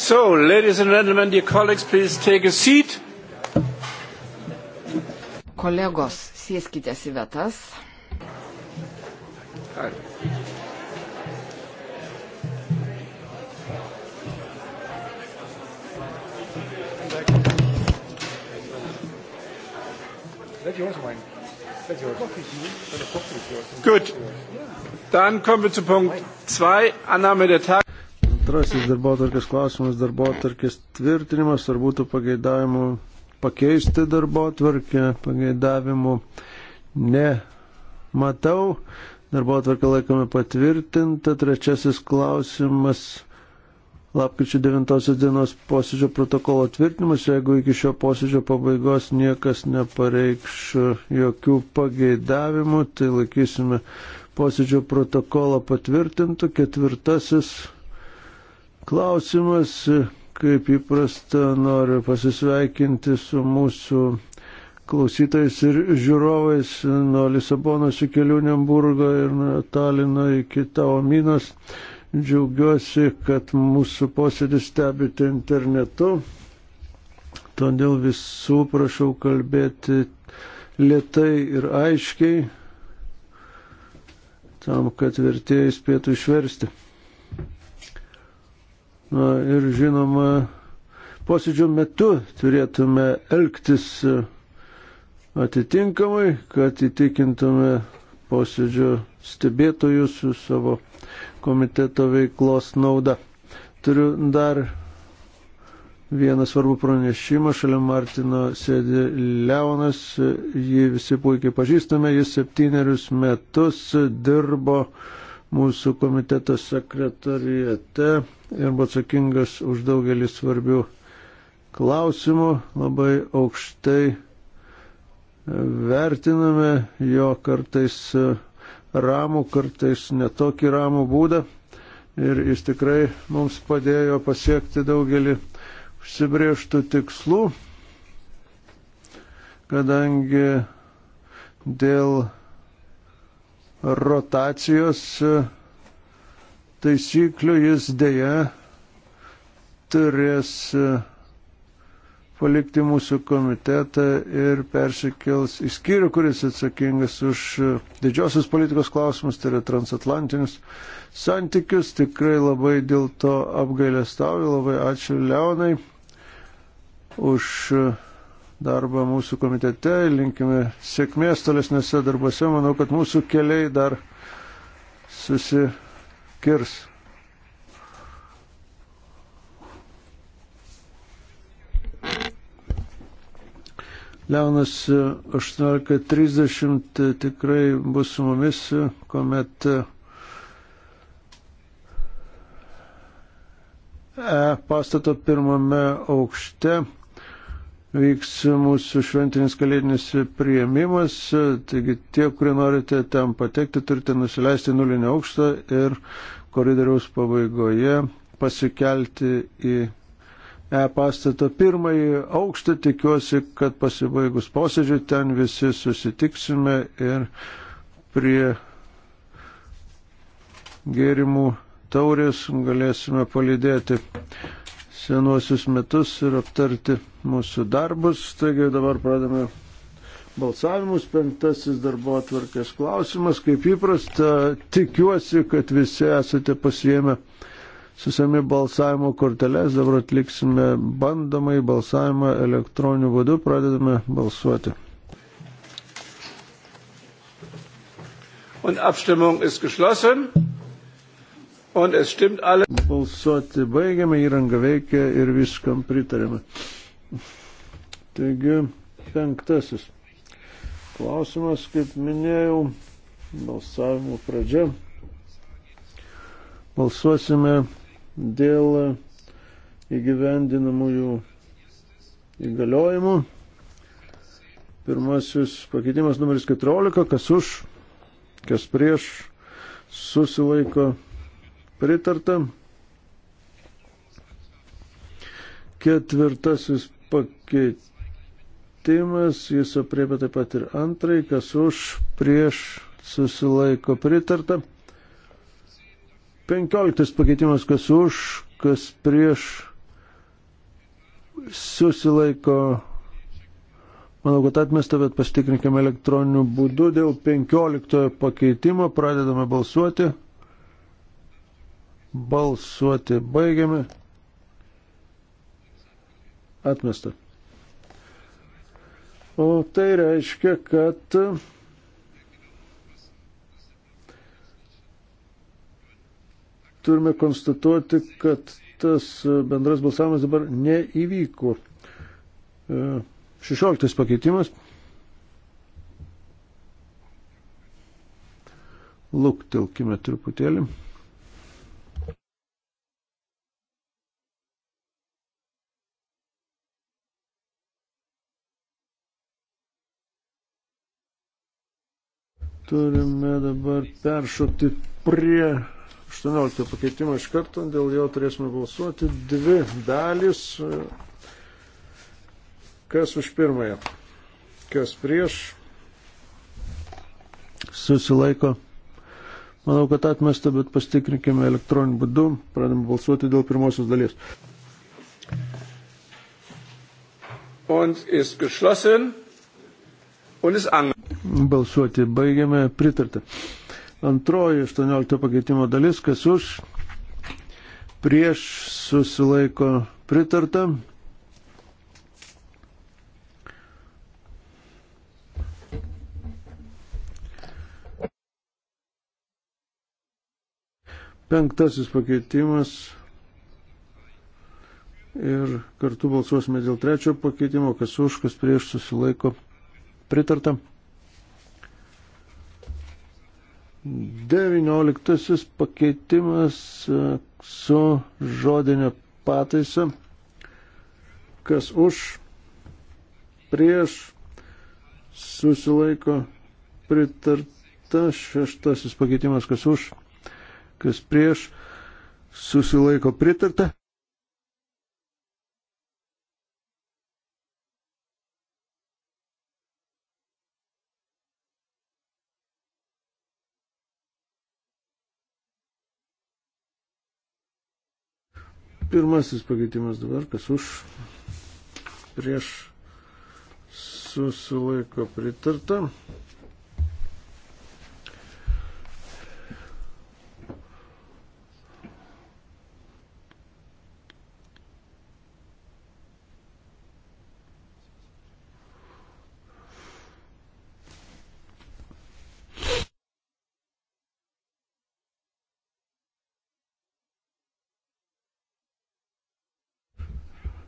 So, ladies and gentlemen, dear colleagues, please take a seat. Kolegos, sėskite į vietas. Hi. Gut, dann kommen wir zu Punkt 2, Annahme der Tag. Antrasis darbo tarkės klausimas - darbo tarkės tvirtinimas, ar būtų pageidavimų pakeisti darbo tvarkę, pageidavimų nematau. Darbo tvarkę laikome patvirtinta. Trečiasis klausimas - lapkričio 9 dienos posėdžio protokolo tvirtinimas, jeigu iki šio posėdžio pabaigos niekas nepareikš jokių pageidavimų, tai laikysime posėdžio protokolą patvirtintų. Ketvirtasis klausimas. Kaip įprasta, noriu pasisveikinti su mūsų klausytais ir žiūrovais nuo Lisabonos iki Liūnenburgo ir nuo Talino iki Taominos. Džiaugiuosi, kad mūsų posėdį stebite internetu. Todėl visų prašau kalbėti lietai ir aiškiai, tam, kad vertėjai spėtų išversti. Na, ir žinoma, posėdžio metu turėtume elgtis e, atitinkamai, kad įtikintume posėdžio stebėtojus su savo komiteto veiklos nauda. Turiu dar vieną svarbų pranešimą. Šalia Martino sėdi Leonas, jį visi puikiai pažįstame, jis septynerius metus dirbo mūsų komiteto sekretorijate ir buvo atsakingas už daugelį svarbių klausimų. Labai aukštai e, vertiname jo kartais e, ramų, kartais netokį ramų būdą. Ir jis tikrai mums padėjo pasiekti daugelį užsibrieštų tikslų, kadangi dėl rotacijos e, taisyklių jis dėja turės e, palikti mūsų komitetą ir persikels į skyrių, kuris atsakingas už e, didžiosios politikos klausimus, tai yra transatlantinius santykius. Tikrai labai dėl to apgailę stauju. Labai ačiū Leonai už e, darbą mūsų komitete. Linkime sėkmės tolesnėse darbose. Manau, kad mūsų keliai dar susitikė skirs. Leonas 18.30 e, e, tikrai bus su mumis, e, kuomet pastato pirmame aukšte vyks mūsų šventinis kalėdinis prieimimas, taigi tie, kurie norite ten patekti, turite nusileisti nulinį aukštą ir koridoriaus pabaigoje pasikelti į E pastato pirmąjį aukštą. Tikiuosi, kad pasibaigus posėdžiui ten visi susitiksime ir prie gėrimų taurės galėsime palydėti senuosius metus ir aptarti mūsų darbus. Taigi dabar pradame balsavimus. Penktasis darbo atvarkės klausimas. Kaip įprasta, tikiuosi, kad visi esate pasiemę susami balsavimo korteles. Dabar atliksime bandomai balsavimą elektroniniu būdu. Pradedame balsuoti. Und Abstimmung ist geschlossen. Balsuoti baigiame, įranga veikia ir viskam pritarėme. Taigi, penktasis klausimas, kaip minėjau, balsavimo pradžia. Balsuosime dėl įgyvendinamųjų įgaliojimų. Pirmasis pakeitimas numeris 14, kas už, kas prieš, susilaiko Pritarta. Ketvirtasis pakeitimas, jis apriepia taip pat ir antrai, kas už, prieš, susilaiko pritarta. Penkioliktas pakeitimas, kas už, kas prieš, susilaiko. Manau, kad atmesta, bet pasitikrinkime elektroniniu būdu dėl penkioliktojo pakeitimo, pradedame balsuoti. Balsuoti baigiame. Atmesta. O tai reiškia, kad turime konstatuoti, kad tas bendras balsavimas dabar neįvyko. 16 e, pakeitimas. Luktelkime truputėlį. Turime dabar peršokti prie 18 pakeitimo iš karto, dėl jo turėsime balsuoti dvi dalis. Kas už pirmąją, kas prieš, susilaiko. Manau, kad atmesta, bet pastikrinkime elektroniniu būdu, pradėm balsuoti dėl pirmosios dalies. Und ist geschlossen und ist angenommen. Balsuoti baigiame. Pritarta. Antroji 18 pakeitimo dalis, kas už, prieš susilaiko pritarta. Penktasis pakeitimas ir kartu balsuosime dėl trečio pakeitimo, kas už, kas prieš susilaiko pritarta. 19 pakeitimas e, su žodinė pataisa, kas už, prieš, susilaiko pritarta, šeštasis pakeitimas, kas už, kas prieš, susilaiko pritarta. Pirmasis pakeitimas dabar, kas už, prieš susilaiko pritarta.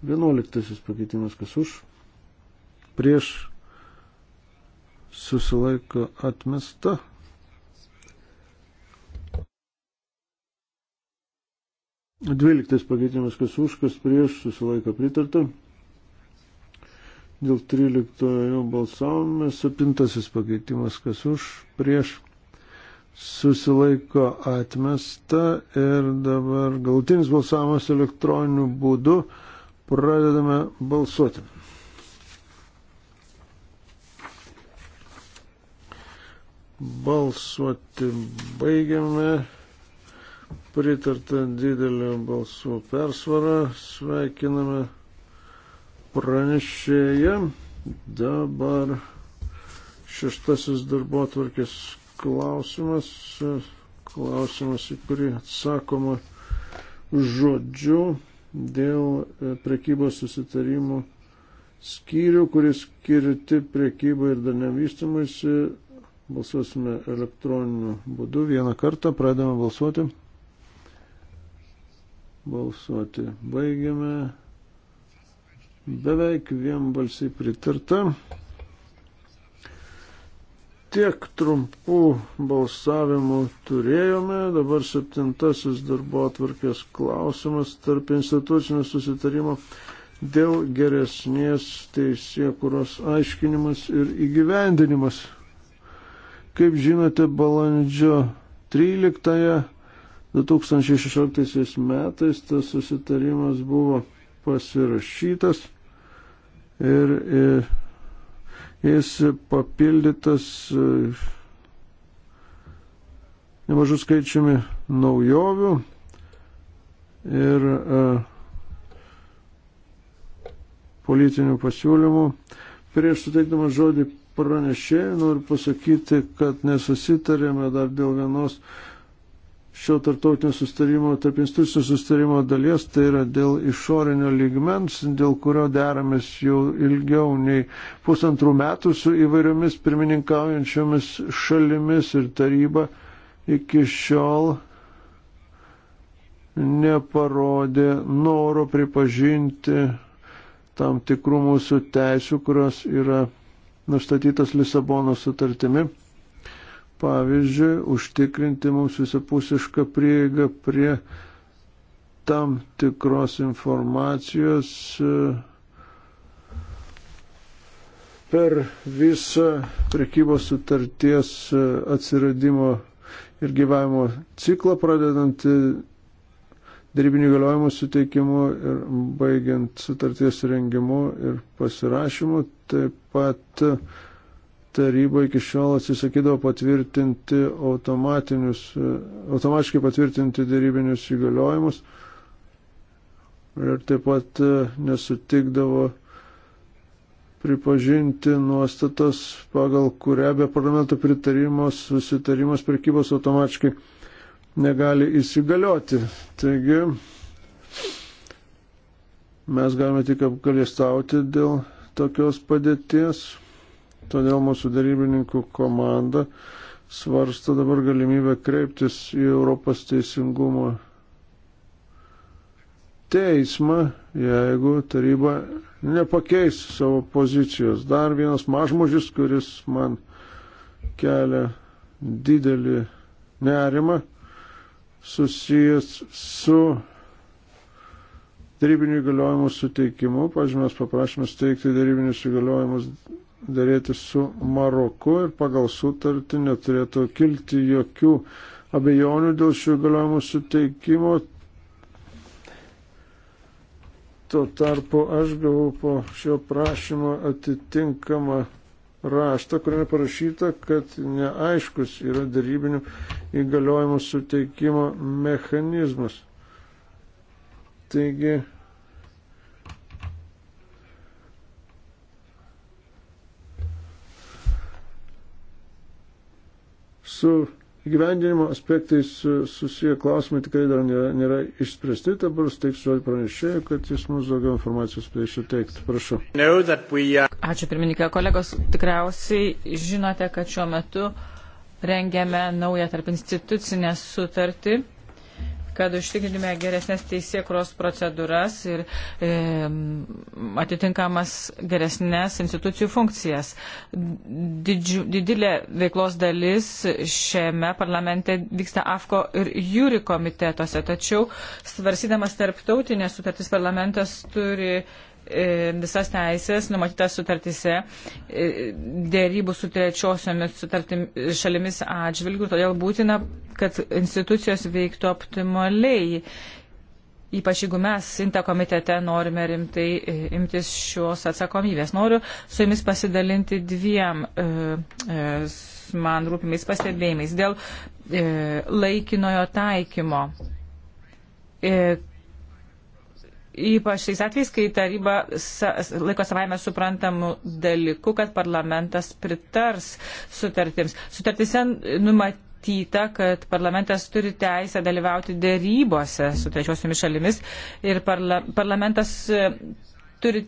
Vienuoliktasis pakeitimas, kas už, prieš susilaiko atmesta. Dvyliktas pakeitimas, kas už, kas prieš susilaiko pritarta. Dėl tryliktojo balsavome. Septintasis pakeitimas, kas už, prieš susilaiko atmesta. Ir dabar galtinis balsavimas elektroniniu būdu. Pradedame balsuoti. Balsuoti baigiame. Pritarta didelė balsų persvara. Sveikiname pranešėją. Dabar šeštasis darbo atvarkės klausimas. Klausimas, į kurį atsakoma žodžiu dėl e, prekybos susitarimų skyrių, kuris skirti prekybai ir darnevystymuisi. Balsuosime elektroniniu būdu. Vieną kartą pradame balsuoti. Balsuoti baigiame. Beveik vienbalsiai pritarta tiek trumpų balsavimų turėjome. Dabar septintasis darbo atvarkės klausimas tarp institucinio susitarimo dėl geresnės teisėkuros aiškinimas ir įgyvendinimas. Kaip žinote, balandžio 13 2016 metais tas susitarimas buvo pasirašytas ir Jis papildytas e, nemažų skaičiumi naujovių ir e, politinių pasiūlymų. Prieš suteikdama žodį pranešėjai noriu pasakyti, kad nesusitarėme dar dėl vienos šio tartautinio sustarimo, tarp institucijų sustarimo dalies, tai yra dėl išorinio lygmens, dėl kurio deramės jau ilgiau nei pusantrų metų su įvairiomis pirmininkaujančiomis šalimis ir taryba iki šiol neparodė noro pripažinti tam tikrų mūsų teisių, kurios yra nustatytas Lisabono sutartimi pavyzdžiui, užtikrinti mums visapusišką prieigą prie tam tikros informacijos e, per visą prekybos sutarties e, atsiradimo ir gyvavimo ciklą, pradedant e, darybinių galiojimų suteikimu ir baigiant sutarties rengimu ir pasirašymu, taip pat taryba iki šiol atsisakydavo patvirtinti automatiškai patvirtinti dėrybinius įgaliojimus ir taip pat e, nesutikdavo pripažinti nuostatas, pagal kurią be parlamento pritarimo susitarimas prekybos automatiškai negali įsigalioti. Taigi mes galime tik apgalėstauti dėl tokios padėties. Todėl mūsų darybininkų komanda svarsto dabar galimybę kreiptis į Europos teisingumo teismą, jeigu taryba nepakeis savo pozicijos. Dar vienas mažmožis, kuris man kelia didelį nerimą, susijęs su darybinių įgaliojimų suteikimu. Pavyzdžiui, mes paprašėme steigti darybinius įgaliojimus dėrėti su Maroku ir pagal sutartį neturėtų kilti jokių abejonių dėl šių galiojimų suteikimo. Tuo tarpu aš gavau po šio prašymo atitinkamą raštą, kuriame parašyta, kad neaiškus yra darybinių įgaliojimų suteikimo mechanizmas. Taigi su gyvendinimo aspektais susiję klausimai tikrai dar nėra, nėra išspręsti. Dabar steiksiu žodį pranešėjui, kad jis mums daugiau informacijos plėš suteikti. Prašau. Ačiū pirmininkė. Kolegos, tikriausiai žinote, kad šiuo metu rengiame naują tarp institucinę sutartį kad užtikrintume geresnės teisėkros procedūras ir e, atitinkamas geresnės institucijų funkcijas. Didžiu, didelė veiklos dalis šiame parlamente vyksta AFKO ir jūri komitetuose, tačiau svarsydamas tarptautinės sutartis parlamentas turi E, visas teisės numatytas sutartise e, dėrybų su trečiosiomis sutartim, šalimis atžvilgių, todėl būtina, kad institucijos veiktų optimaliai. Ypač jeigu mes Sinta komitete norime rimtai e, imtis šios atsakomybės. Noriu su jumis pasidalinti dviem e, e, man rūpimais pastebėjimais dėl e, laikinojo taikymo. E, Ypač tais atvejais, kai taryba laiko savaime suprantamų dalykų, kad parlamentas pritars sutartims. Sutartise numatyta, kad parlamentas turi teisę dalyvauti dėrybose su trečiosiomis šalimis ir parla parlamentas e, turi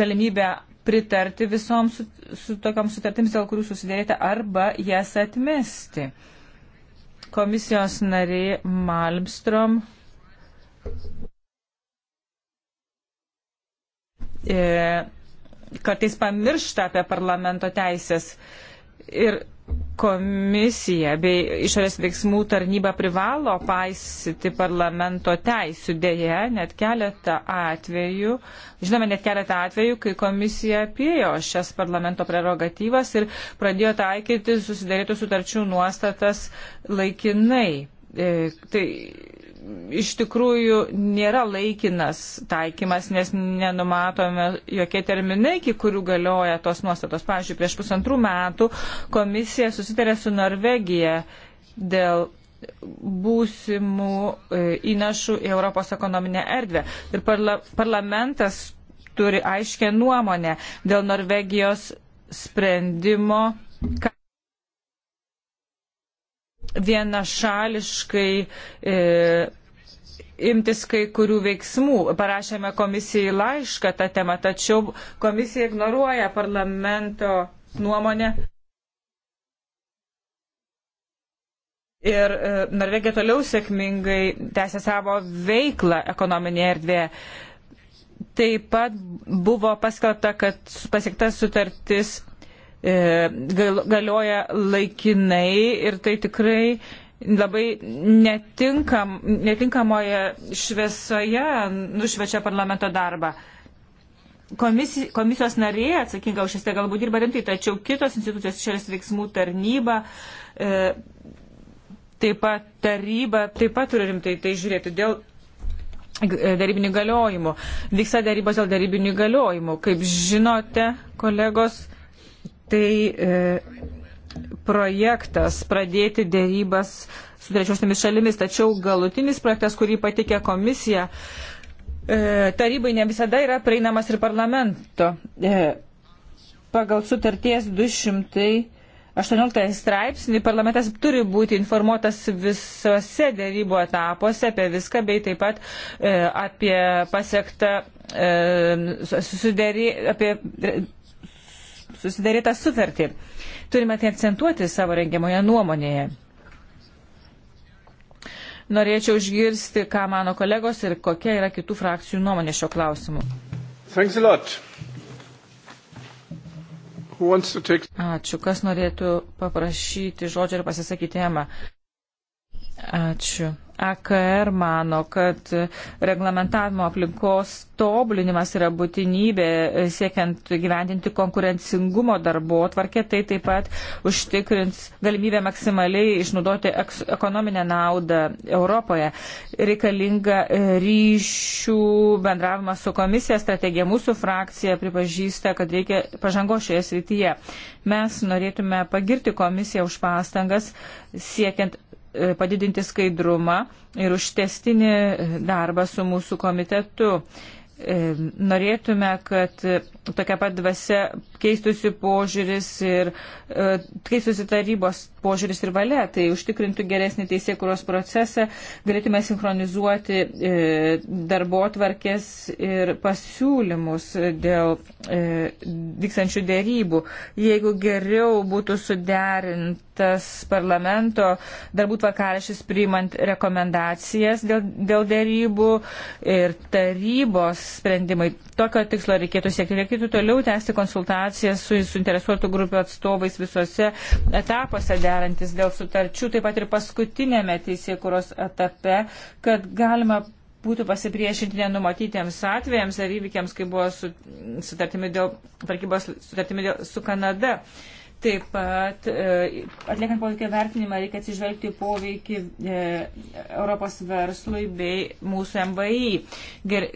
galimybę pritarti visoms su, su tokiam sutartims, dėl kurių susidėrėte, arba jas atmesti. Komisijos nariai Malmstrom E, kartais pamiršta apie parlamento teisės. Ir komisija bei išorės veiksmų tarnyba privalo paisyti parlamento teisų dėje net keletą atvejų. Žinome, net keletą atvejų, kai komisija apėjo šias parlamento prerogatyvas ir pradėjo taikyti susidarytų sutarčių nuostatas laikinai. E, tai iš tikrųjų nėra laikinas taikymas, nes nenumatome jokie terminai, iki kurių galioja tos nuostatos. Pavyzdžiui, prieš pusantrų metų komisija susitarė su Norvegija dėl būsimų e, įnašų į Europos ekonominę erdvę. Ir parla parlamentas turi aiškę nuomonę dėl Norvegijos sprendimo. Ka vienašališkai e, imtis kai kurių veiksmų. Parašėme komisijai laišką tą temą, tačiau komisija ignoruoja parlamento nuomonę. Ir e, Norvegija toliau sėkmingai tęsė savo veiklą ekonominėje erdvėje. Taip pat buvo paskelbta, kad pasiekta sutartis E, galioja laikinai ir tai tikrai labai netinkam, netinkamoje šviesoje nušvečia parlamento darbą. Komisi, komisijos narė atsakinga už šis tai galbūt dirba rimtai, tačiau kitos institucijos šalies veiksmų tarnyba, e, taip pat taryba, taip pat turi rimtai tai žiūrėti dėl e, darybinių galiojimų. Vyksta darybos dėl darybinių galiojimų. Kaip žinote, kolegos, tai e, projektas pradėti dėrybas su trečiosiomis šalimis, tačiau galutinis projektas, kurį patikė komisija, e, tarybai ne visada yra prieinamas ir parlamento. E, pagal sutarties 218 straipsnį parlamentas turi būti informuotas visose dėrybų etapuose apie viską, bei taip pat e, apie pasiektą e, susiderį, apie susidarytą sutartį. Turime tai akcentuoti savo rengiamoje nuomonėje. Norėčiau išgirsti, ką mano kolegos ir kokia yra kitų frakcijų nuomonė šio klausimu. Take... Ačiū. Kas norėtų paprašyti žodžio ir pasisakyti Ema? Ačiū. EKR mano, kad reglamentavimo aplinkos tobulinimas yra būtinybė e, siekiant gyvendinti konkurencingumo darbo atvarkė, tai taip pat užtikrins galimybę maksimaliai išnaudoti ekonominę naudą Europoje. Reikalinga e, ryšių bendravimas su komisija, strategija mūsų frakcija pripažįsta, kad reikia pažango šioje srityje. Mes norėtume pagirti komisiją už pastangas siekiant E, padidinti skaidrumą ir užtestinį darbą su mūsų komitetu. E, norėtume, kad tokia pat dvasia keistusi požiūris ir e, keistusi tarybos požiūris ir valia, tai užtikrintų geresnį teisėkuros procesą, galėtume sinchronizuoti darbo tvarkės ir pasiūlymus dėl vykstančių dėrybų. Jeigu geriau būtų suderinti tas parlamento darbų tvarkarašys priimant rekomendacijas dėl, dėl dėrybų ir tarybos sprendimai. Tokio tikslo reikėtų siekti. Reikėtų toliau tęsti konsultacijas su suinteresuotų grupių atstovais visose etapuose derantis dėl sutarčių, taip pat ir paskutinėme teisėkuros etape, kad galima būtų pasipriešinti nenumatytiems atvejams ar įvykiams, kai buvo su, sutartimi dėl, tarkybos sutartimi dėl, su Kanada. Uh, Taip pat e, atliekant poveikio vertinimą reikia atsižvelgti poveikį e, Europos verslui bei mūsų MVI. Ger,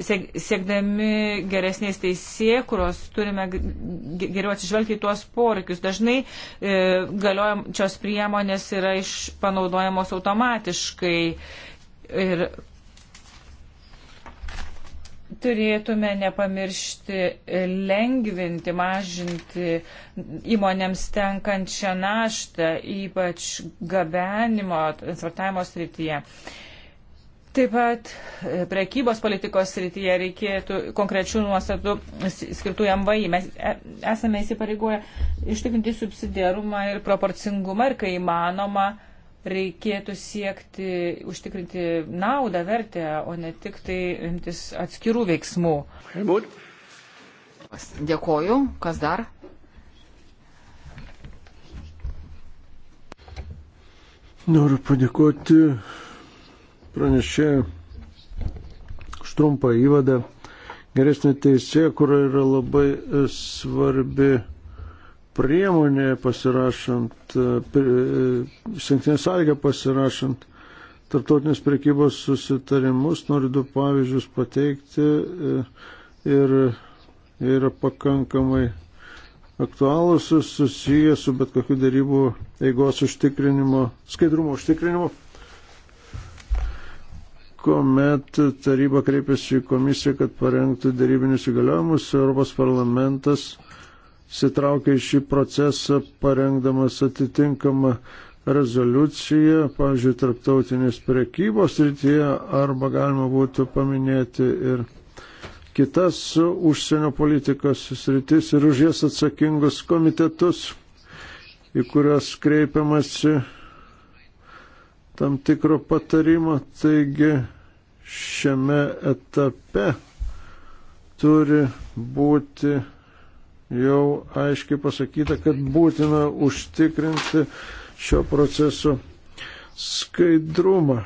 siekdami geresnės teisėkuros turime geriau atsižvelgti į tuos poreikius. Dažnai e, galiojančios priemonės yra panaudojamos automatiškai. Ir turėtume nepamiršti lengvinti, mažinti įmonėms tenkančią naštą, ypač gabenimo, transportavimo srityje. Taip pat e, prekybos politikos srityje reikėtų konkrečių nuostatų skirtų MVI. Mes e, esame įsipareigoję ištikrinti subsidiarumą ir proporcingumą ir kai įmanoma reikėtų siekti užtikrinti naudą, vertę, o ne tik tai imtis atskirų veiksmų. Helmut. Dėkoju. Kas dar? Noriu padėkoti pranešėjai už trumpą įvadą. Geresnė teisė, kur yra labai e, svarbi priemonė pasirašant, e, e, sankcinė sąlyga pasirašant tarptautinės prekybos susitarimus, noriu du pavyzdžius pateikti e, ir yra pakankamai aktualūs susiję su bet kokiu darybų eigos užtikrinimo, skaidrumo užtikrinimo kuomet taryba kreipėsi į komisiją, kad parengtų darybinius įgaliojimus, Europos parlamentas sitraukia į šį procesą, parengdamas atitinkamą rezoliuciją, pavyzdžiui, tarptautinės prekybos rytyje, arba galima būtų paminėti ir kitas užsienio politikos sritis ir už jas atsakingus komitetus, į kuriuos kreipiamasi tam tikro patarimo. Taigi šiame etape turi būti jau aiškiai pasakyta, kad būtina užtikrinti šio proceso skaidrumą.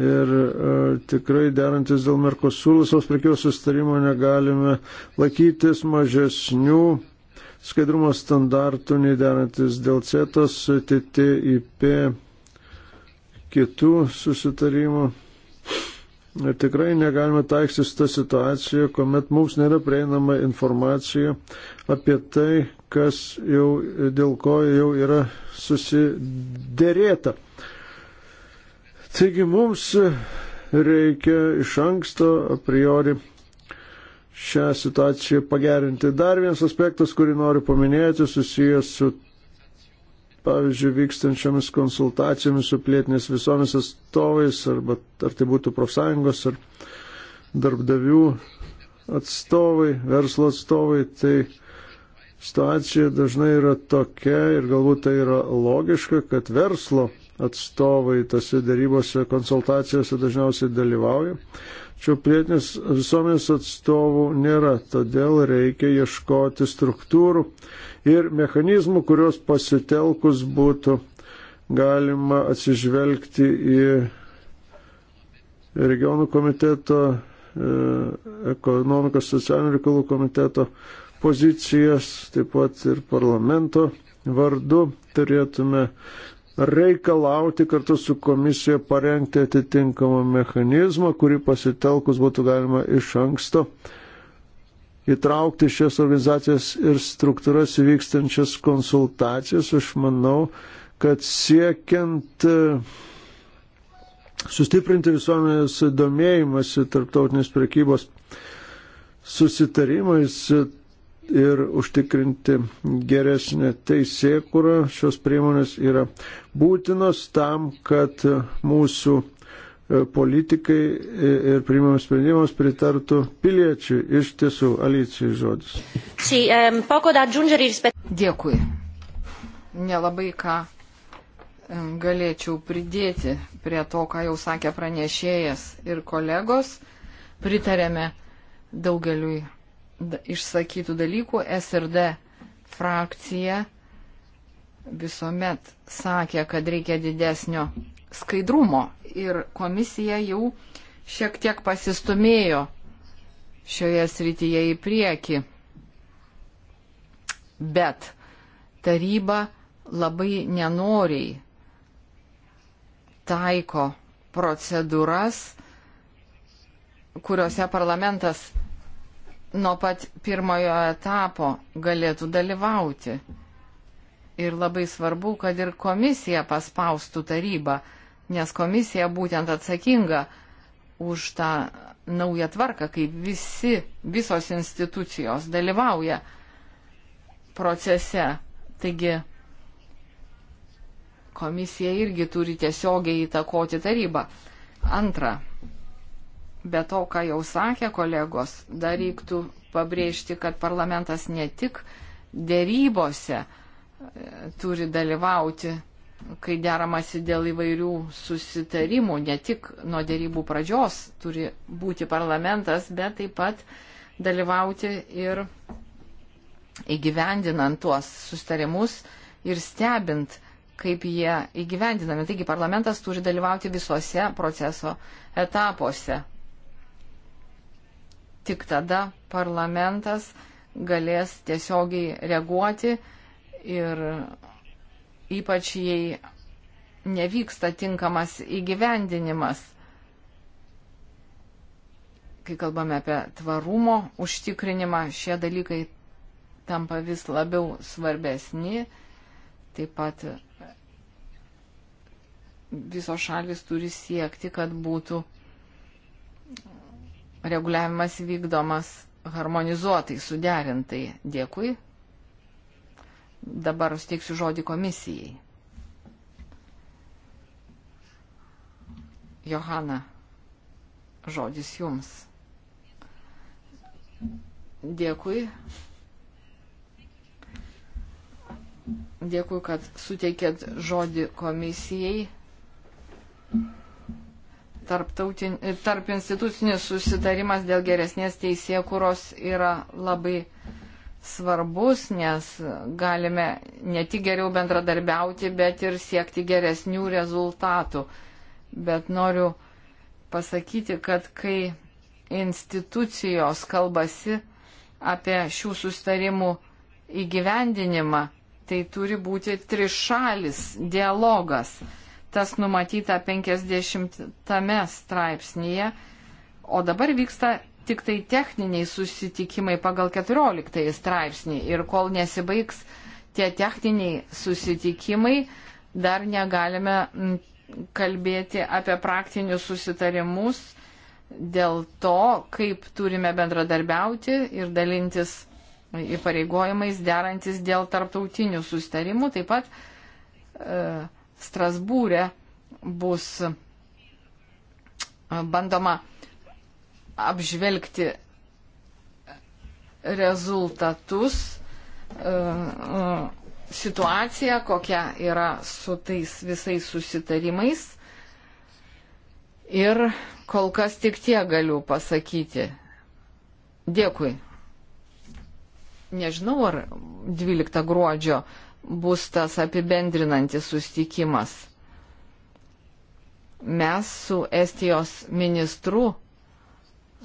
Ir e, tikrai derantis dėl Merkosulisos prekiaus sustarimo negalime laikytis mažesnių skaidrumo standartų, nei derantis dėl CETOS, TTIP, kitų susitarimų tikrai negalime taiksis tą situaciją, kuomet mums nėra prieinama informacija apie tai, kas jau dėl ko jau yra susiderėta. Taigi mums reikia iš anksto, a priori, šią situaciją pagerinti. Dar vienas aspektas, kurį noriu paminėti, susijęs su pavyzdžiui, vykstančiomis konsultacijomis su plėtinės visomis atstovais, arba ar tai būtų profsąjungos ar darbdavių atstovai, verslo atstovai, tai situacija dažnai yra tokia ir galbūt tai yra logiška, kad verslo atstovai tose darybose, konsultacijose dažniausiai dalyvauja. Čia plėtinės visuomenės atstovų nėra, todėl reikia ieškoti struktūrų, ir mechanizmų, kurios pasitelkus būtų galima atsižvelgti į regionų komiteto, e, ekonomikos socialinių reikalų komiteto pozicijas, taip pat ir parlamento vardu turėtume reikalauti kartu su komisija parengti atitinkamą mechanizmą, kurį pasitelkus būtų galima iš anksto uh, įtraukti šias organizacijas ir struktūras įvykstančias konsultacijas. Aš manau, kad siekiant e, sustiprinti visuomenės domėjimąsi tarptautinės prekybos susitarimais ir užtikrinti geresnę teisėkurą, šios priemonės yra būtinos tam, kad mūsų E, politikai ir priimams sprendimams pritartų piliečių. Iš tiesų, Alicijai žodis. Ehm, Dėkui. Nelabai ką ehm, galėčiau pridėti prie to, ką jau sakė pranešėjas ir kolegos. Pritarėme daugeliui išsakytų dalykų. SRD frakcija visuomet sakė, kad reikia didesnio skaidrumo ir komisija jau šiek tiek pasistumėjo šioje srityje į priekį. Bet taryba labai nenoriai taiko procedūras, kuriuose parlamentas nuo pat pirmojo etapo galėtų dalyvauti. Ir labai svarbu, kad ir komisija paspaustų tarybą nes komisija būtent atsakinga už tą naują tvarką, kai visi, visos institucijos dalyvauja procese. Taigi komisija irgi turi tiesiogiai įtakoti tarybą. Antra, be to, ką jau sakė kolegos, dar reiktų pabrėžti, kad parlamentas ne tik dėrybose e, turi dalyvauti kai deramasi dėl įvairių susitarimų, ne tik nuo dėrybų pradžios turi būti parlamentas, bet taip pat dalyvauti ir įgyvendinant tuos susitarimus ir stebint, kaip jie įgyvendinami. Taigi parlamentas turi dalyvauti visuose proceso etapuose. Tik tada parlamentas galės tiesiogiai reaguoti ir ypač jei nevyksta tinkamas įgyvendinimas. Kai kalbame apie tvarumo užtikrinimą, šie dalykai tampa vis labiau svarbesni. Taip pat visos šalis turi siekti, kad būtų reguliavimas vykdomas harmonizuotai, suderintai. Dėkui. Dabar steiksiu žodį komisijai. Johana, žodis jums. Dėkui. Dėkui, kad suteikėt žodį komisijai. Tarptautin, tarp institucinis susitarimas dėl geresnės teisėkuros yra labai svarbus, nes galime ne tik geriau bendradarbiauti, bet ir siekti geresnių rezultatų. Bet noriu pasakyti, kad kai institucijos kalbasi apie šių sustarimų įgyvendinimą, tai turi būti trišalis dialogas. Tas numatyta 50 straipsnėje, o dabar vyksta tik tai techniniai susitikimai pagal 14 straipsnį ir kol nesibaigs tie techniniai susitikimai, dar negalime kalbėti apie praktinius susitarimus dėl to, kaip turime bendradarbiauti ir dalintis įpareigojimais, derantis dėl tarptautinių susitarimų. Taip pat e, Strasbūrė bus e, bandoma apžvelgti rezultatus, e, e, situaciją, kokia yra su tais visais susitarimais. Ir kol kas tik tie galiu pasakyti. Dėkui. Nežinau, ar 12 gruodžio bus tas apibendrinantis sustikimas. Mes su Estijos ministru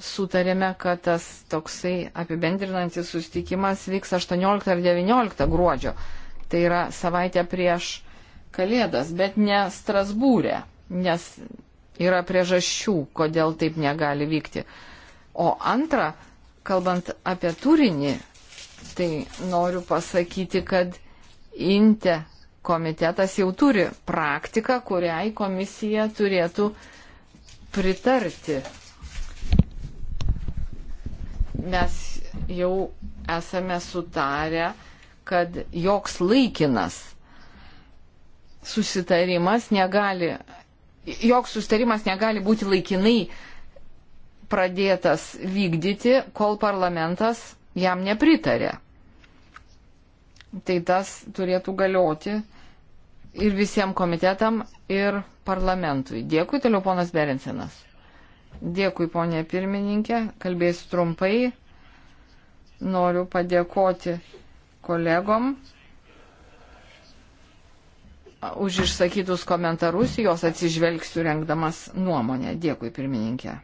sutarėme, kad tas toksai apibendrinantis susitikimas vyks 18 ar 19 gruodžio. Tai yra savaitė prieš Kalėdas, bet ne Strasbūrė, nes yra priežasčių, kodėl taip negali vykti. O antra, kalbant apie turinį, tai noriu pasakyti, kad Inte komitetas jau turi praktiką, kuriai komisija turėtų pritarti mes jau esame sutarę, kad joks laikinas susitarimas negali, joks susitarimas negali būti laikinai pradėtas vykdyti, kol parlamentas jam nepritarė. Tai tas turėtų galioti ir visiems komitetam, ir parlamentui. Dėkui, toliau ponas Berinsinas. Dėkui, ponė pirmininkė, kalbėsiu trumpai. Noriu padėkoti kolegom už išsakytus komentarus, jos atsižvelgsiu renkdamas nuomonę. Dėkui, pirmininkė.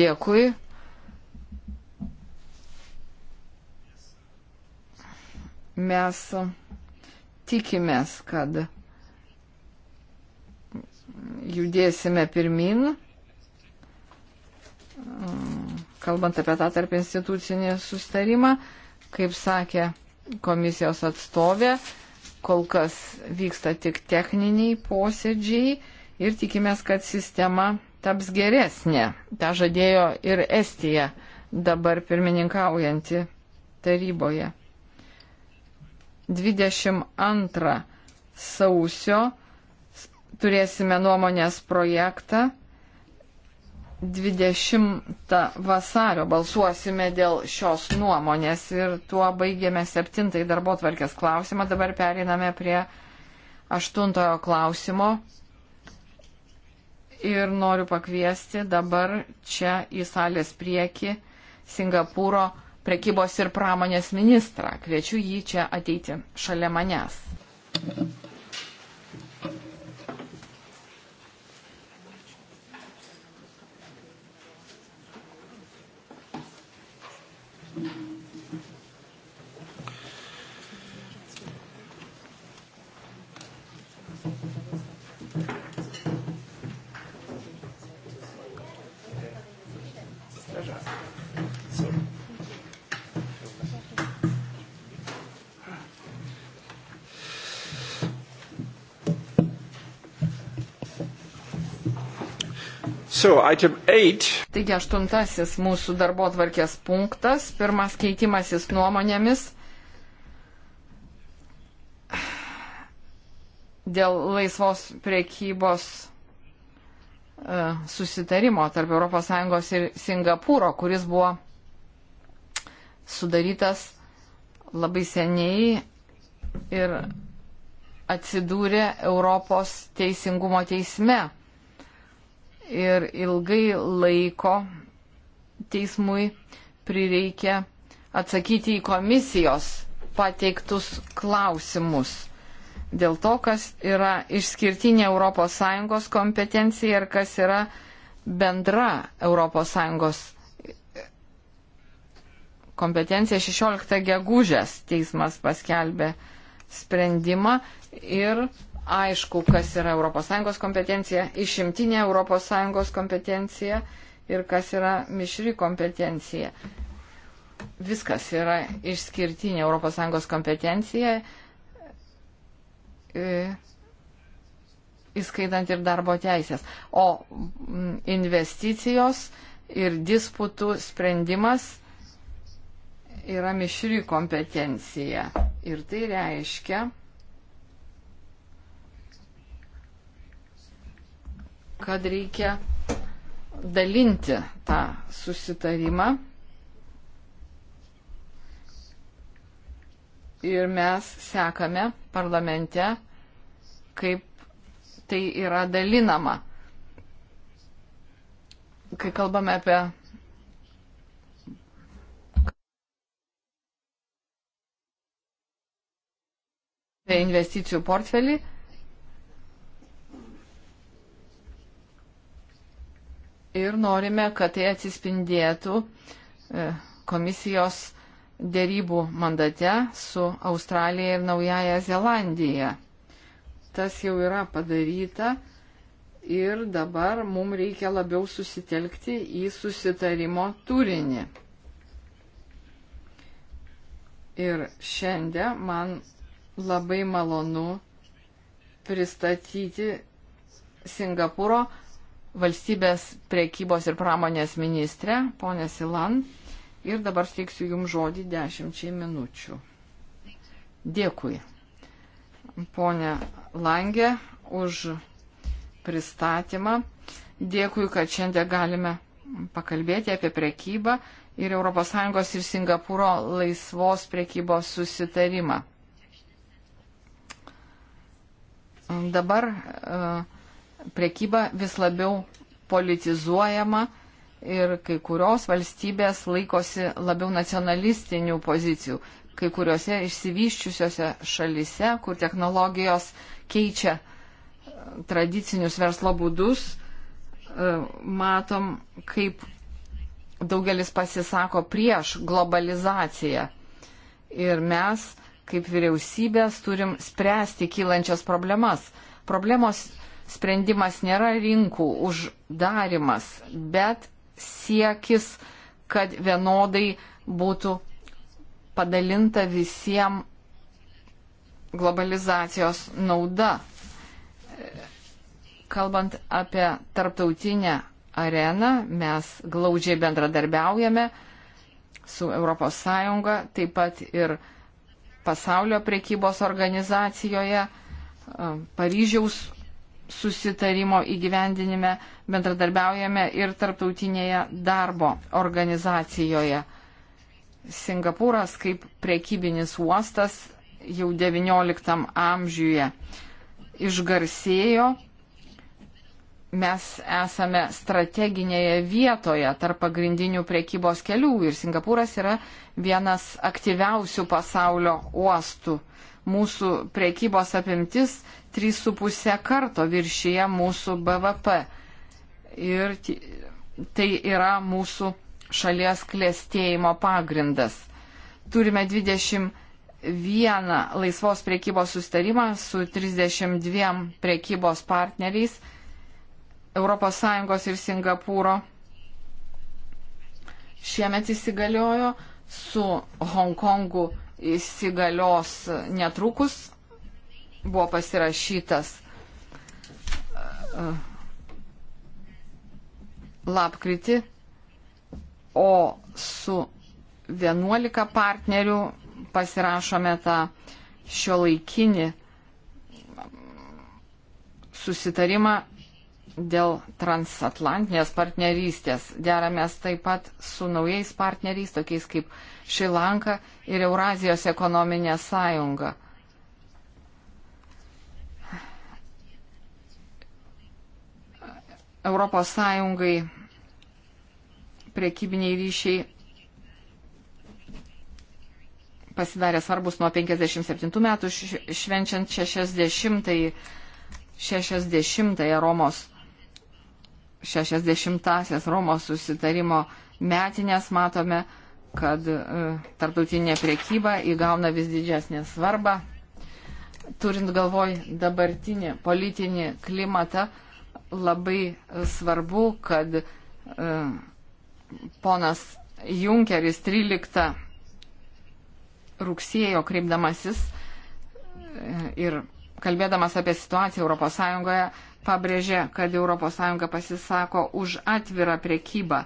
Dėkui. Mes tikimės, kad judėsime pirmin kalbant apie tą tarp institucinį sustarimą, kaip sakė komisijos atstovė, kol kas vyksta tik techniniai posėdžiai ir tikimės, kad sistema taps geresnė. Ta žadėjo ir Estija dabar pirmininkaujanti taryboje. 22 sausio turėsime nuomonės projektą 20 vasario balsuosime dėl šios nuomonės ir tuo baigėme septintąjį darbo tvarkės klausimą. Dabar periname prie aštuntojo klausimo ir noriu pakviesti dabar čia į salės priekį Singapūro prekybos ir pramonės ministrą. Kviečiu jį čia ateiti šalia manęs. Thank you. So, item 8. Taigi aštuntasis mūsų darbo tvarkės punktas, pirmas keitimasis nuomonėmis dėl laisvos priekybos uh, susitarimo tarp ES ir Singapūro, kuris buvo sudarytas labai seniai ir atsidūrė Europos teisingumo teisme ir ilgai laiko teismui prireikia atsakyti į komisijos pateiktus klausimus dėl to, kas yra išskirtinė ES kompetencija ir kas yra bendra ES kompetencija. 16 gegužės teismas paskelbė sprendimą ir aišku, kas yra ES kompetencija, išimtinė ES kompetencija ir kas yra mišri kompetencija. Viskas yra išskirtinė ES kompetencija, e, įskaitant ir darbo teisės. O investicijos ir disputų sprendimas yra mišri kompetencija. Ir tai reiškia, kad reikia dalinti tą susitarimą. Ir mes sekame parlamente, kaip tai yra dalinama. Kai kalbame apie investicijų portfelį, ir norime, kad tai atsispindėtų e, komisijos dėrybų mandate su Australija ir Naujaja Zelandija. Tas jau yra padaryta ir dabar mums reikia labiau susitelkti į susitarimo turinį. Ir šiandien man labai malonu pristatyti Singapūro valstybės priekybos ir pramonės ministrę, ponę Silan. Ir dabar steiksiu jums žodį dešimčiai minučių. Dėkui, ponė Langė, už pristatymą. Dėkui, kad šiandien galime pakalbėti apie priekybą ir ES ir Singapūro laisvos priekybos susitarimą. Dabar uh, prekyba vis labiau politizuojama ir kai kurios valstybės laikosi labiau nacionalistinių pozicijų. Kai kuriuose išsivyščiusiuose šalise, kur technologijos keičia e, tradicinius verslo būdus, e, matom, kaip daugelis pasisako prieš globalizaciją. Ir mes, kaip vyriausybės, turim spręsti kylančias problemas. Problemos sprendimas nėra rinkų uždarimas, bet siekis, kad vienodai būtų padalinta visiems globalizacijos nauda. Kalbant apie tarptautinę areną, mes glaudžiai bendradarbiaujame su ES, taip pat ir pasaulio priekybos organizacijoje, Paryžiaus susitarimo įgyvendinime bendradarbiaujame ir tarptautinėje darbo organizacijoje. Singapūras kaip prekybinis uostas jau XIX amžiuje išgarsėjo. Mes esame strateginėje vietoje tarp pagrindinių prekybos kelių ir Singapūras yra vienas aktyviausių pasaulio uostų mūsų priekybos apimtis 3,5 karto viršyje mūsų BVP. Ir tai yra mūsų šalies klėstėjimo pagrindas. Turime 21 laisvos priekybos sustarimą su 32 priekybos partneriais ES ir Singapūro. Šiemet įsigaliojo su Hongkongu įsigalios netrukus. Buvo pasirašytas e, lapkritį, o su 11 partnerių pasirašome tą šio laikinį susitarimą dėl transatlantinės partnerystės. Deramės taip pat su naujais partneriais, tokiais kaip Šilanka ir Eurazijos ekonominė sąjunga. Europos sąjungai priekybiniai ryšiai pasidarė svarbus nuo 57 metų švenčiant 60-ąją 60 Romos 60-asias Romos susitarimo metinės matome, kad e, tarptautinė priekyba įgauna vis didesnį svarbą. Turint galvoj dabartinį politinį klimatą, labai svarbu, kad e, ponas Junkeris 13 rugsėjo kreipdamasis e, ir kalbėdamas apie situaciją ES pabrėžė, kad ES pasisako už atvirą prekybą.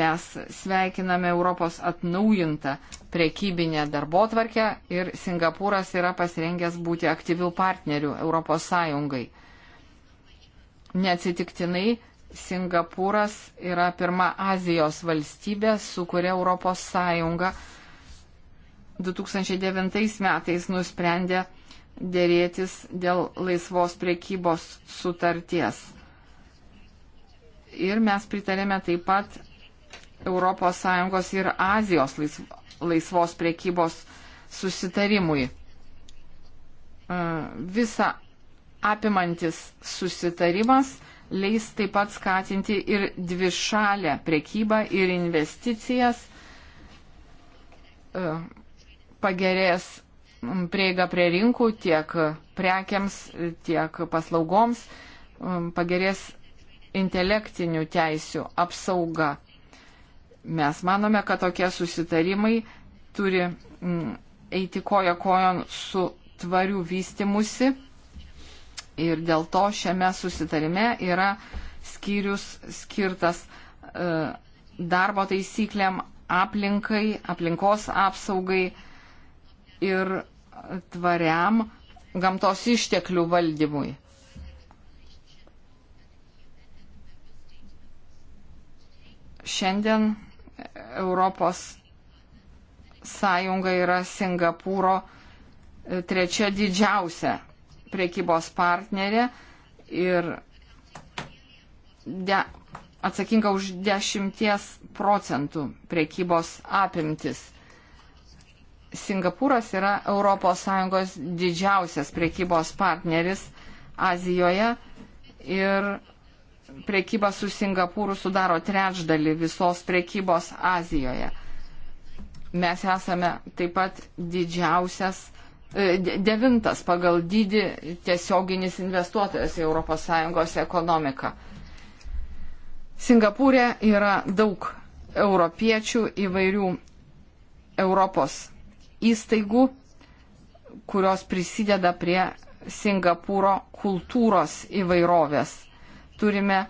Mes sveikiname Europos atnaujintą prekybinę darbo tvarkę ir Singapūras yra pasirengęs būti aktyvių partnerių ES. Neatsitiktinai Singapūras yra pirma Azijos valstybė, su kuria ES 2009 metais nusprendė dėrėtis dėl laisvos priekybos sutarties. Ir mes pritarėme taip pat ES ir Azijos laisvos priekybos susitarimui. E, visa apimantis susitarimas leis taip pat skatinti ir dvišalę priekybą ir investicijas, e, pagerės prieiga prie rinkų tiek prekiams, tiek paslaugoms, um, pagerės intelektinių teisių apsauga. Mes manome, kad tokie susitarimai turi mm, eiti koja kojon su tvarių vystimusi ir dėl to šiame susitarime yra skyrius skirtas e, darbo taisyklėm aplinkai, aplinkos apsaugai ir tvariam gamtos išteklių valdymui. Šiandien Europos sąjunga yra Singapūro e, trečia didžiausia priekybos partnerė ir de, atsakinga už dešimties procentų priekybos apimtis Singapūras yra ES didžiausias priekybos partneris Azijoje ir priekyba su Singapūru sudaro trečdalį visos priekybos Azijoje. Mes esame taip pat didžiausias, e, devintas pagal dydį tiesioginis investuotojas į ES ekonomiką. Singapūrė yra daug europiečių įvairių Europos įstaigų, kurios prisideda prie Singapūro kultūros įvairovės. Turime e,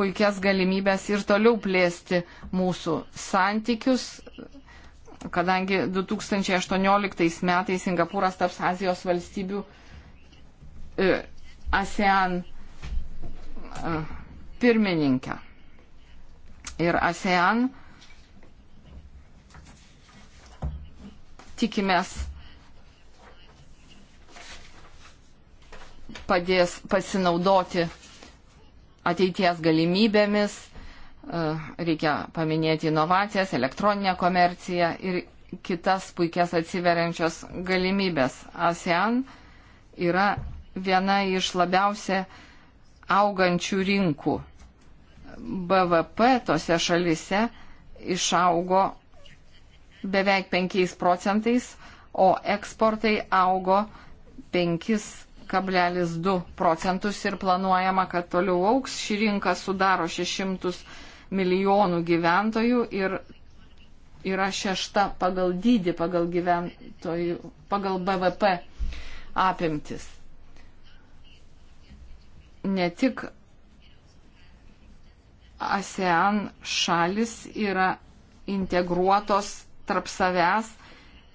puikias galimybės ir toliau plėsti mūsų santykius, kadangi 2018 metais Singapūras taps Azijos valstybių e, ASEAN e, pirmininkę. Ir ASEAN uh, tikimės padės pasinaudoti ateities galimybėmis. E, reikia paminėti inovacijas, elektroninę komerciją ir kitas puikias atsiveriančios galimybės. ASEAN yra viena iš labiausia augančių rinkų. BVP tose šalise išaugo beveik 5 procentais, o eksportai augo 5,2 procentus ir planuojama, kad toliau auks. Ši rinka sudaro 600 milijonų gyventojų ir yra šešta pagal dydį, pagal, gyventojų, pagal BVP apimtis. Ne tik ASEAN šalis yra integruotos tarp savęs,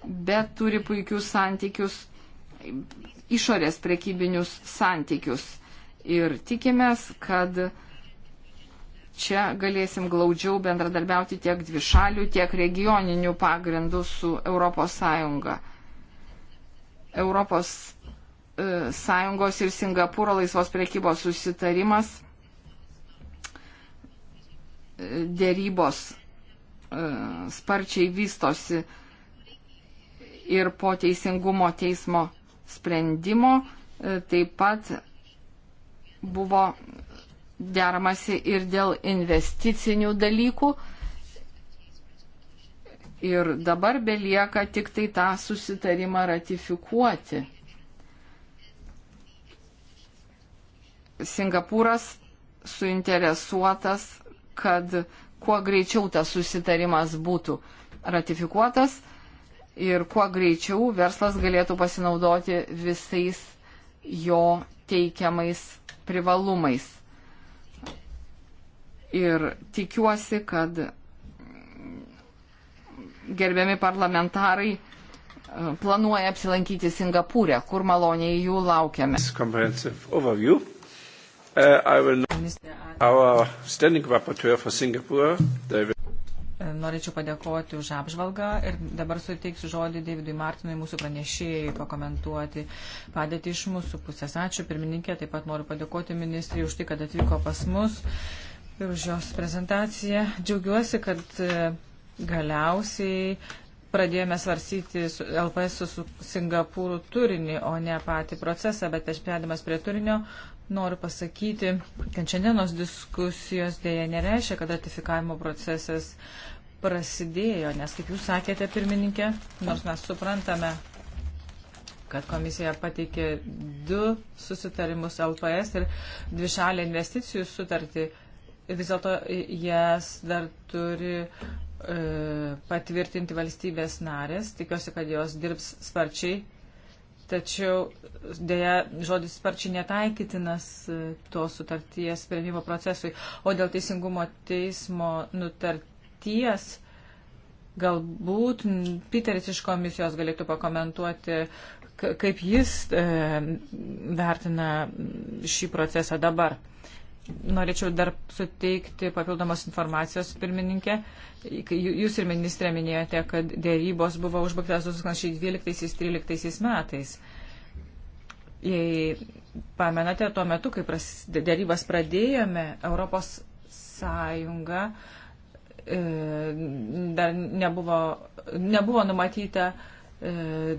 bet turi puikius santykius, išorės prekybinius santykius. Ir tikimės, kad čia galėsim glaudžiau bendradarbiauti tiek dvišalių, tiek regioninių pagrindų su ES. Europos e, Sąjungos ir Singapūro laisvos priekybos susitarimas e, dėrybos E, sparčiai vystosi ir po teisingumo teismo sprendimo e, taip pat buvo deramasi ir dėl investicinių dalykų. Ir dabar belieka tik tai tą susitarimą ratifikuoti. Singapūras suinteresuotas, kad uh, kuo greičiau tas susitarimas būtų ratifikuotas ir kuo greičiau verslas galėtų pasinaudoti visais jo teikiamais privalumais. Ir tikiuosi, kad gerbiami parlamentarai e, planuoja apsilankyti Singapūrę, kur maloniai jų laukiame. Uh, e, Norėčiau padėkoti už apžvalgą ir dabar suteiksiu žodį Davidui Martinui, mūsų pranešėjai, pakomentuoti padėtį iš mūsų pusės. Ačiū pirmininkė, taip pat noriu padėkoti ministrui už tai, kad atvyko pas mus ir už jos prezentaciją. Džiaugiuosi, kad e, galiausiai pradėjome svarsyti LPS su Singapūru turinį, o ne patį procesą, bet aš pėdamas prie turinio Noriu pasakyti, kad šiandienos diskusijos dėja nereiškia, kad ratifikavimo procesas prasidėjo, nes, kaip jūs sakėte, pirmininkė, nors mes suprantame, kad komisija pateikė du susitarimus LPS ir dvišalę investicijų sutartį, vis dėlto jas dar turi e, patvirtinti valstybės narės. Tikiuosi, kad jos dirbs sparčiai Tačiau dėja žodis sparčiai netaikytinas e, to sutarties sprendimo procesui. O dėl teisingumo teismo nutarties galbūt Piteris iš komisijos galėtų pakomentuoti, kaip jis e, vertina šį procesą dabar. Norėčiau dar suteikti papildomos informacijos pirmininkė. Jūs ir ministrė minėjote, kad dėrybos buvo užbaigtas 2012-2013 metais. Jei pamenate, tuo metu, kai pras, dėrybas pradėjome, Europos Sąjunga e, dar nebuvo, nebuvo numatyta e, E,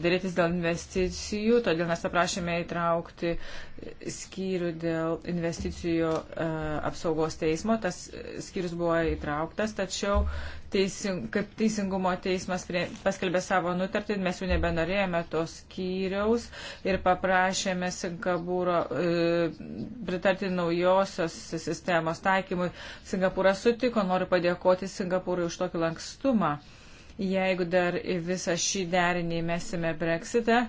dėrėtis dėl investicijų, todėl mes paprašėme įtraukti skyrių dėl investicijų e, apsaugos teismo. Tas skyrius buvo įtrauktas, tačiau teising, kaip teisingumo teismas prie, paskelbė savo nutartį, mes jau nebenorėjome tos skyriaus ir paprašėme Singapūro e, pritarti naujosios sistemos taikymui. Singapūras sutiko, noriu padėkoti Singapūrui už tokį lankstumą. Jeigu dar į visą šį derinį mesime breksitą,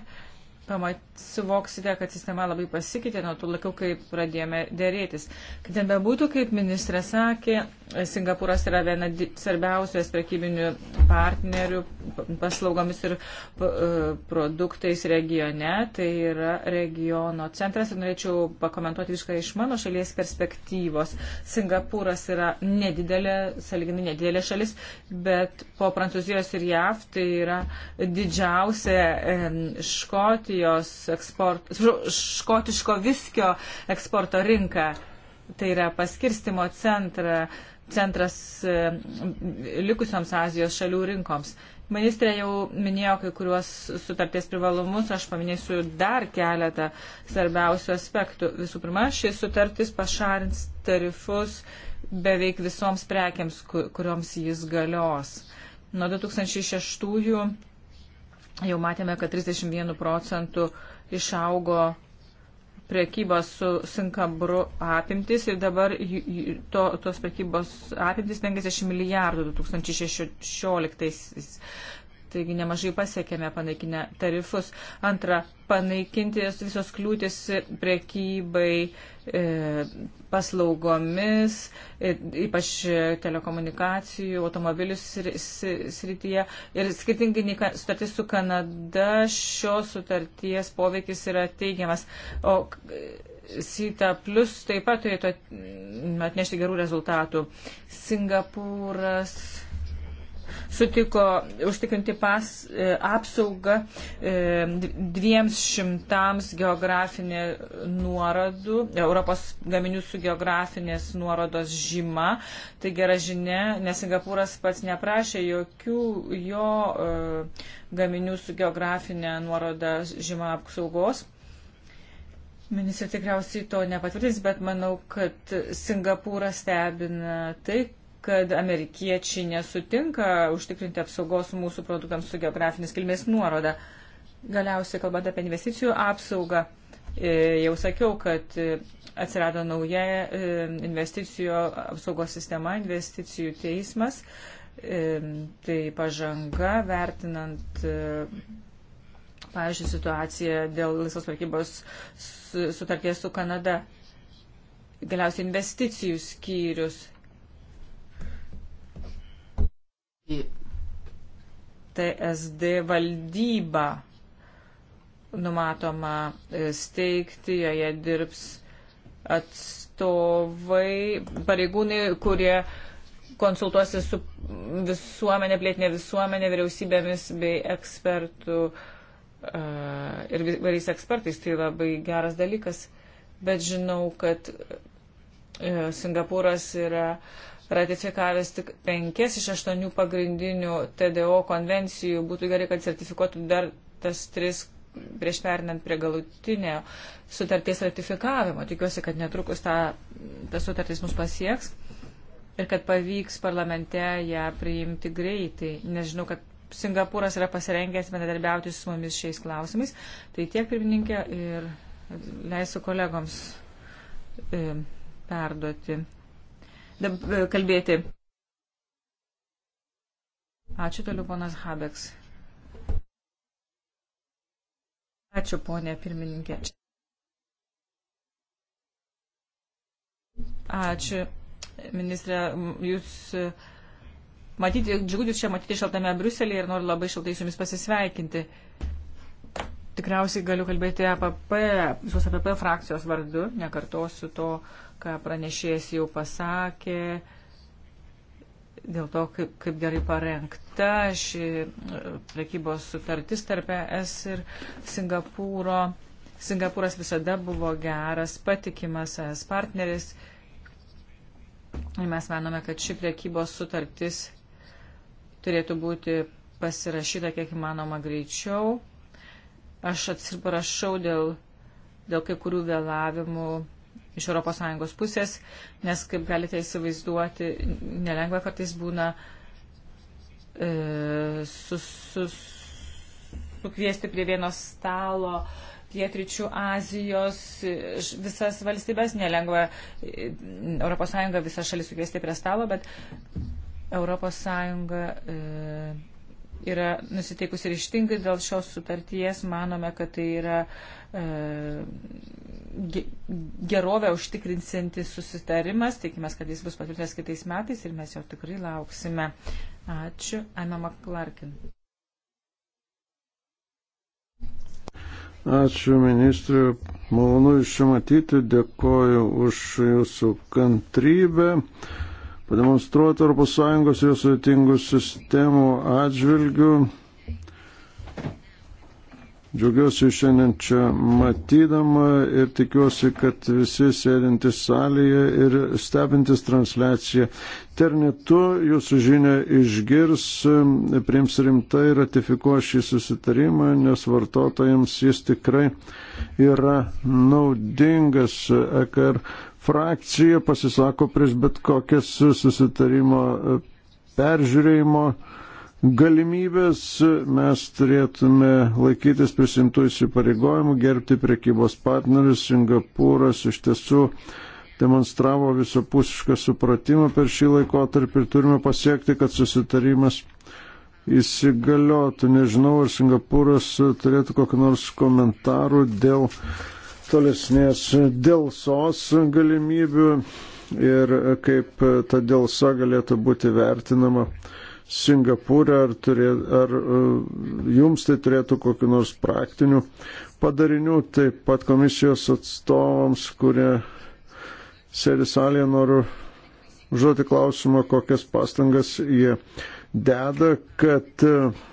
pamat, suvoksite, kad sistema labai pasikeitė nuo tų laikų, kai pradėjome dėrėtis. Kad ten bebūtų, kaip ministrė sakė, Singapūras yra viena svarbiausių prekybinių partnerių paslaugomis ir e, produktais regione. Tai yra regiono centras ir norėčiau pakomentuoti viską iš mano šalies perspektyvos. Singapūras yra nedidelė, saliginai nedidelė šalis, bet po Prancūzijos ir JAV tai yra didžiausia Škotija škotijos eksport, škotiško viskio eksporto rinką. Tai yra paskirstimo centra, centras e, likusioms Azijos šalių rinkoms. Ministrė jau minėjo kai kuriuos sutarties privalumus, aš paminėsiu dar keletą svarbiausių aspektų. Visų pirma, šis sutartis pašarins tarifus beveik visoms prekiams, kurioms jis galios. Nuo 2006 Jau matėme, kad 31 procentų išaugo prekybos su Sinkabru apimtis ir dabar to, tos prekybos apimtis 50 milijardų 2016. Taigi nemažai pasiekėme panaikinę tarifus. Antra, panaikinti visos kliūtis priekybai e, paslaugomis, e, ypač telekomunikacijų, automobilių srityje. Ir skirtingai nei sutartis su Kanada, šios sutarties poveikis yra teigiamas. O SITA plus taip pat turėtų atnešti gerų rezultatų. Singapūras sutiko užtikrinti pas, e, apsaugą e, dviems šimtams geografinė nuorodų, Europos gaminių su geografinės nuorodos žyma. Tai gera žinia, nes Singapūras pats neprašė jokių jo e, gaminių su geografinė nuoroda žyma apsaugos. Ministrė tikriausiai to nepatvirtins, bet manau, kad Singapūras stebina tai, kad amerikiečiai nesutinka užtikrinti apsaugos mūsų produktams su geografinės kilmės nuoroda. Galiausiai, kalbant apie investicijų apsaugą, e, jau sakiau, kad e, atsirado nauja e, investicijų apsaugos sistema, investicijų teismas. Tai pažanga vertinant, pavyzdžiui, situaciją dėl laisvos prekybos sutarties su Kanada. Galiausiai investicijų skyrius TSD valdyba numatoma e, steigti, joje dirbs atstovai, pareigūnai, kurie konsultuosi su visuomenė, plėtinė visuomenė, vyriausybėmis bei ekspertų e, ir vairiais ekspertais. Tai labai geras dalykas, bet žinau, kad e, Singapūras yra uh, ratifikavęs tik penkias iš aštuonių pagrindinių TDO konvencijų. Būtų gerai, kad sertifikuotų dar tas tris prieš pernant prie galutinio sutarties ratifikavimo. Tikiuosi, kad netrukus ta, ta sutartis mus pasieks ir kad pavyks parlamente ją priimti greitai. Nežinau, kad Singapūras yra pasirengęs bendradarbiauti su mumis šiais klausimais. Tai tiek, pirmininkė, ir leisiu kolegoms e, perduoti E, kalbėti. Ačiū toliau, ponas Habeks. Ačiū, ponė pirmininkė. Ačiū, ministrė. Jūs e, matyti, džiugu jūs čia matyti šaltame Bruselėje ir noriu labai šaltai su jumis pasisveikinti. Tikriausiai galiu kalbėti APP, visos APP frakcijos vardu, nekartosiu to, uh, ką pranešėjas jau pasakė, dėl to, kaip, kaip gerai parengta ši e, prekybos sutartis tarp ES ir Singapūro. Singapūras visada buvo geras, patikimas ES partneris. Ir mes manome, kad ši prekybos sutartis turėtų būti pasirašyta kiek įmanoma greičiau. Aš atsiprašau dėl, dėl kai kurių vėlavimų iš ES pusės, nes, kaip galite įsivaizduoti, nelengva kartais būna e, sus, sus, sukviesti prie vieno stalo pietričių Azijos, e, visas valstybės, nelengva ES visas šalis sukviesti prie stalo, bet ES e, yra nusiteikusi ryštingai dėl šios sutarties. Manome, kad tai yra e, gerovę užtikrinsiantis susitarimas. Tikimės, kad jis bus patvirtintas kitais metais ir mes jo tikrai lauksime. Ačiū. Anna Maklarkin. Ačiū ministrė, malonu iš čia matyti, dėkoju už jūsų kantrybę pademonstruoti ES ir sudėtingų sistemų atžvilgių. Džiaugiuosi šiandien čia matydama ir tikiuosi, kad visi sėdintys salėje ir stebintys transliaciją internetu jūsų žinia išgirs, priims rimtai ratifikuos šį susitarimą, nes vartotojams jis tikrai yra naudingas. EKR frakcija pasisako prieš bet kokias susitarimo e, peržiūrėjimo galimybės. Mes turėtume laikytis prisimtų įsipareigojimų, gerbti prekybos partnerius. Singapūras iš tiesų demonstravo visapusišką supratimą per šį laikotarpį ir turime pasiekti, kad susitarimas įsigaliotų. Nežinau, ar Singapūras turėtų kokį nors komentarų dėl tolesnės dėlsos galimybių ir kaip ta dėlsa galėtų būti vertinama Singapūrė, ar, turė, ar e, jums tai turėtų kokiu nors praktiniu padariniu, taip pat komisijos atstovams, kurie sėdi salėje, noriu užduoti klausimą, kokias pastangas jie deda, kad uh,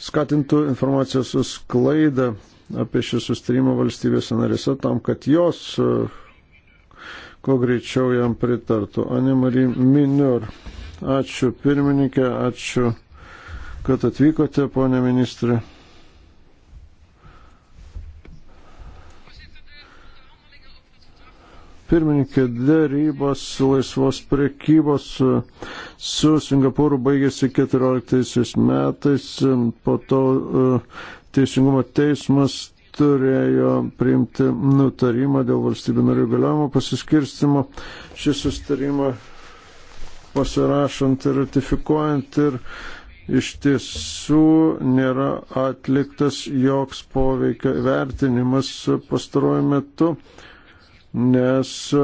skatintų informacijos sklaidą apie šį sustarimą valstybėse narėse tam, kad jos e, kuo greičiau jam pritartų. Animari Minur. Ačiū pirmininkė, ačiū, kad atvykote, ponė ministrė. pirmininkė, dėrybos laisvos prekybos su Singapūru baigėsi 14 metais, po to e, Teisingumo teismas turėjo priimti nutarimą dėl valstybių narių galiojimo pasiskirstimo. Šį sustarimą pasirašant ir ratifikuojant ir iš tiesų nėra atliktas joks poveikio vertinimas pastaruoju metu nes e,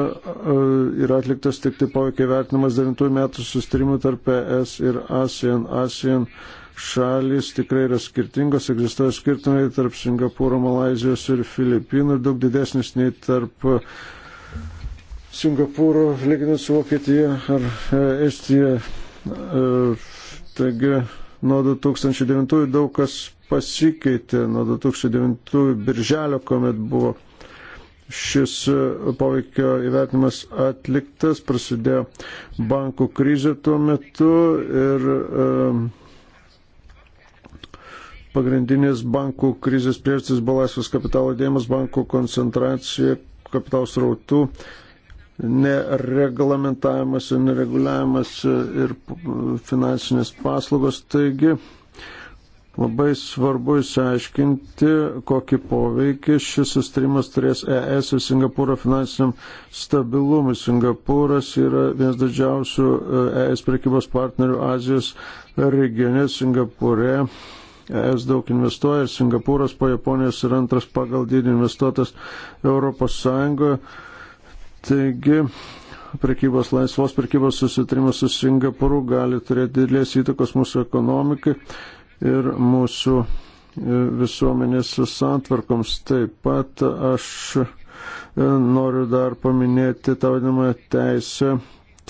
e, yra atliktas tik tai poveikiai vertinimas 9 metų sustarimų tarp ES ir ASEAN. ASEAN šalis tikrai yra skirtingos, egzistuoja skirtumai tarp Singapūro, Malazijos ir Filipinų, daug didesnis nei tarp Singapūro, lyginant su Vokietija ar e, Estija. Taigi nuo 2009 daug kas pasikeitė, nuo 2009 birželio, kuomet buvo šis e, poveikio įvertinimas atliktas, prasidėjo bankų krizė tuo metu ir e, pagrindinės bankų krizės priežastis buvo laisvas kapitalo dėjimas, bankų koncentracija, kapitalo srautų nereglamentavimas ir nereguliavimas ir finansinės paslaugos. Taigi, Labai svarbu išsiaiškinti, kokį poveikį šis sustarimas turės ES ir Singapūro finansiniam stabilumui. Singapūras yra vienas didžiausių ES e prekybos partnerių Azijos regione Singapūre. ES daug investuoja ir Singapūras po Japonijos yra antras pagal dydį investuotas Europos Sąjungoje. Taigi, prekybos, laisvos prekybos susitrimas su Singapūru gali turėti didelės įtakos mūsų ekonomikai ir mūsų e, visuomenės santvarkoms. Taip pat aš e, noriu dar paminėti tą vadinamą teisę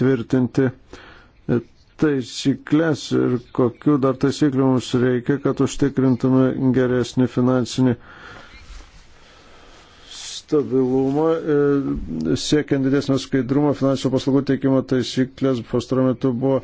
tvirtinti e, taisyklės ir kokiu dar taisykliu mums reikia, kad užtikrintume geresnį finansinį stabilumą, e, siekiant didesnio skaidrumo, finansinių paslaugų teikimo taisyklės pastaruoju metu buvo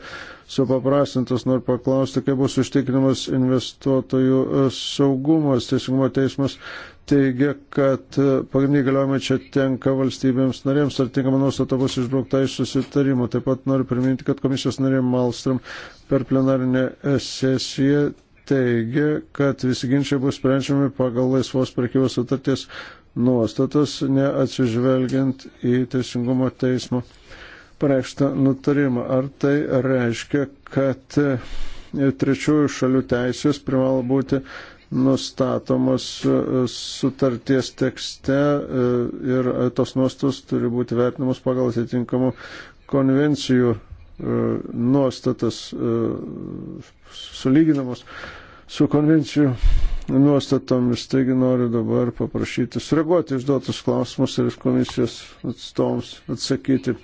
supaprastintos. Noriu paklausti, kaip bus užtikrinamas investuotojų e, saugumas. Teisingumo teismas teigia, kad e, pagrindiniai galiojimai čia tenka valstybėms narėms, ar tinkama nuostata bus išbraukta iš susitarimo. Taip pat noriu priminti, kad komisijos narė Malstrom per plenarinę sesiją teigia, kad visi ginčiai bus sprendžiami pagal laisvos prekybos sutarties nuostatas, neatsižvelgiant į Teisingumo teismo pareikštą nutarimą. Ar tai reiškia, kad e, trečiųjų šalių teisės privalo būti nustatomos e, sutarties tekste e, ir tos nuostatos turi būti vertinamos pagal atitinkamų konvencijų nuostatas sulyginamos su konvencijų nuostatomis. Taigi noriu dabar paprašyti sureaguoti išduotus klausimus ir iš komisijos atstovams atsakyti.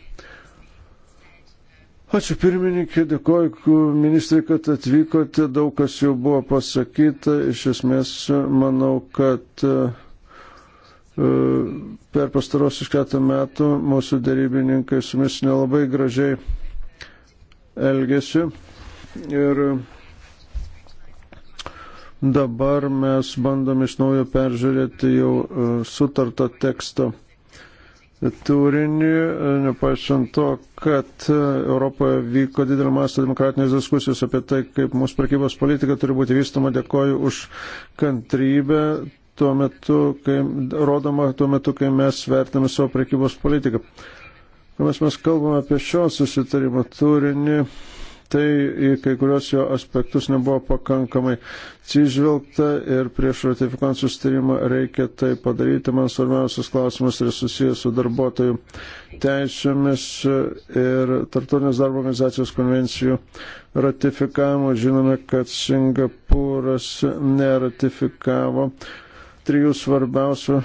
Ačiū pirmininkė, dėkoju ministrai, kad atvykote, daug kas jau buvo pasakyta. Iš esmės, manau, kad e, per pastarosius keletą metų mūsų darybininkai su mumis nelabai gražiai elgesi. Ir Dabar mes bandom iš naujo peržiūrėti jau e, sutarto teksto turinį, e, nepaisant to, kad e, Europoje vyko didelio masto demokratinės diskusijos apie tai, kaip mūsų prekybos politika turi būti vystoma. Dėkoju už kantrybę tuo metu, kai rodoma tuo metu, kai mes vertiname savo prekybos politiką. Mes mes kalbame apie šio susitarimo turinį tai į kai kurios jo aspektus nebuvo pakankamai atsižvelgta ir prieš ratifikant sustarimą reikia tai padaryti. Man svarbiausias klausimas yra susijęs su darbuotojų teisėmis ir Tartutinės darbo organizacijos konvencijų ratifikavimu. Žinome, kad Singapūras neratifikavo trijų svarbiausių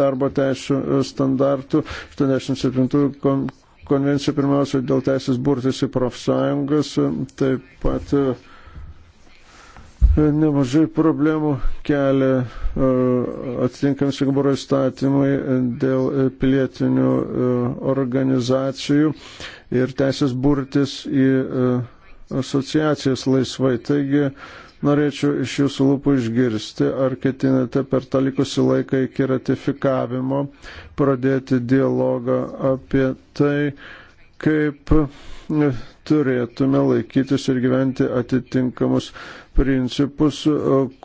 darbo teisų standartų 87 konvencija pirmiausia dėl teisės burtis į profsąjungas, taip pat e, nemažai problemų kelia e, atitinkami Singapūro įstatymai dėl pilietinių e, organizacijų ir teisės burtis į asociacijas laisvai. Taigi norėčiau iš jūsų lūpų išgirsti, ar ketinate per tą likusį laiką iki ratifikavimo pradėti dialogą apie tai, kaip turėtume laikytis ir gyventi atitinkamus principus,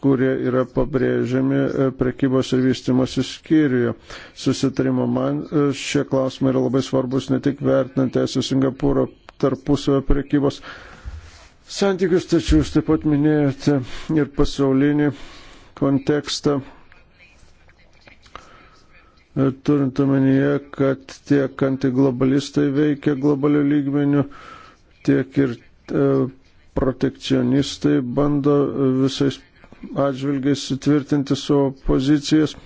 kurie yra pabrėžiami prekybos ir vystimosi skyriuje. Susitarimo man šie klausimai yra labai svarbus ne tik vertinant esą Singapūro tarpusavio prekybos santykius, tačiau jūs taip pat minėjote ir pasaulinį kontekstą turint omenyje, kad tiek antiglobalistai veikia globalių lygmenių, tiek ir e, protekcionistai bando visais atžvilgiais sutvirtinti savo pozicijas.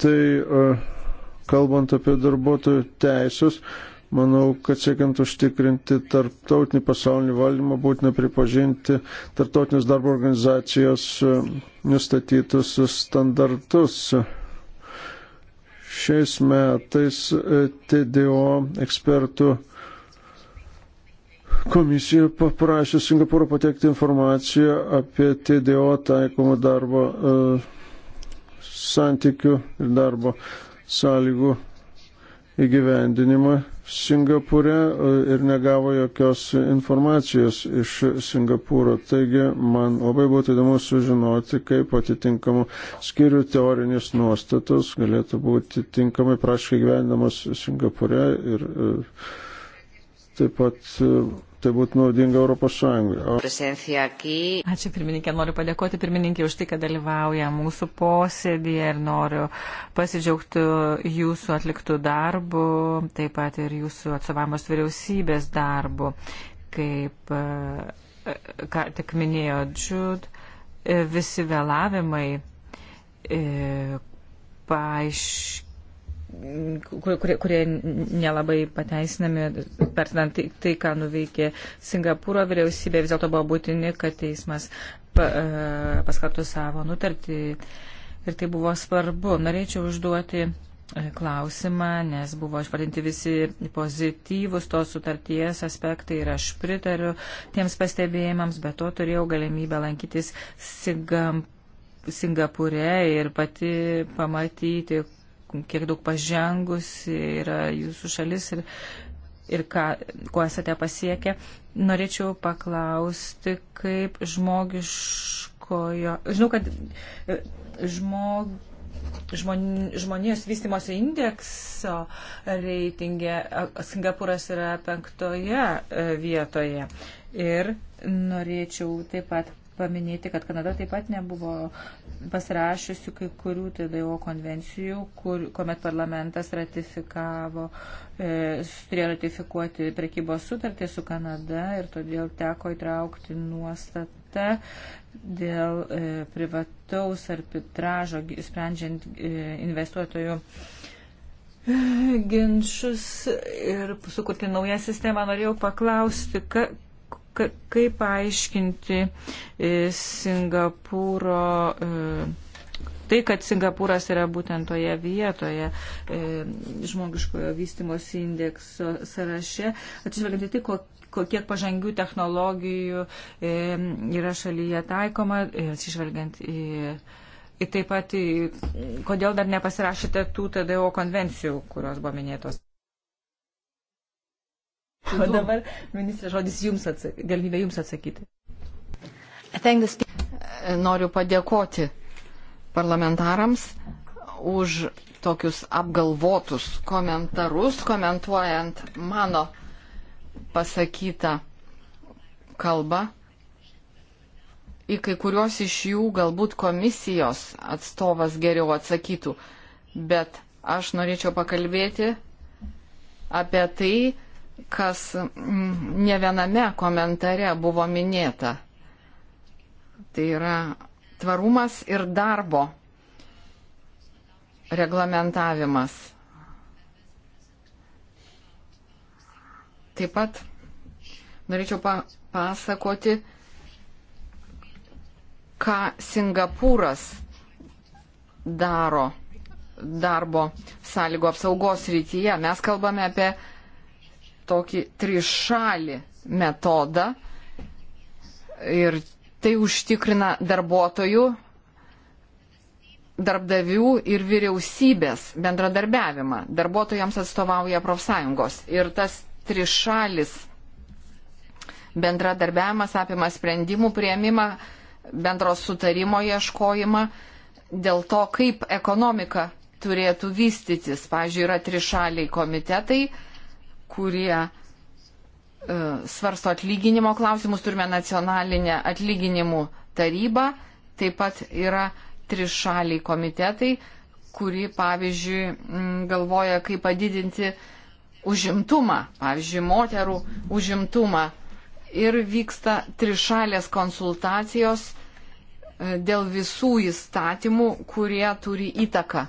Tai e, kalbant apie darbuotojų teisės, Manau, kad siekiant užtikrinti tarptautinį pasaulinį valdymą būtina pripažinti tarptautinės darbo organizacijos e, nustatytus standartus. Šiais metais e, TDO ekspertų komisija paprašė Singapūro patekti informaciją apie TDO taikomą darbo e, santykių ir darbo sąlygų įgyvendinimą Singapūre e, ir negavo jokios informacijos iš Singapūro. Taigi man labai būtų įdomu sužinoti, kaip atitinkamų skirių teorinės nuostatos galėtų būti tinkamai praškai gyvenamos Singapūre ir e, taip pat e, tai būtų naudinga Europos Sąjungai. Ačiū pirmininkė, noriu padėkoti pirmininkė už tai, kad dalyvauja mūsų posėdėje ir noriu pasidžiaugti jūsų atliktų darbų, taip pat ir jūsų atsovamos vyriausybės darbų, kaip e, ką tik minėjo Džud, e, visi vėlavimai e, paaiškiai kurie, kurie nelabai pateisinami, pertinant tai, tai, ką nuveikė Singapūro vyriausybė, vis dėlto buvo būtini, kad teismas pa, e, paskartų savo nutartį ir tai buvo svarbu. Norėčiau užduoti e, klausimą, nes buvo išvardinti visi pozityvus tos sutarties aspektai ir aš pritariu tiems pastebėjimams, bet to turėjau galimybę lankytis Singapūre ir pati pamatyti, kiek daug pažengusi yra jūsų šalis ir, ir ką, kuo esate pasiekę. Norėčiau paklausti, kaip žmogiškojo. Žinau, kad e, žmog, žmon, žmonijos vystimosi indekso reitingė Singapūras yra penktoje e, vietoje. Ir norėčiau taip pat paminėti, kad Kanada taip pat nebuvo pasirašiusi kai kurių TDO konvencijų, kur, kuomet parlamentas ratifikavo, e, turėjo ratifikuoti prekybos sutartį su Kanada ir todėl teko įtraukti nuostatą dėl e, privataus arbitražo, sprendžiant e, investuotojų e, ginčius ir sukurti naują sistemą. Norėjau paklausti, ka, kaip paaiškinti e, Singapūro, e, tai, kad Singapūras yra būtent toje vietoje e, žmogiškojo vystimosi indekso sąraše, atsižvelgiant į tai, kiek pažangių technologijų yra šalyje taikoma, atsižvelgiant į. Taip pat, kodėl dar nepasirašėte tų TDO konvencijų, kurios buvo minėtos? O dabar, ministrė, žodis jums atsakyti, galimybė jums atsakyti. Noriu padėkoti parlamentarams už tokius apgalvotus komentarus, komentuojant mano pasakytą kalbą. Į kai kuriuos iš jų galbūt komisijos atstovas geriau atsakytų, bet aš norėčiau pakalbėti apie tai, kas mm, ne viename komentare buvo minėta. Tai yra tvarumas ir darbo reglamentavimas. Taip pat norėčiau papasakoti, ką Singapūras daro darbo sąlygo apsaugos rytyje. Mes kalbame apie tokį trišalį metodą ir tai užtikrina darbuotojų, darbdavių ir vyriausybės bendradarbiavimą. Darbuotojams atstovauja profsąjungos ir tas trišalis bendradarbiavimas apima sprendimų prieimimą, bendros sutarimo ieškojimą dėl to, kaip ekonomika turėtų vystytis. Pavyzdžiui, yra trišaliai komitetai, kurie e, svarsto atlyginimo klausimus, turime nacionalinę atlyginimų tarybą, taip pat yra trišaliai komitetai, kuri, pavyzdžiui, galvoja, kaip padidinti užimtumą, pavyzdžiui, moterų užimtumą. Ir vyksta trišalės konsultacijos e, dėl visų įstatymų, kurie turi įtaką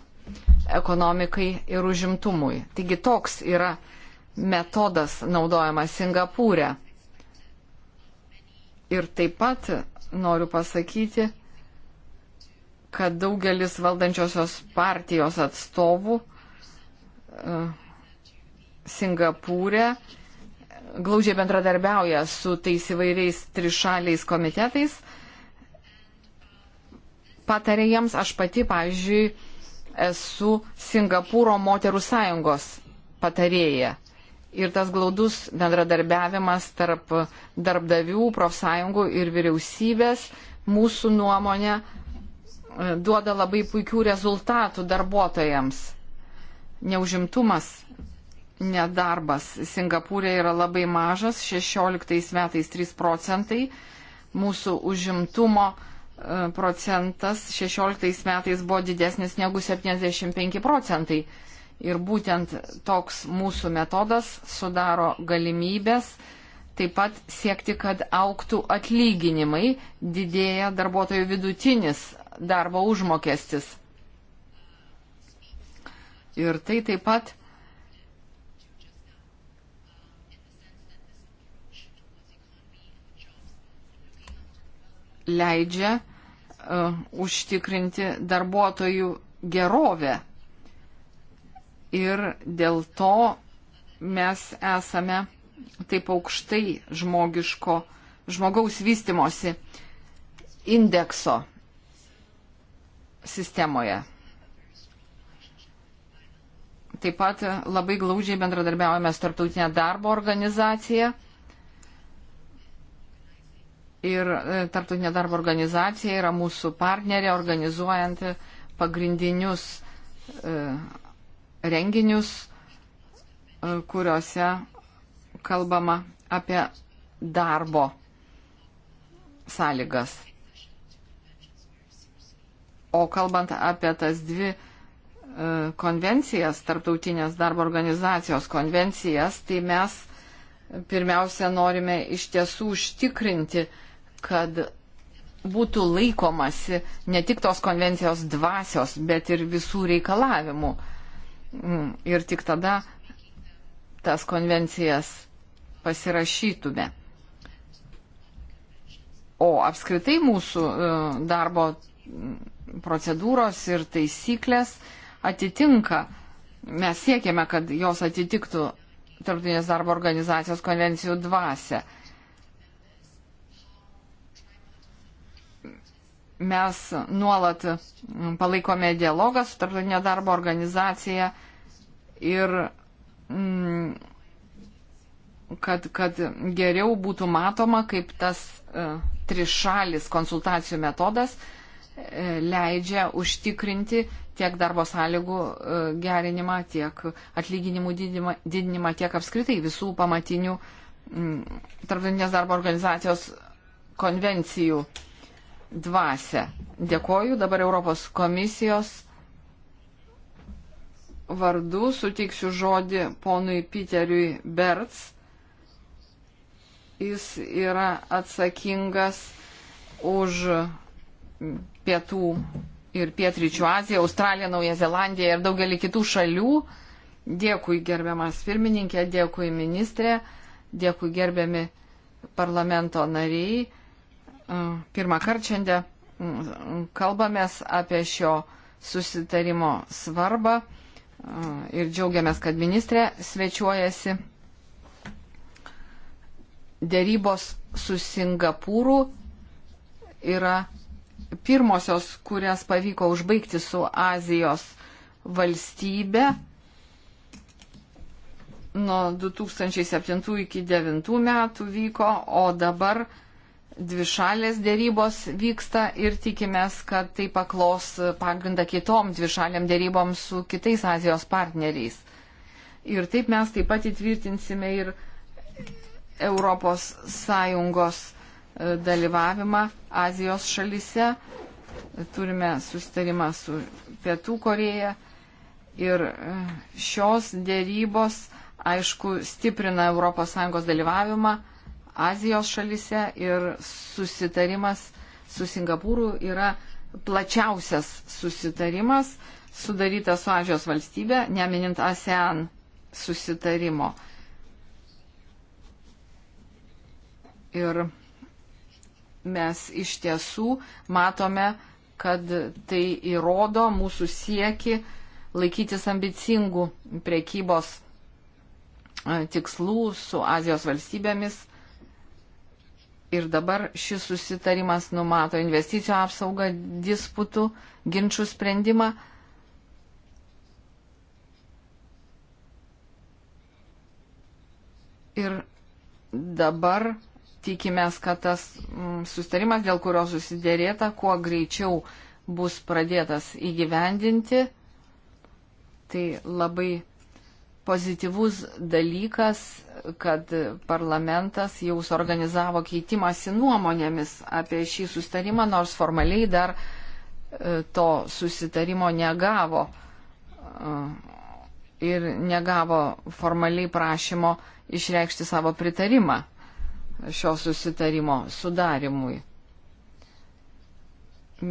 ekonomikai ir užimtumui. Taigi toks yra metodas naudojamas Singapūrė. Ir taip pat noriu pasakyti, kad daugelis valdančiosios partijos atstovų e, Singapūrė glaudžiai bendradarbiauja su tais įvairiais trišaliais komitetais. Patarė jiems, aš pati, pavyzdžiui, esu Singapūro moterų sąjungos patarėja ir tas glaudus bendradarbiavimas tarp darbdavių, profsąjungų ir vyriausybės mūsų nuomonė e, duoda labai puikių rezultatų darbuotojams. Neužimtumas, nedarbas Singapūrė yra labai mažas, 16 metais 3 procentai, mūsų užimtumo e, procentas 16 metais buvo didesnis negu 75 procentai. Ir būtent toks mūsų metodas sudaro galimybės taip pat siekti, kad auktų atlyginimai, didėja darbuotojų vidutinis darbo užmokestis. Ir tai taip pat leidžia uh, užtikrinti darbuotojų gerovę ir dėl to mes esame taip aukštai žmogiško, žmogaus vystimosi indekso sistemoje. Taip pat labai glaudžiai bendradarbiaujame su tarptautinė darbo organizacija. Ir e, tarptautinė darbo organizacija yra mūsų partnerė organizuojant pagrindinius e, renginius, e, kuriuose kalbama apie darbo sąlygas. O kalbant apie tas dvi e, konvencijas, tarptautinės darbo organizacijos konvencijas, tai mes pirmiausia norime iš tiesų užtikrinti, kad būtų laikomasi ne tik tos konvencijos dvasios, bet ir visų reikalavimų. Mm, ir tik tada tas konvencijas pasirašytume. O apskritai mūsų e, darbo mm, procedūros ir taisyklės atitinka, mes siekiame, kad jos atitiktų Tarptautinės darbo organizacijos konvencijų dvasę. Mes nuolat mm, palaikome dialogą su tarptautinė darbo organizacija ir mm, kad, kad geriau būtų matoma, kaip tas uh, trišalis konsultacijų metodas uh, leidžia užtikrinti tiek darbo sąlygų uh, gerinimą, tiek atlyginimų didinimą, didinimą tiek apskritai visų pamatinių um, tarptautinės darbo organizacijos konvencijų uh, dvasę. Dėkoju. Dabar Europos komisijos vardu suteiksiu žodį ponui Piteriui Berts. Jis yra atsakingas už pietų ir pietryčių Aziją, Australiją, Naują Zelandiją ir daugelį kitų šalių. Dėkui gerbiamas pirmininkė, dėkui ministrė, dėkui gerbiami parlamento nariai pirmą kartą šiandien kalbamės apie šio susitarimo svarbą ir džiaugiamės, kad ministrė svečiuojasi. Dėrybos su Singapūru yra pirmosios, kurias pavyko užbaigti su Azijos valstybė nuo 2007 iki 2009 metų vyko, o dabar Dvišalės dėrybos vyksta ir tikimės, kad tai paklos pagrindą kitom dvišaliam dėrybom su kitais Azijos partneriais. Ir taip mes taip pat įtvirtinsime ir Europos Sąjungos e, dalyvavimą Azijos šalise. Turime sustarimą su Pietų Koreja ir e, šios dėrybos, aišku, stiprina ES dalyvavimą Azijos šalise ir susitarimas su Singapūru yra plačiausias susitarimas sudarytas su Azijos valstybė, neminint ASEAN susitarimo. Ir mes iš tiesų matome, kad tai įrodo mūsų sieki laikytis ambicingų prekybos e, tikslų su Azijos valstybėmis ir dabar šis susitarimas numato investicijų apsaugą, disputų, ginčių sprendimą. Ir dabar tikimės, kad tas mm, sustarimas, dėl kurio susidėrėta, kuo greičiau bus pradėtas įgyvendinti. Tai labai pozityvus dalykas, kad parlamentas jau suorganizavo keitimąsi nuomonėmis apie šį sustarimą, nors formaliai dar e, to susitarimo negavo e, ir negavo formaliai prašymo išreikšti savo pritarimą šio susitarimo sudarimui.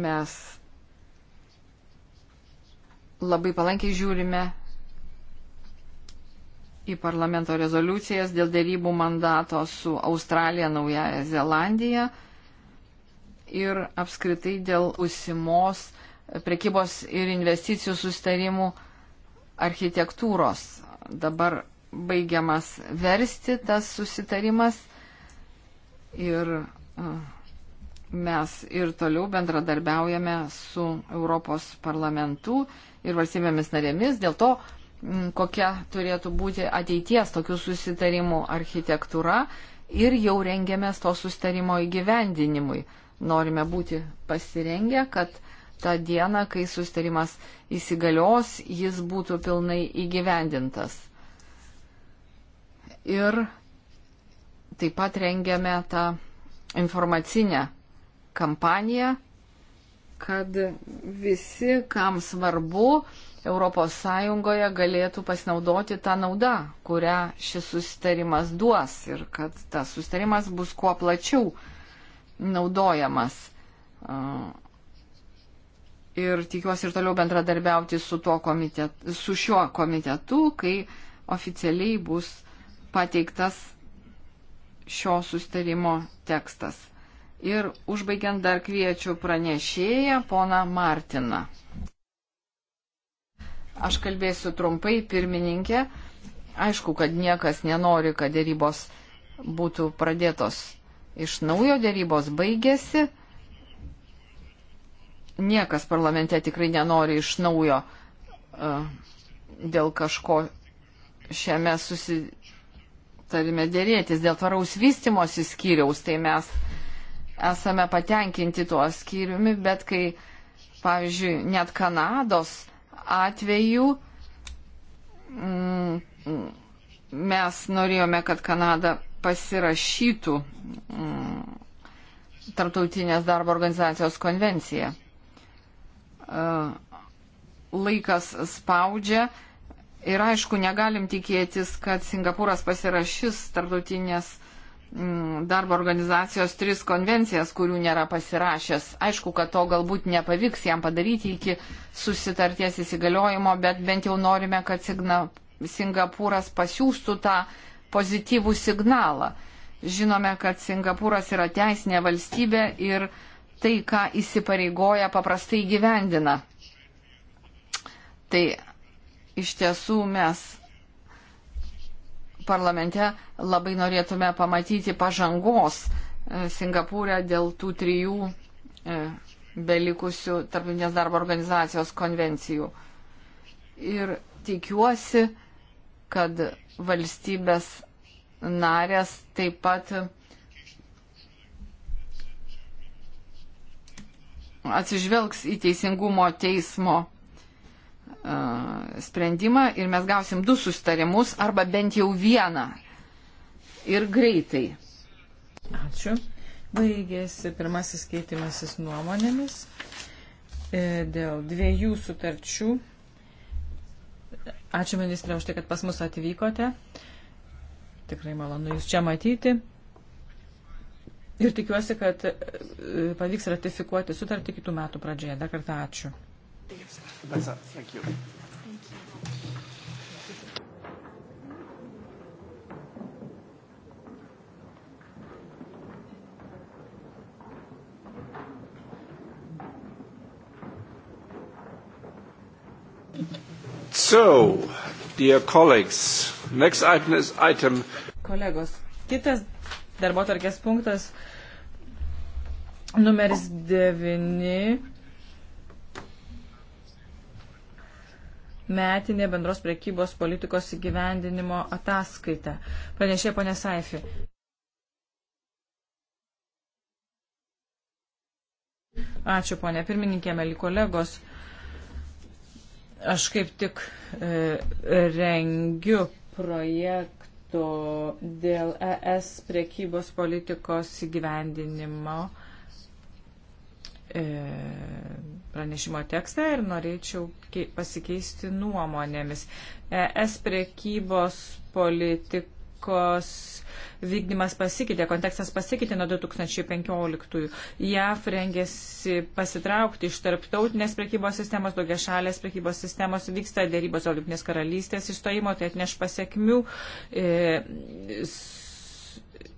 Mes labai palankiai žiūrime į parlamento rezoliucijas dėl dėrybų mandato su Australija, Naujaja Zelandija ir apskritai dėl užsimos prekybos ir investicijų sustarimų architektūros. Dabar baigiamas versti tas susitarimas ir mes ir toliau bendradarbiaujame su Europos parlamentu ir valstybėmis narėmis. Dėl to kokia turėtų būti ateities tokių susitarimų architektūra ir jau rengiamės to susitarimo įgyvendinimui. Norime būti pasirengę, kad tą dieną, kai susitarimas įsigalios, jis būtų pilnai įgyvendintas. Ir taip pat rengiame tą informacinę kampaniją, kad visi, kam svarbu, ES galėtų pasinaudoti tą naudą, kurią šis susitarimas duos ir kad tas susitarimas bus kuo plačiau naudojamas. Ir tikiuosi ir toliau bendradarbiauti su, komitet, su šiuo komitetu, kai oficialiai bus pateiktas šio sustarimo tekstas. Ir užbaigiant dar kviečiu pranešėją, pona Martiną. Aš kalbėsiu trumpai, pirmininkė. Aišku, kad niekas nenori, kad dėrybos būtų pradėtos iš naujo, dėrybos baigėsi. Niekas parlamente tikrai nenori iš naujo uh, dėl kažko šiame susitarime dėrėtis, dėl tvaraus vystimosi skyriaus. Tai mes esame patenkinti tuo skyriumi, bet kai, pavyzdžiui, net Kanados atveju mm, mes norėjome, kad Kanada pasirašytų mm, Tartautinės darbo organizacijos konvenciją. E, laikas spaudžia ir aišku, negalim tikėtis, kad Singapūras pasirašys Tartautinės darbo Mm, darbo organizacijos tris konvencijas, kurių nėra pasirašęs. Aišku, kad to galbūt nepavyks jam padaryti iki susitarties įsigaliojimo, bet bent jau norime, kad signa, Singapūras pasiūstų tą pozityvų signalą. Žinome, kad Singapūras yra teisinė valstybė ir tai, ką įsipareigoja, paprastai gyvendina. Tai iš tiesų mes parlamente labai norėtume pamatyti pažangos e, Singapūrė dėl tų trijų e, belikusių tarptautinės darbo organizacijos konvencijų. Ir tikiuosi, kad valstybės narės taip pat atsižvelgs į teisingumo teismo sprendimą ir mes gausim du sustarimus arba bent jau vieną. Ir greitai. Ačiū. Baigėsi pirmasis keitimasis nuomonėmis e, dėl dviejų sutarčių. Ačiū ministrė už tai, kad pas mus atvykote. Tikrai malonu Jūs čia matyti. Ir tikiuosi, kad e, pavyks ratifikuoti sutartį kitų metų pradžioje. Dar kartą ačiū. That's it. Thank you. Thank you. So, dear colleagues, next item is item. Kolegos, kitas darbo tarkės punktas numeris 9. metinė bendros prekybos politikos įgyvendinimo ataskaita. Pranešė ponė Saifi. Ačiū ponė pirmininkė, mėly kolegos. Aš kaip tik e, rengiu projektų dėl ES prekybos politikos įgyvendinimo. E, E, pranešimo tekstą ir norėčiau pasikeisti nuomonėmis. Es priekybos politikos vykdymas pasikeitė, kontekstas pasikeitė nuo 2015. JAF rengėsi pasitraukti iš tarptautinės priekybos sistemos, daugia šalės priekybos sistemos, vyksta dėrybos dėl Junktinės karalystės įstojimo, tai atneš pasiekmių. E,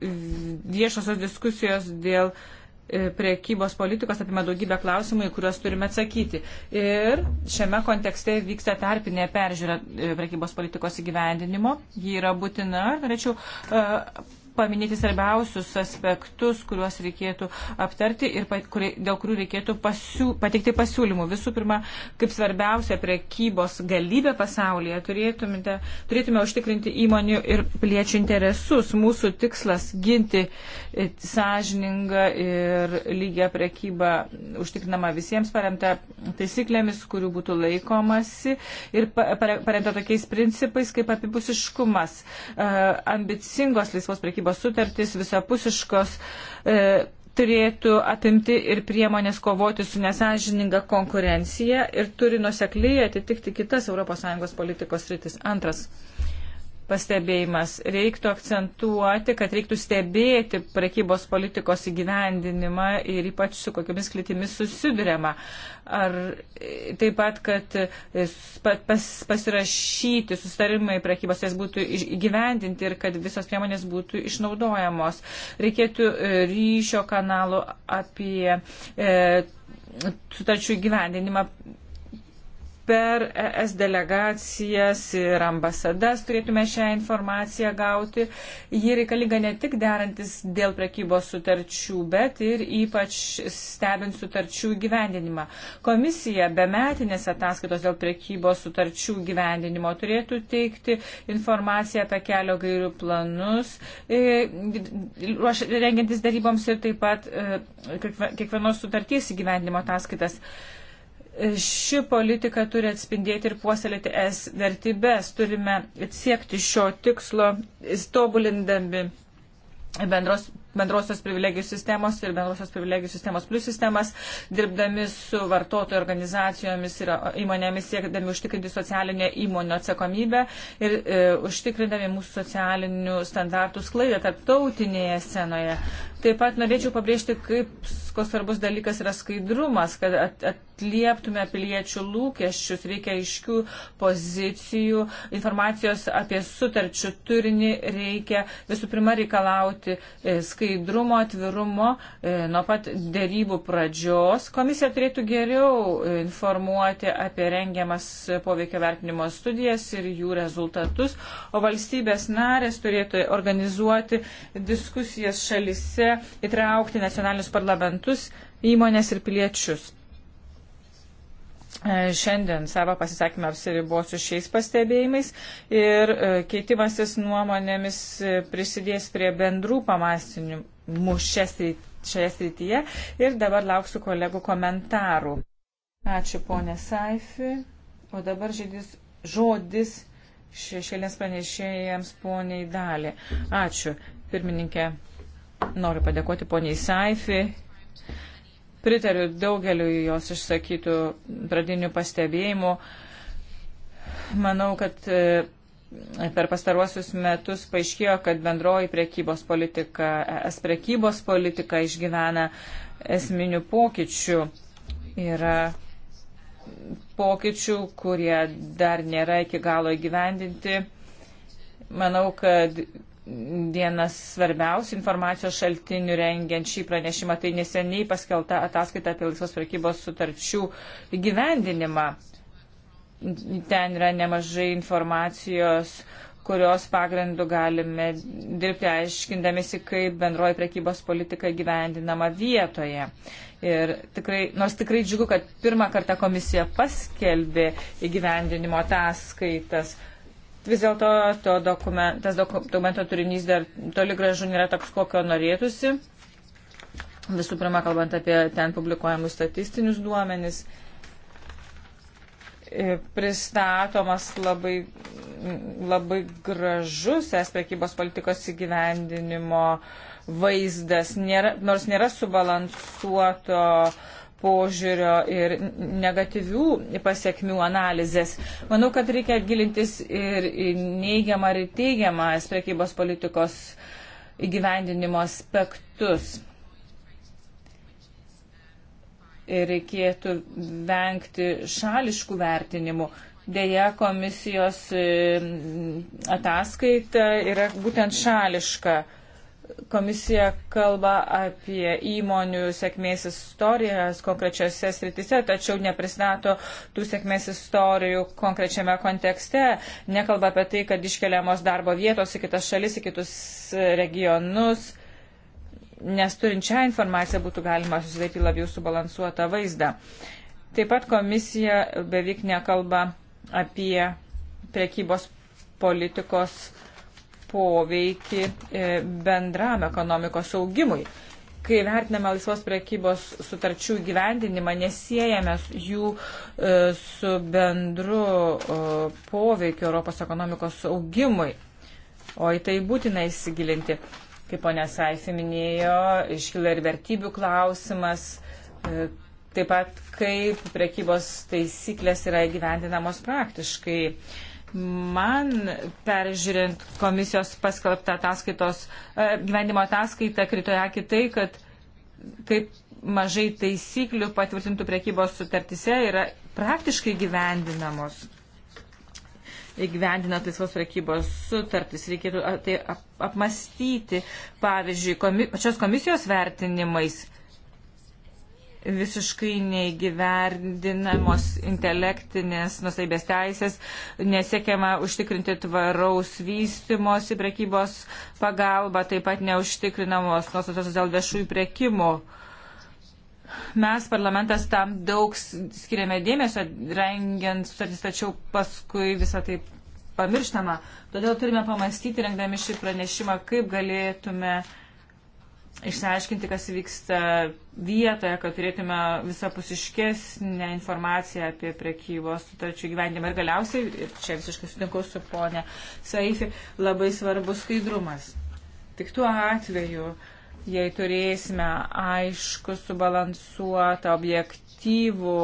viešosios diskusijos dėl e, E, priekybos politikos apima daugybę klausimų, į kuriuos turime atsakyti. Ir šiame kontekste vyksta tarpinė peržiūra e, priekybos politikos įgyvendinimo. Ji yra būtina ir norėčiau e, paminėti svarbiausius aspektus, kuriuos reikėtų aptarti ir kurie, dėl kurių reikėtų pasiū, pateikti pasiūlymų. Visų pirma, kaip svarbiausia prekybos galybė pasaulyje turėtumėte, turėtume užtikrinti įmonių ir piliečių interesus. Mūsų tikslas ginti e, sąžiningą ir lygią prekybą užtikrinama visiems paremta taisyklėmis, kurių būtų laikomasi ir paremta tokiais principais kaip apibusiškumas, e, ambicingos laisvos prekybos prekybos sutartys visapusiškos e, turėtų apimti ir priemonės kovoti su nesažininga konkurencija ir turi nusekliai atitikti kitas ES politikos rytis. Antras pastebėjimas. Reiktų akcentuoti, kad reiktų stebėti prekybos politikos įgyvendinimą ir ypač su kokiamis klitimis susidurėma. Ar taip pat, kad pas, pasirašyti sustarimai prekybos jas būtų įgyvendinti ir kad visos priemonės būtų išnaudojamos. Reikėtų e, ryšio kanalų apie e, sutarčių įgyvendinimą per ES delegacijas ir ambasadas turėtume šią informaciją gauti. Ji reikalinga ne tik derantis dėl prekybos sutarčių, bet ir ypač stebint sutarčių gyvendinimą. Komisija be metinės ataskaitos dėl prekybos sutarčių gyvendinimo turėtų teikti informaciją apie kelio gairių planus, e, rengiantis daryboms ir taip pat e, kiekvienos sutarties įgyvendinimo ataskaitas ši politika turi atspindėti ir puoselėti es vertybės. Turime siekti šio tikslo, tobulindami bendros bendrosios privilegijų sistemos ir bendrosios privilegijų sistemos plus sistemas, dirbdami su vartotojų organizacijomis ir įmonėmis, siekdami užtikrinti socialinę įmonių atsakomybę ir e, užtikrindami mūsų socialinių standartų sklaidą tarptautinėje scenoje. Taip pat norėčiau pabrėžti, kaip koks svarbus dalykas yra skaidrumas, kad at, atlieptume piliečių lūkesčius, reikia aiškių pozicijų, informacijos apie sutarčių turinį reikia visų pirma reikalauti skaidrumą e, skaidrumo, atvirumo e, nuo pat dėrybų pradžios. Komisija turėtų geriau informuoti apie rengiamas poveikio vertinimo studijas ir jų rezultatus, o valstybės narės turėtų organizuoti diskusijas šalise, įtraukti nacionalinius parlamentus, įmonės ir piliečius. E, šiandien savo pasisakymą apsiribosiu šiais pastebėjimais ir e, keitimasis nuomonėmis e, prisidės prie bendrų pamastinių šioje srityje ir dabar lauksiu kolegų komentarų. Ačiū ponė Saifi. O dabar žodis, žodis šešėlės pranešėjams poniai dalį. Ačiū. Pirmininkė, noriu padėkoti poniai Saifi Pritariu daugeliu jos išsakytų pradinių pastebėjimų. Manau, kad e, per pastaruosius metus paaiškėjo, kad bendroji priekybos politika, es priekybos politika išgyvena esminių pokyčių. Yra pokyčių, kurie dar nėra iki galo įgyvendinti. Manau, kad vienas svarbiausių informacijos šaltinių rengiant šį pranešimą, tai neseniai paskelta ataskaita apie laisvos prekybos sutarčių įgyvendinimą. Ten yra nemažai informacijos, kurios pagrindų galime dirbti aiškindamėsi, kaip bendroji prekybos politika gyvendinama vietoje. Ir tikrai, nors tikrai džiugu, kad pirmą kartą komisija paskelbė įgyvendinimo ataskaitas Vis dėlto dokument, tas dokumento turinys dar toli gražu nėra toks, kokio norėtųsi. Visų pirma, kalbant apie ten publikuojamus statistinius duomenis, pristatomas labai, labai gražus es prekybos politikos įgyvendinimo vaizdas, nėra, nors nėra subalansuoto uh, požiūrio ir negatyvių pasiekmių analizės. Manau, kad reikia gilintis ir neigiamą ir teigiamą prekybos politikos įgyvendinimo aspektus. Ir reikėtų vengti šališkų vertinimų. Deja, komisijos e, ataskaita yra būtent šališka. Komisija kalba apie įmonių sėkmės istorijas konkrečiose sritise, tačiau nepristato tų sėkmės istorijų konkrečiame kontekste. Nekalba apie tai, kad iškeliamos darbo vietos į kitas šalis, į kitus regionus, nes turint šią informaciją būtų galima susidaryti labiau subalansuotą vaizdą. Taip pat komisija beveik nekalba apie prekybos politikos poveikį e, bendram ekonomikos augimui. Kai vertiname laisvos priekybos sutarčių gyvendinimą, nesiejame jų e, su bendru e, poveikiu Europos ekonomikos augimui. O į tai būtina įsigilinti. Kaip ponia Saifi minėjo, iškyla ir vertybių klausimas, taip pat kaip prekybos taisyklės yra įgyvendinamos praktiškai. Man, peržiūrint komisijos paskelbtą ataskaitos, e, gyvenimo ataskaitą, kritoje kitai, kad kaip mažai taisyklių patvirtintų priekybos sutartise yra praktiškai gyvendinamos. Įgyvendinant laisvos priekybos sutartis, reikėtų tai apmastyti, pavyzdžiui, komi pačios komisijos vertinimais visiškai neįgyvendinamos intelektinės nusaibės teisės, nesiekiama užtikrinti tvaraus vystimosi prekybos pagalba, taip pat neužtikrinamos nuostatos dėl viešųjų priekimų. Mes parlamentas tam daug skiriame dėmesio, rengiant sutartis, tačiau paskui visą tai pamirštama. Todėl turime pamastyti, rengdami šį pranešimą, kaip galėtume uh, išsiaiškinti, kas vyksta vietoje, kad turėtume visapusiškesnę informaciją apie prekybos sutarčių gyvendimą. Ir galiausiai, ir čia visiškai sutinku su ponė Saifi, labai svarbus skaidrumas. Tik tuo atveju uh, jei turėsime aišku subalansuotą objektyvų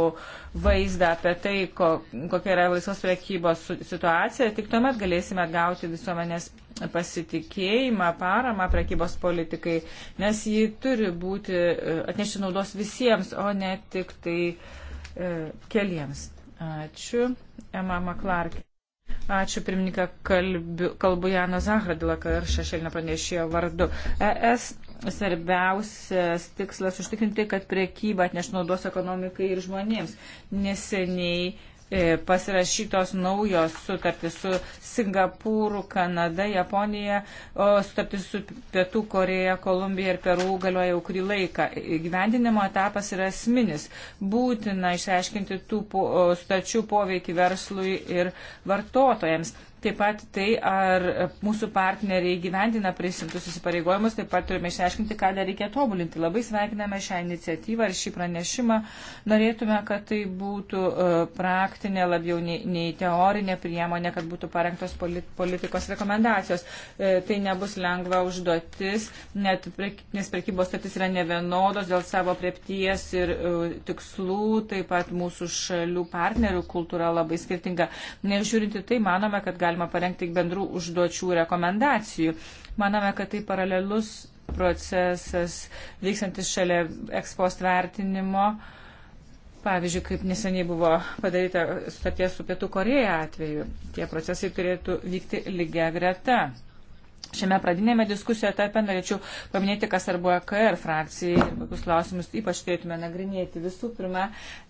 vaizdą apie tai, ko, kokia yra laisvos priekybos situacija, tik tuomet galėsime gauti visuomenės pasitikėjimą, paramą priekybos politikai, nes ji turi būti e, atnešti naudos visiems, o ne tik tai e, keliems. Ačiū. Ema Maklarkė. Ačiū pirmininką, kalbu Jano Zahradilą, kad ir šešėlinio pranešėjo vardu. ES svarbiausias tikslas užtikrinti, kad priekyba atneš naudos ekonomikai ir žmonėms. Neseniai e, pasirašytos naujos sutartys su Singapūru, Kanada, Japonija, o sutartys su Pietų Koreja, Kolumbija ir Peru galioja jau kurį laiką. Gyvendinimo etapas yra esminis. Būtina išsiaiškinti tų sutarčių poveikį verslui ir vartotojams. Taip pat tai, ar mūsų partneriai gyvendina prisimtus įsipareigojimus, taip pat turime išsiaiškinti, ką dar reikia tobulinti. Labai sveikiname šią iniciatyvą ir šį pranešimą. Norėtume, kad tai būtų e, praktinė labiau nei, nei teorinė priemonė, kad būtų parengtos politikos rekomendacijos. E, tai nebus lengva užduotis, net, nes prekybos statis yra nevienodos dėl savo priepties ir e, tikslų, taip pat mūsų šalių partnerių kultūra labai skirtinga. Nežiūrinti tai, manome, kad galime galima parengti bendrų užduočių rekomendacijų. Manome, kad tai paralelus procesas vykstantis šalia ekspost vertinimo. Pavyzdžiui, kaip neseniai buvo padaryta sutarties su Pietų Koreja atveju, tie procesai turėtų vykti lygia greta. Šiame pradinėme diskusijoje etape norėčiau paminėti, kas arba EKR frakcijai, kokius klausimus ypač turėtume nagrinėti. Visų pirma,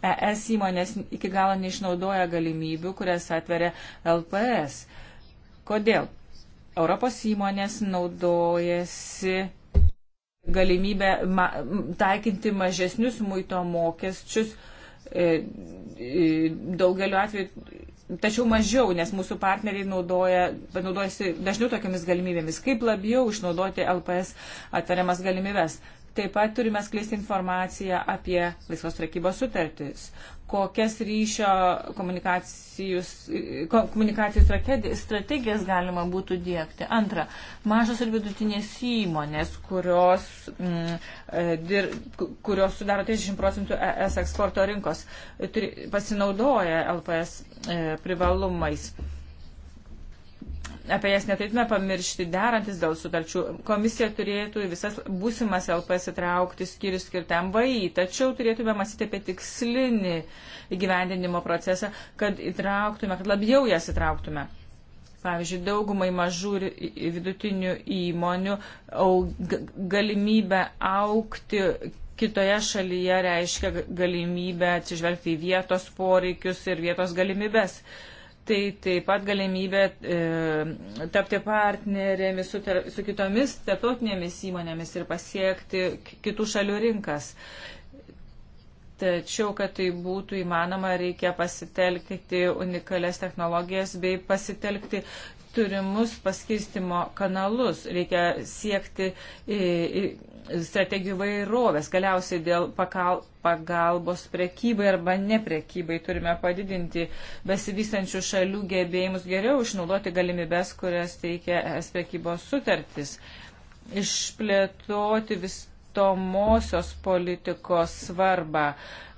ES įmonės iki galo neišnaudoja galimybių, kurias atveria LPS. Kodėl? Europos įmonės naudojasi galimybę ma taikinti mažesnius muito mokesčius. E, e, daugeliu atveju tačiau mažiau, nes mūsų partneriai naudoja, naudojasi dažniau tokiamis galimybėmis. Kaip labiau išnaudoti LPS atveriamas galimybės? Taip pat turime skleisti informaciją apie laisvos prekybos sutartis, kokias ryšio komunikacijų strategijas galima būtų dėkti. Antra, mažos ir vidutinės įmonės, kurios, mm, e, dir, kurios sudaro 30 procentų ES eksporto rinkos, turi, pasinaudoja LPS e, privalumais. E, apie jas neturėtume pamiršti derantis dėl sutarčių. Komisija turėtų visas būsimas LPS įtraukti skyrius skirtam VAI, tačiau turėtume mąstyti apie tikslinį įgyvendinimo procesą, kad įtrauktume, kad labiau jas įtrauktume. Pavyzdžiui, daugumai mažų ir vidutinių įmonių galimybę aukti kitoje šalyje reiškia galimybę atsižvelgti į vietos poreikius ir vietos galimybės. Uh, Tai taip pat galimybė e, tapti partnerėmis su, ter, su kitomis tarptautinėmis įmonėmis ir pasiekti kitų šalių rinkas. Tačiau, kad tai būtų įmanoma, reikia pasitelkti unikalias technologijas bei pasitelkti turimus paskirstimo kanalus. Reikia siekti strategijų vairovės. Galiausiai dėl pakal, pagalbos prekybai arba neprekybai turime padidinti besivystančių šalių gebėjimus geriau išnaudoti galimybės, kurias teikia es prekybos sutartis. Išplėtoti vis vystomosios politikos svarbą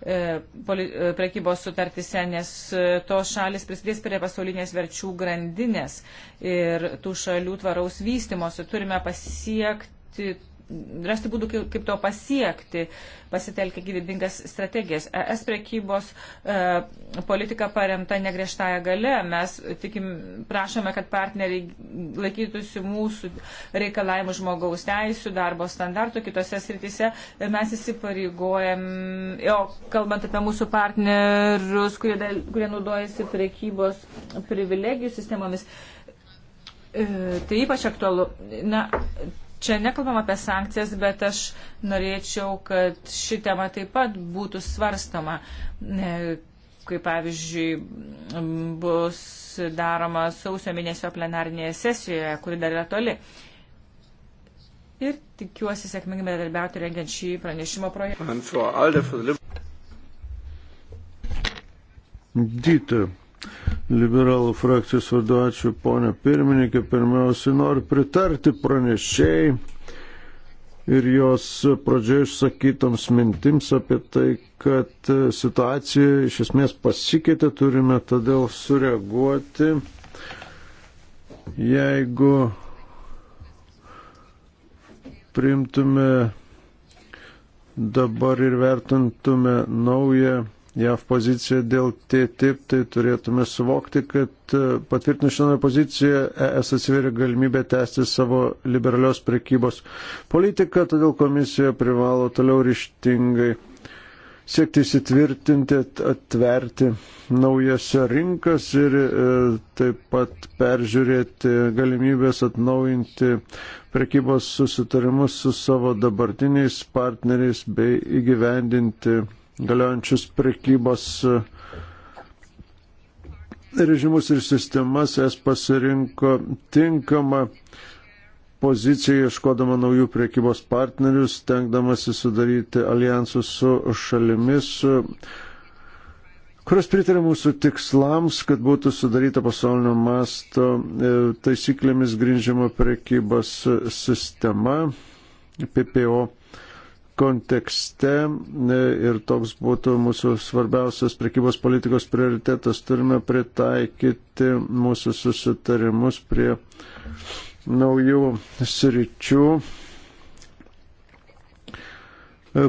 e, poli, e, prekybos sutartise, nes e, tos šalis prisidės prie pasaulinės verčių grandinės ir tų šalių tvaraus vystimosi. Turime pasiekti rasti būdų, kaip, kaip to pasiekti, pasitelkia gyvybingas strategijas. ES prekybos e, politika paremta negriežtąją gale. Mes tikim, prašome, kad partneriai laikytųsi mūsų reikalavimų žmogaus teisų, darbo standartų kitose srityse. Mes įsipareigojam, jo, kalbant apie mūsų partnerius, kurie, dal, kurie naudojasi prekybos privilegijų sistemomis. E, tai ypač aktualu. Na, Čia nekalbam apie sankcijas, bet aš norėčiau, kad ši tema taip pat būtų svarstama, kaip pavyzdžiui bus daroma sausio mėnesio plenarinėje sesijoje, kuri dar yra toli. Ir tikiuosi sėkmingai bendradarbiauti rengiant šį pranešimo projektą. Dita, Liberalų frakcijos vadu, ačiū ponė pirmininkė. Pirmiausia, noriu pritarti pranešėjai ir jos pradžioje išsakytoms mintims apie tai, kad situacija iš esmės pasikeitė, turime todėl sureaguoti. Jeigu priimtume dabar ir vertintume naują JAV poziciją dėl TTIP, tai turėtume suvokti, kad e, patvirtinus šią poziciją ES atsiveria galimybė tęsti savo liberalios prekybos politiką, todėl komisija privalo toliau ryštingai siekti įsitvirtinti, atverti naujas rinkas ir e, taip pat peržiūrėti galimybės atnaujinti prekybos susitarimus su savo dabartiniais partneriais bei įgyvendinti galiojančius prekybos e, režimus ir sistemas, es pasirinko tinkamą poziciją, ieškodama naujų priekybos partnerius, tenkdamasi sudaryti alijansus su šalimis, e, kurios pritarė mūsų tikslams, kad būtų sudaryta pasaulinio masto e, taisyklėmis grindžiama priekybos sistema, PPO kontekste e, ir toks būtų mūsų svarbiausias prekybos politikos prioritetas. Turime pritaikyti mūsų susitarimus prie naujų sričių, e,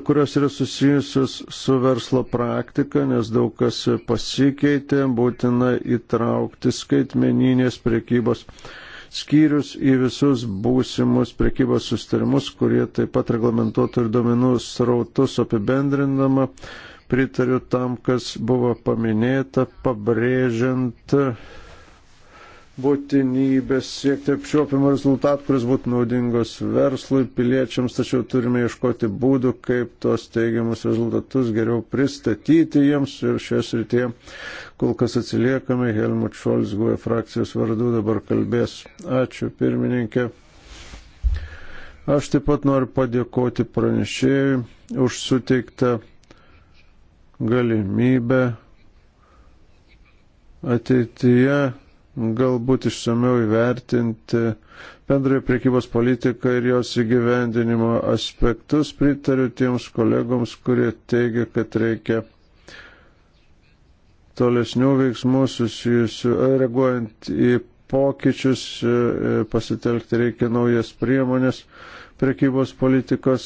kurios yra susijusios su verslo praktika, nes daug kas pasikeitė, būtina įtraukti skaitmeninės prekybos skyrius į visus būsimus prekybos sustarimus, kurie taip pat reglamentuotų ir domenų srautus apibendrindama. Pritariu tam, kas buvo paminėta, pabrėžiant būtinybę siekti apčiuopimo rezultatų, kuris būtų naudingos verslui, piliečiams, tačiau turime ieškoti būdų, kaip tuos teigiamus rezultatus geriau pristatyti jiems ir šios rytie kol kas atsiliekame. Helmut Šolis guoja e frakcijos vardu, dabar kalbės. Ačiū pirmininkė. Aš taip pat noriu padėkoti pranešėjui už suteiktą galimybę ateityje galbūt išsameu įvertinti bendrojo priekybos politiką ir jos įgyvendinimo aspektus. Pritariu tiems kolegoms, kurie teigia, kad reikia tolesnių veiksmų susijusių, e, reaguojant į pokyčius, e, e, pasitelkti reikia naujas priemonės prekybos politikos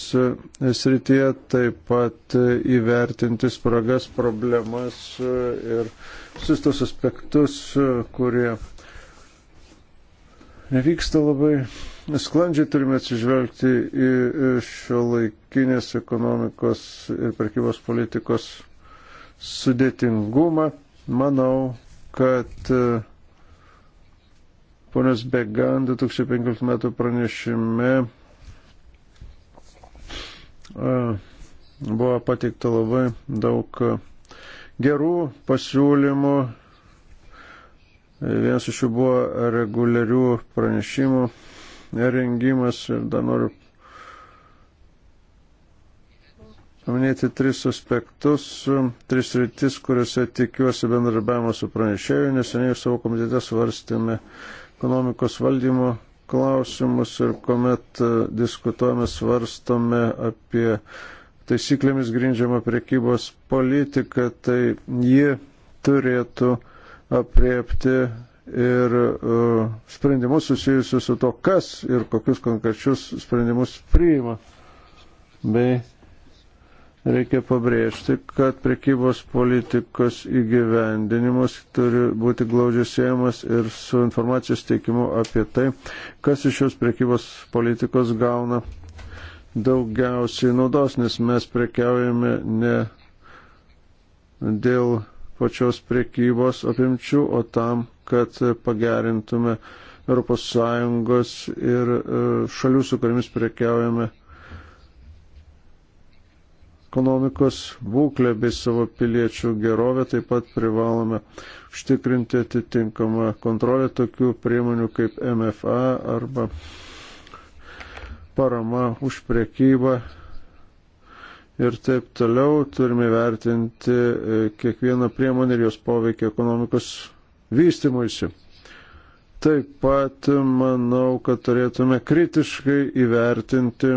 srityje, taip pat įvertinti spragas, problemas ir visus tos aspektus, kurie nevyksta labai sklandžiai turime atsižvelgti į šio laikinės ekonomikos ir prekybos politikos sudėtingumą. Manau, kad e, ponas Began 2015 metų pranešime e, buvo pateikta labai daug gerų pasiūlymų. Vienas iš jų buvo reguliarių pranešimų rengimas ir dar noriu paminėti tris aspektus, tris rytis, kuriuose tikiuosi bendradarbiavimo su pranešėju. Neseniai savo komitete svarstėme ekonomikos valdymo klausimus ir kuomet e, diskutuojame, svarstome apie taisyklėmis grindžiamą priekybos politiką, tai ji turėtų apriepti ir uh, sprendimus susijusius su to, kas ir kokius konkrečius sprendimus priima, bei Reikia pabrėžti, kad prekybos politikos įgyvendinimas turi būti glaudžiai siejamas ir su informacijos teikimu apie tai, kas iš šios prekybos politikos gauna daugiausiai naudos, nes mes prekiaujame ne dėl pačios prekybos apimčių, o tam, kad pagerintume ES ir e, šalių, su kuriamis prekiaujame ekonomikos būklę bei savo piliečių gerovę, taip pat privalome užtikrinti atitinkamą kontrolę tokių priemonių kaip MFA arba parama už priekybą ir taip toliau. Turime vertinti e, kiekvieną priemonę ir jos poveikį ekonomikos vystimuisi. Taip pat manau, kad turėtume kritiškai įvertinti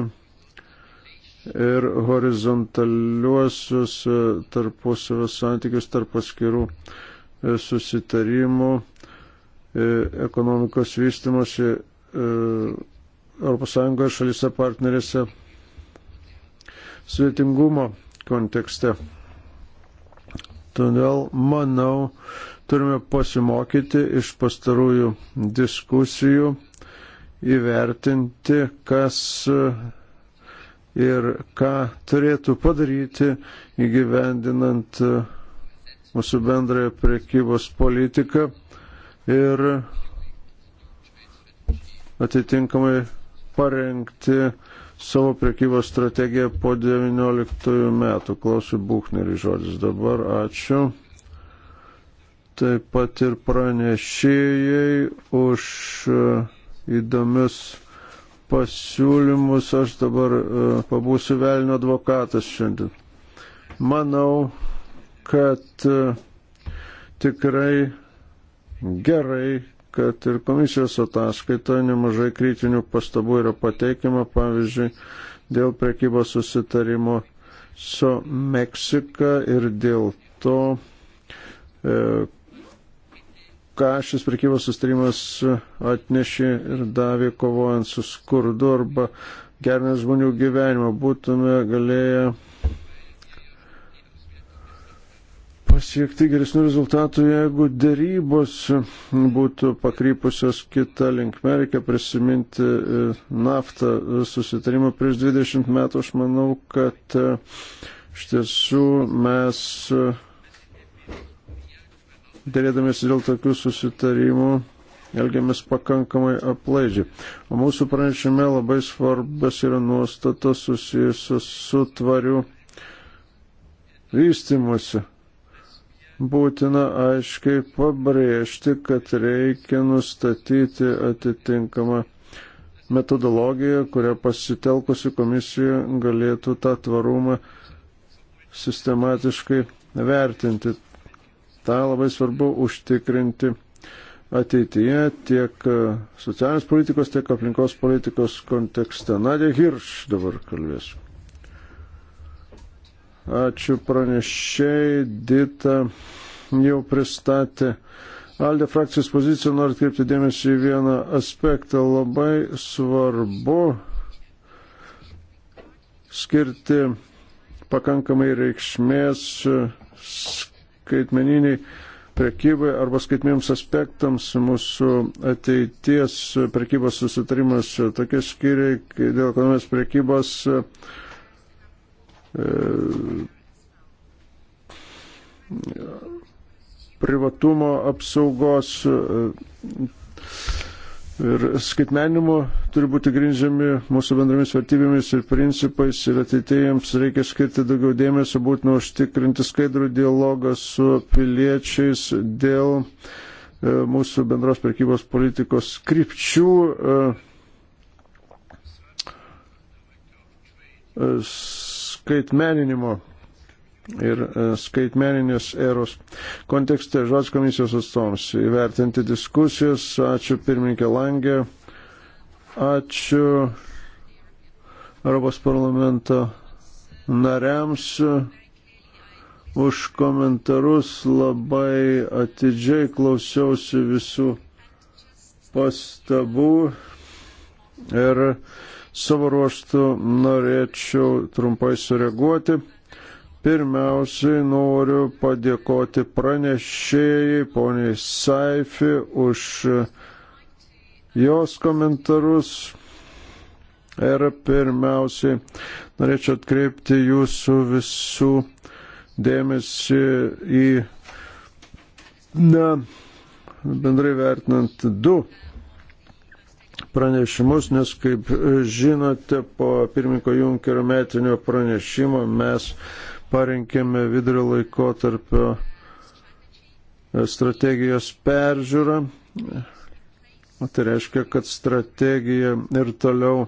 ir horizontaliuosius e, tarpusavio santykius tarp atskirų e, susitarimų e, ekonomikos vystimosi ES šalise partnerėse svetingumo kontekste. Todėl, manau, turime pasimokyti iš pastarųjų diskusijų, įvertinti, kas ir ką turėtų padaryti įgyvendinant e, mūsų bendrąją prekybos politiką ir atitinkamai parengti savo prekybos strategiją po 19 metų. Klausiu Buchnerį žodis dabar. Ačiū. Taip pat ir pranešėjai už e, įdomius pasiūlymus, aš dabar e, pabūsiu velnio advokatas šiandien. Manau, kad e, tikrai gerai, kad ir komisijos ataskaita nemažai kritinių pastabų yra pateikiama, pavyzdžiui, dėl prekybos susitarimo su Meksika ir dėl to, e, ką šis prekybos sustarimas atnešė ir davė kovojant su skurdu arba gerinant žmonių gyvenimą. Būtume galėję pasiekti geresnių rezultatų, jeigu dėrybos būtų pakrypusios kitą linkmę. Reikia prisiminti e, naftą susitarimą prieš 20 metų. Aš manau, kad e, iš tiesų mes e, dėlėdamės dėl tokių susitarimų elgiamės pakankamai aplaidžiai. O mūsų pranešime labai svarbas yra nuostatos susijusios su tvariu vystimuose. Būtina aiškiai pabrėžti, kad reikia nustatyti atitinkamą metodologiją, kurią pasitelkusi komisija galėtų tą tvarumą sistematiškai vertinti tą labai svarbu užtikrinti ateityje tiek e, socialinės politikos, tiek aplinkos politikos kontekste. Nadė Hirš dabar kalbės. Ačiū pranešėjai, Dita jau pristatė. Aldė frakcijos poziciją noriu atkreipti dėmesį į vieną aspektą. Labai svarbu skirti pakankamai reikšmės skaitmeniniai prekybai arba skaitmėms aspektams mūsų ateities prekybos susitarimas tokie skyriai, kai dėl ekonomijos prekybos e, privatumo apsaugos e, ir skaitmenimo turi būti grindžiami mūsų bendromis vertybėmis ir principais ir ateitėjams reikia skirti daugiau dėmesio, būtina užtikrinti skaidrų dialogą su piliečiais dėl e, mūsų bendros prekybos politikos krypčių. E, e, skaitmeninimo ir e, skaitmeninės eros kontekste žodžių komisijos atstovams įvertinti diskusijas. Ačiū pirmininkė Langė, ačiū Europos parlamento nariams už komentarus. Labai atidžiai klausiausi visų pastabų ir savo ruoštų norėčiau trumpai sureaguoti. Pirmiausiai noriu padėkoti pranešėjai, poniai Saifi, už jos komentarus. Ir pirmiausiai norėčiau atkreipti jūsų visų dėmesį į, na, bendrai vertinant du pranešimus, nes kaip žinote, po pirmininko Junkerio metinio pranešimo mes parinkėme vidurio laiko tarpio e, strategijos peržiūrą. O tai reiškia, kad strategija ir toliau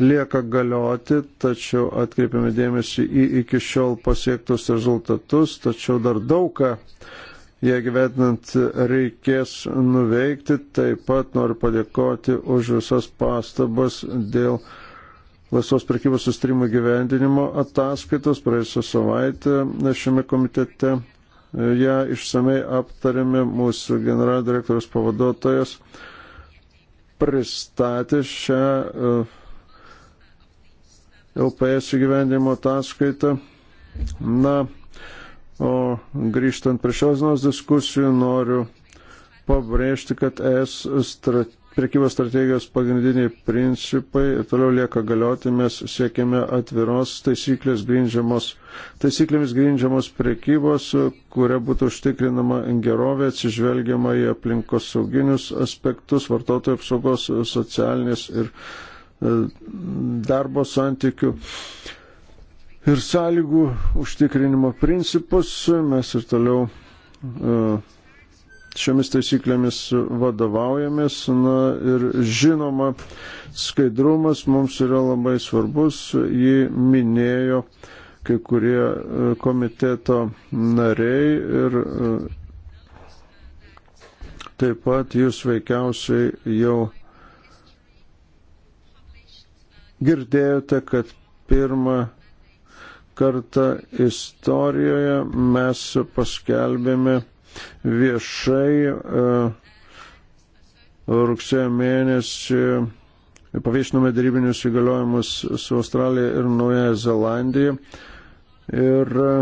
lieka galioti, tačiau atkreipiame dėmesį į iki šiol pasiektus rezultatus, tačiau dar daug ką, jei gyvenant, reikės nuveikti. Taip pat noriu padėkoti už visas pastabas dėl laisvos prekybos sustarimų gyvendinimo ataskaitos. Praėjusią savaitę šiame komitete e, ją išsamei aptarėme mūsų generaldirektorius pavaduotojas pristatė šią e, LPS įgyvendimo ataskaitą. Na, o grįžtant prie šios dienos diskusijų noriu pabrėžti, kad ES strategija priekybos strategijos pagrindiniai principai ir toliau lieka galioti, mes siekiame atviros taisyklės grindžiamos, taisyklėmis grindžiamos priekybos, kuria būtų užtikrinama gerovė, atsižvelgiama į aplinkos sauginius aspektus, vartotojų apsaugos, socialinės ir e, darbo santykių ir sąlygų užtikrinimo principus. Mes ir toliau uh, šiomis taisyklėmis vadovaujamės. Na ir žinoma, skaidrumas mums yra labai svarbus, jį minėjo kai kurie e, komiteto nariai ir e, taip pat jūs veikiausiai jau girdėjote, kad pirmą kartą istorijoje mes paskelbėme viešai. E, rugsėjo mėnesį paviešinome darybinius įgaliojimus su Australija ir Naujaja Zelandija. Ir e,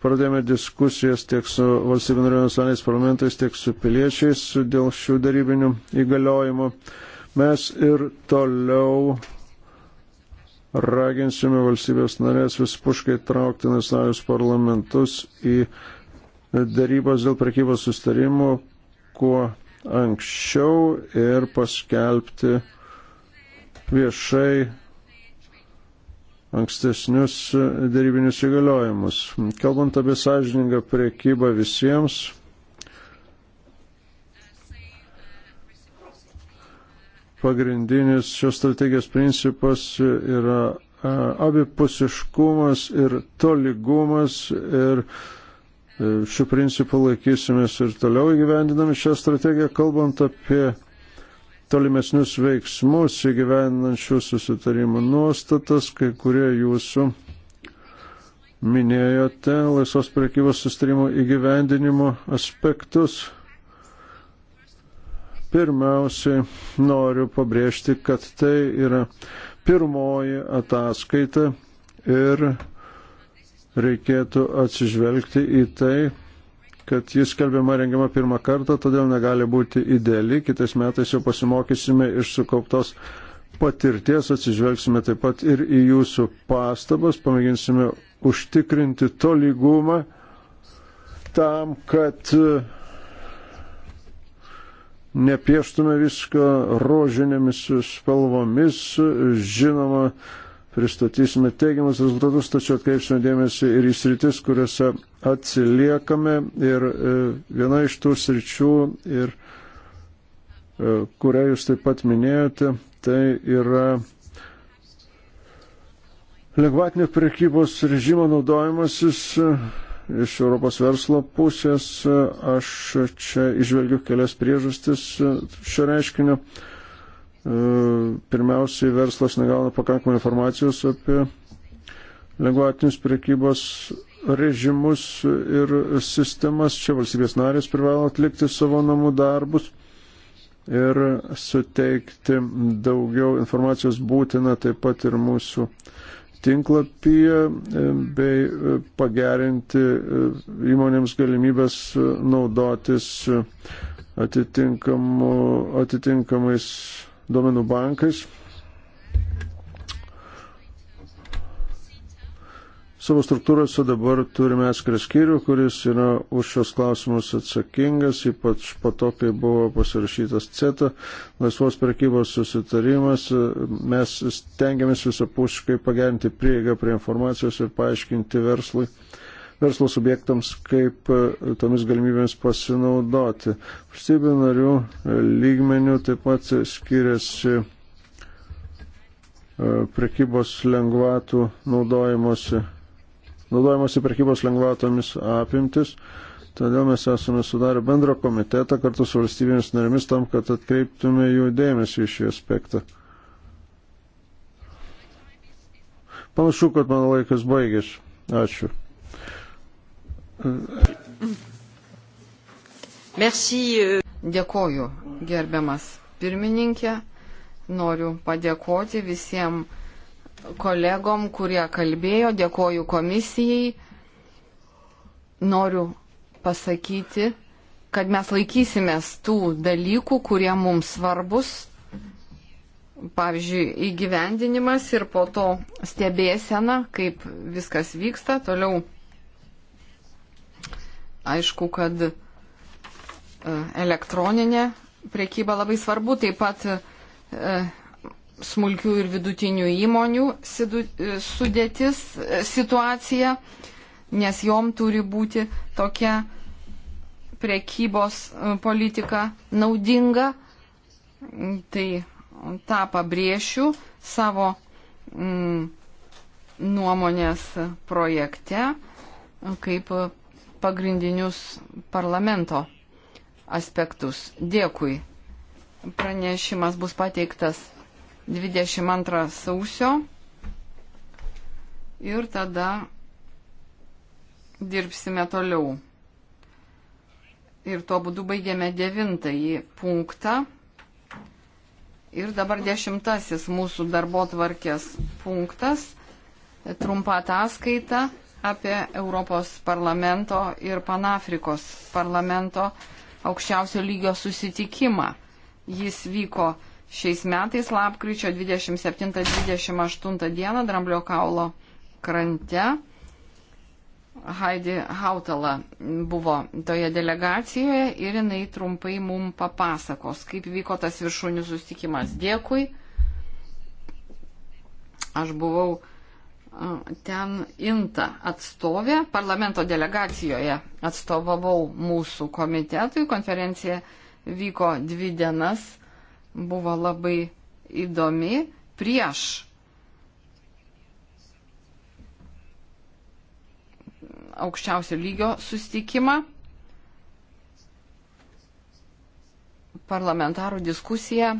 pradėjome diskusijas tiek su valstybių narių nacionaliniais parlamentais, tiek su piliečiais dėl šių darybinių įgaliojimų. Mes ir toliau raginsime valstybės narės vispuškai traukti nacionalinius parlamentus į darybas dėl prekybos sustarimų kuo anksčiau ir paskelbti viešai ankstesnius darybinius įgaliojimus. Kalbant apie sąžiningą priekybą visiems, pagrindinis šios strategijos principas yra e, abipusiškumas ir tolygumas ir e, šių principų laikysimės ir toliau įgyvendinami šią strategiją, kalbant apie tolimesnius veiksmus įgyvendinančių susitarimų nuostatas, kai kurie jūsų minėjote laisvos prekybos susitarimų įgyvendinimo aspektus. Pirmiausiai noriu pabrėžti, kad tai yra pirmoji ataskaita ir reikėtų atsižvelgti į tai, kad jis skelbiama rengiama pirmą kartą, todėl negali būti ideali. Kitais metais jau pasimokysime iš sukauptos patirties, atsižvelgsime taip pat ir į jūsų pastabas, pamėginsime užtikrinti tolygumą tam, kad uh, nepieštume visko rožinėmis spalvomis, žinoma, pristatysime teigiamus rezultatus, tačiau atkreipsime dėmesį ir į sritis, kuriuose atsiliekame ir e, viena iš tų sričių ir e, kurią jūs taip pat minėjote, tai yra lengvatinio prekybos režimo naudojimasis iš Europos verslo pusės aš čia išvelgiu kelias priežastis šio reiškinio. Pirmiausiai, verslas negauna pakankamai informacijos apie lengvatinius prekybos režimus ir sistemas. Čia valstybės narės privalo atlikti savo namų darbus ir suteikti daugiau informacijos būtina taip pat ir mūsų uh, tinklapyje e, bei e, pagerinti e, įmonėms galimybės naudotis atitinkamais duomenų bankais. savo struktūrose dabar turime atskirą skyrių, kuris yra už šios klausimus atsakingas, ypač po to, kai buvo pasirašytas CETA, laisvos prekybos susitarimas. Mes stengiamės visapuškai pagerinti prieigą prie informacijos ir paaiškinti verslui. Verslo subjektams, kaip e, tomis galimybėmis pasinaudoti. Valstybių narių e, lygmenių taip pat skiriasi e, prekybos lengvatų naudojimuose naudojimosi prekybos lengvatomis apimtis. Todėl mes esame sudarę bendrą komitetą kartu su valstybėmis narėmis tam, kad atkreiptume jų dėmesį į šį aspektą. Panašu, kad mano laikas baigėsi. Ačiū. Merci. Euh. Dėkoju, gerbiamas pirmininkė. Noriu padėkoti visiems kolegom, kurie kalbėjo, dėkoju komisijai. Noriu pasakyti, kad mes laikysimės tų dalykų, kurie mums svarbus. Pavyzdžiui, įgyvendinimas ir po to stebėsena, kaip viskas vyksta. Toliau, aišku, kad e, elektroninė priekyba labai svarbu, taip pat e, smulkių ir vidutinių įmonių sudėtis, e, situacija, nes jom turi būti tokia prekybos e, politika naudinga. Tai tą pabrėšiu savo mm, nuomonės projekte e, kaip pagrindinius parlamento aspektus. Dėkui. Pranešimas bus pateiktas 22 sausio ir tada dirbsime toliau. Ir tuo būdu baigėme devintąjį punktą. Ir dabar dešimtasis mūsų darbo tvarkės punktas - trumpa ataskaita apie Europos parlamento ir Panafrikos parlamento aukščiausio lygio susitikimą. Jis vyko Šiais metais lapkričio 27-28 dieną Dramblio kaulo krante Heidi Hautala buvo toje delegacijoje ir jinai trumpai mum papasakos, kaip vyko tas viršūnių sustikimas. Dėkui. Aš buvau ten INTA atstovė, parlamento delegacijoje atstovavau mūsų komitetui. Konferencija vyko dvi dienas buvo labai įdomi prieš aukščiausio lygio sustikimą. Parlamentarų diskusija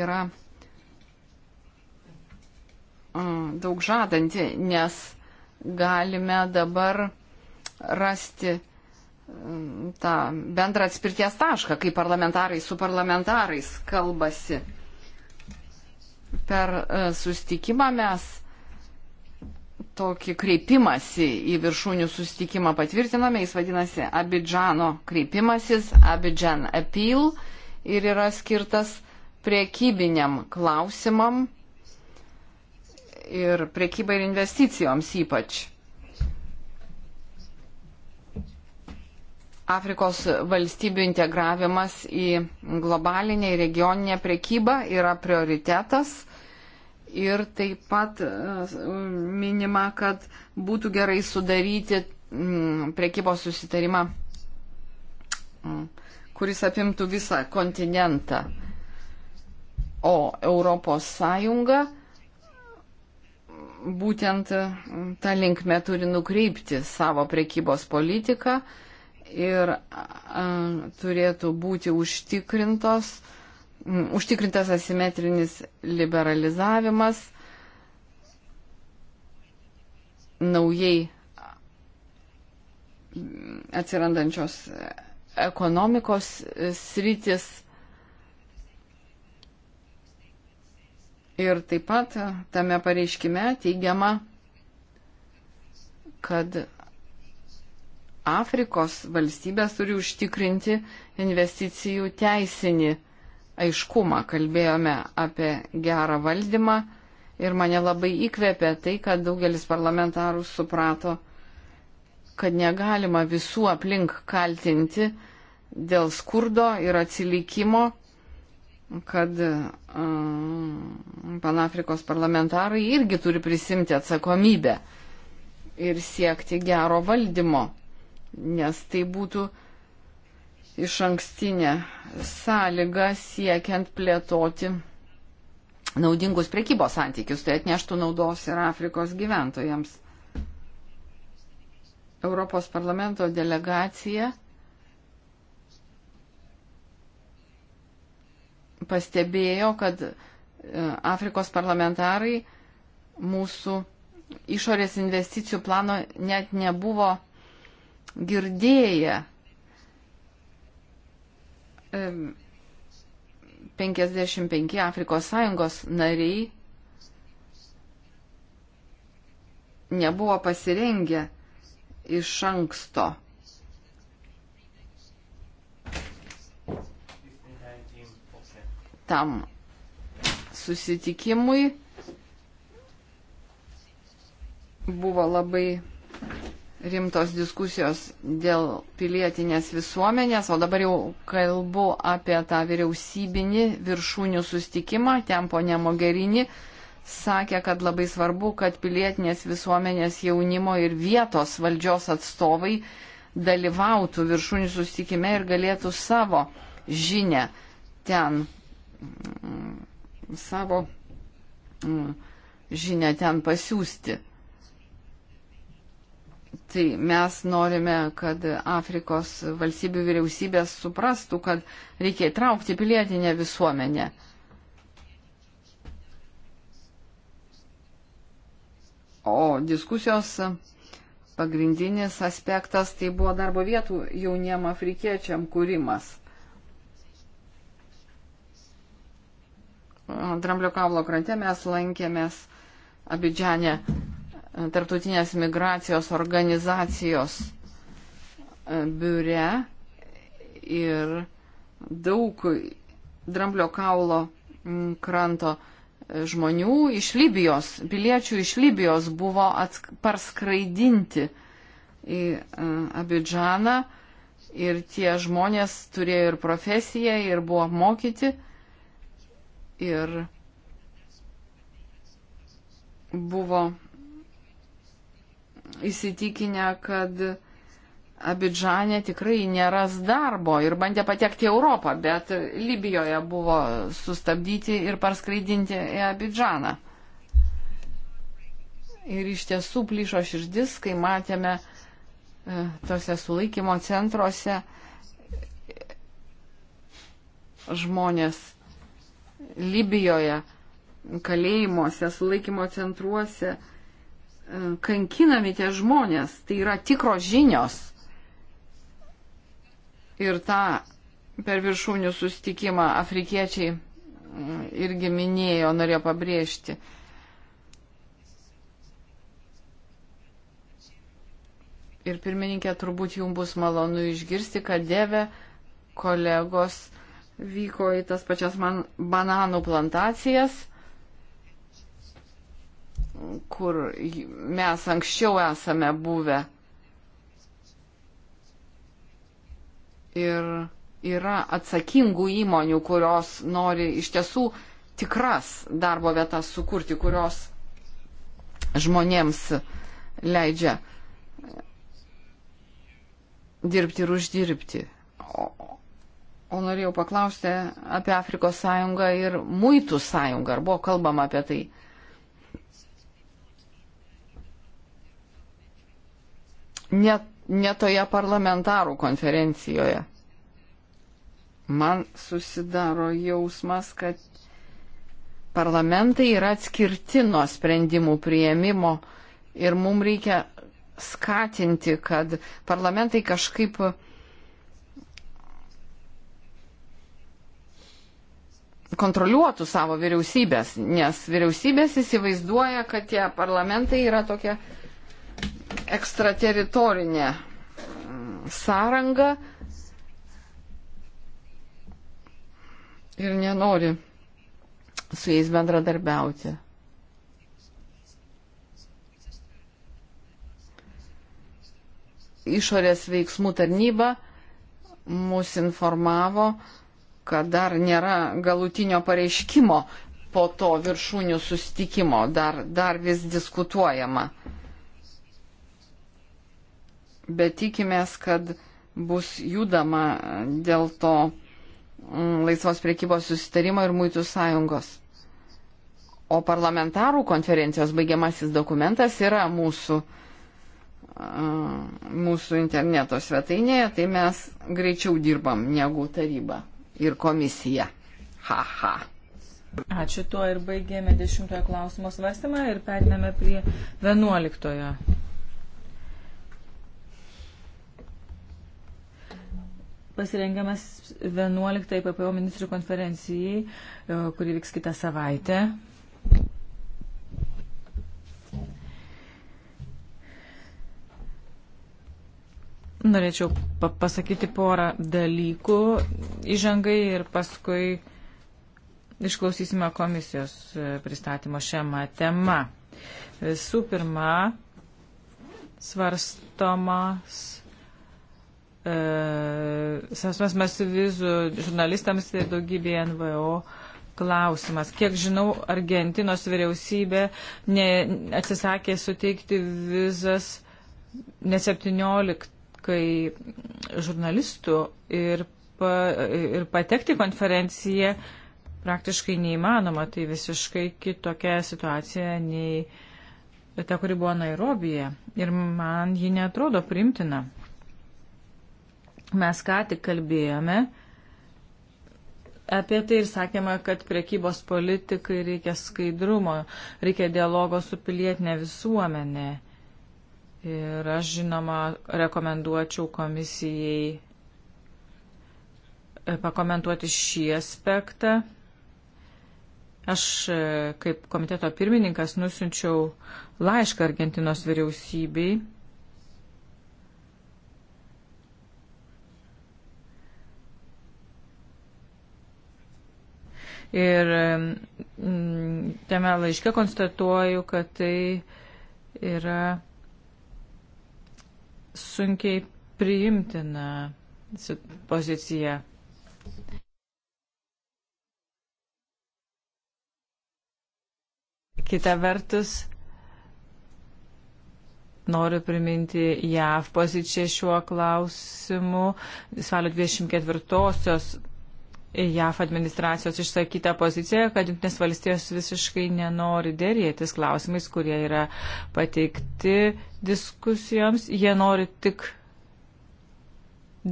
yra daug žadanti, nes galime dabar rasti tą bendrą atspirties tašką, kai parlamentarai su parlamentarais kalbasi. Per e, sustikimą mes tokį kreipimąsi į viršūnių sustikimą patvirtinome, jis vadinasi Abidžano kreipimasis, Abidžan appeal ir yra skirtas priekybiniam klausimam ir priekybai ir investicijoms ypač. Afrikos valstybių integravimas į globalinę ir regioninę prekybą yra prioritetas. Ir taip pat e, minima, kad būtų gerai sudaryti prekybos susitarimą, kuris apimtų visą kontinentą. O Europos Sąjunga būtent tą linkmę turi nukreipti savo prekybos politiką ir a, turėtų būti užtikrintos, m, užtikrintas asimetrinis liberalizavimas naujai atsirandančios ekonomikos e, sritis. Ir taip pat tame pareiškime teigiama, kad Afrikos valstybės turi užtikrinti investicijų teisinį aiškumą. Kalbėjome apie gerą valdymą ir mane labai įkvėpė tai, kad daugelis parlamentarų suprato, kad negalima visų aplink kaltinti dėl skurdo ir atsilikimo, kad um, Panafrikos parlamentarai irgi turi prisimti atsakomybę ir siekti gero valdymo nes tai būtų iš ankstinė sąlyga siekiant plėtoti naudingus prekybos santykius, tai atneštų naudos ir Afrikos gyventojams. Europos parlamento delegacija pastebėjo, kad e, Afrikos parlamentarai mūsų išorės investicijų plano net nebuvo girdėję 55 Afrikos Sąjungos nariai nebuvo pasirengę iš anksto. Tam susitikimui buvo labai rimtos diskusijos dėl pilietinės visuomenės, o dabar jau kalbu apie tą vyriausybinį viršūnių sustikimą, ten ponė Mogerini sakė, kad labai svarbu, kad pilietinės visuomenės jaunimo ir vietos valdžios atstovai dalyvautų viršūnių sustikime ir galėtų savo žinę ten, mm, savo mm, žinę ten pasiūsti. Tai mes norime, kad Afrikos valstybių vyriausybės suprastų, kad reikia įtraukti pilietinę visuomenę. O diskusijos pagrindinis aspektas tai buvo darbo vietų jauniem afrikiečiam kūrimas. Dramblio kavlo krante mes lankėmės Abidžiane Tarptautinės migracijos organizacijos e, biure ir daug dramblio kaulo kranto e, žmonių iš Libijos, piliečių iš Libijos buvo parskraidinti į e, Abidžaną ir tie žmonės turėjo ir profesiją, ir buvo apmokyti, ir buvo įsitikinę, kad Abidžanė tikrai neras darbo ir bandė patekti į Europą, bet Libijoje buvo sustabdyti ir parskraidinti į Abidžaną. Ir iš tiesų plyšo širdis, kai matėme e, tose sulaikymo centruose žmonės Libijoje, kalėjimuose, sulaikymo centruose kankinami tie žmonės, tai yra tikros žinios. Ir tą per viršūnių sustikimą afrikiečiai mm, irgi minėjo, norėjo pabrėžti. Ir pirmininkė, turbūt jums bus malonu išgirsti, kad dėvė kolegos vyko į tas pačias man, bananų plantacijas kur mes anksčiau esame buvę. Ir yra atsakingų įmonių, kurios nori iš tiesų tikras darbo vietas sukurti, kurios žmonėms leidžia dirbti ir uždirbti. O, o norėjau paklausti apie Afrikos sąjungą ir muitų sąjungą, ar buvo kalbama apie tai. ne, ne toje parlamentarų konferencijoje. Man susidaro jausmas, kad parlamentai yra atskirti nuo sprendimų prieimimo ir mums reikia skatinti, kad parlamentai kažkaip kontroliuotų savo vyriausybės, nes vyriausybės įsivaizduoja, kad tie parlamentai yra tokie ekstrateritorinė mm, sąranga ir nenori su jais bendradarbiauti. Išorės veiksmų tarnyba mus informavo, kad dar nėra galutinio pareiškimo po to viršūnių sustikimo, dar, dar vis diskutuojama bet tikimės, kad bus judama dėl to mm, laisvos priekybos susitarimo ir muitų sąjungos. O parlamentarų konferencijos baigiamasis dokumentas yra mūsų, mūsų interneto svetainėje, tai mes greičiau dirbam negu taryba ir komisija. Ha, ha. Ačiū tuo ir baigėme dešimtojo klausimo svarstymą ir periname prie vienuoliktojo. pasirengiamas 11 PPO ministrų konferencijai, e, kuri vyks kitą savaitę. Norėčiau pasakyti porą dalykų įžangai ir paskui išklausysime komisijos e, pristatymo šiamą temą. Visų pirma, svarstomas svarsmas e, vizų žurnalistams ir daugybė NVO klausimas. Kiek žinau, Argentinos vyriausybė ne, atsisakė suteikti vizas ne 17 žurnalistų ir, pa, ir patekti konferenciją praktiškai neįmanoma. Tai visiškai kitokia situacija nei ta, kuri buvo Nairobije. Ir man ji netrodo primtina. Mes ką tik kalbėjome apie tai ir sakėme, kad priekybos politikai reikia skaidrumo, reikia dialogo su pilietinė visuomenė. Ir aš žinoma rekomenduočiau komisijai e, pakomentuoti šį aspektą. Aš e, kaip komiteto pirmininkas nusinčiau laišką Argentinos vyriausybei Ir mm, tame laiške konstatuoju, kad tai yra sunkiai priimtina pozicija. Kita vertus, noriu priminti JAV poziciją šiuo klausimu. Svalio 24-osios JAF administracijos išsakytą poziciją, kad Junktinės valstijos visiškai nenori dėrėtis klausimais, kurie yra pateikti diskusijoms. Jie nori tik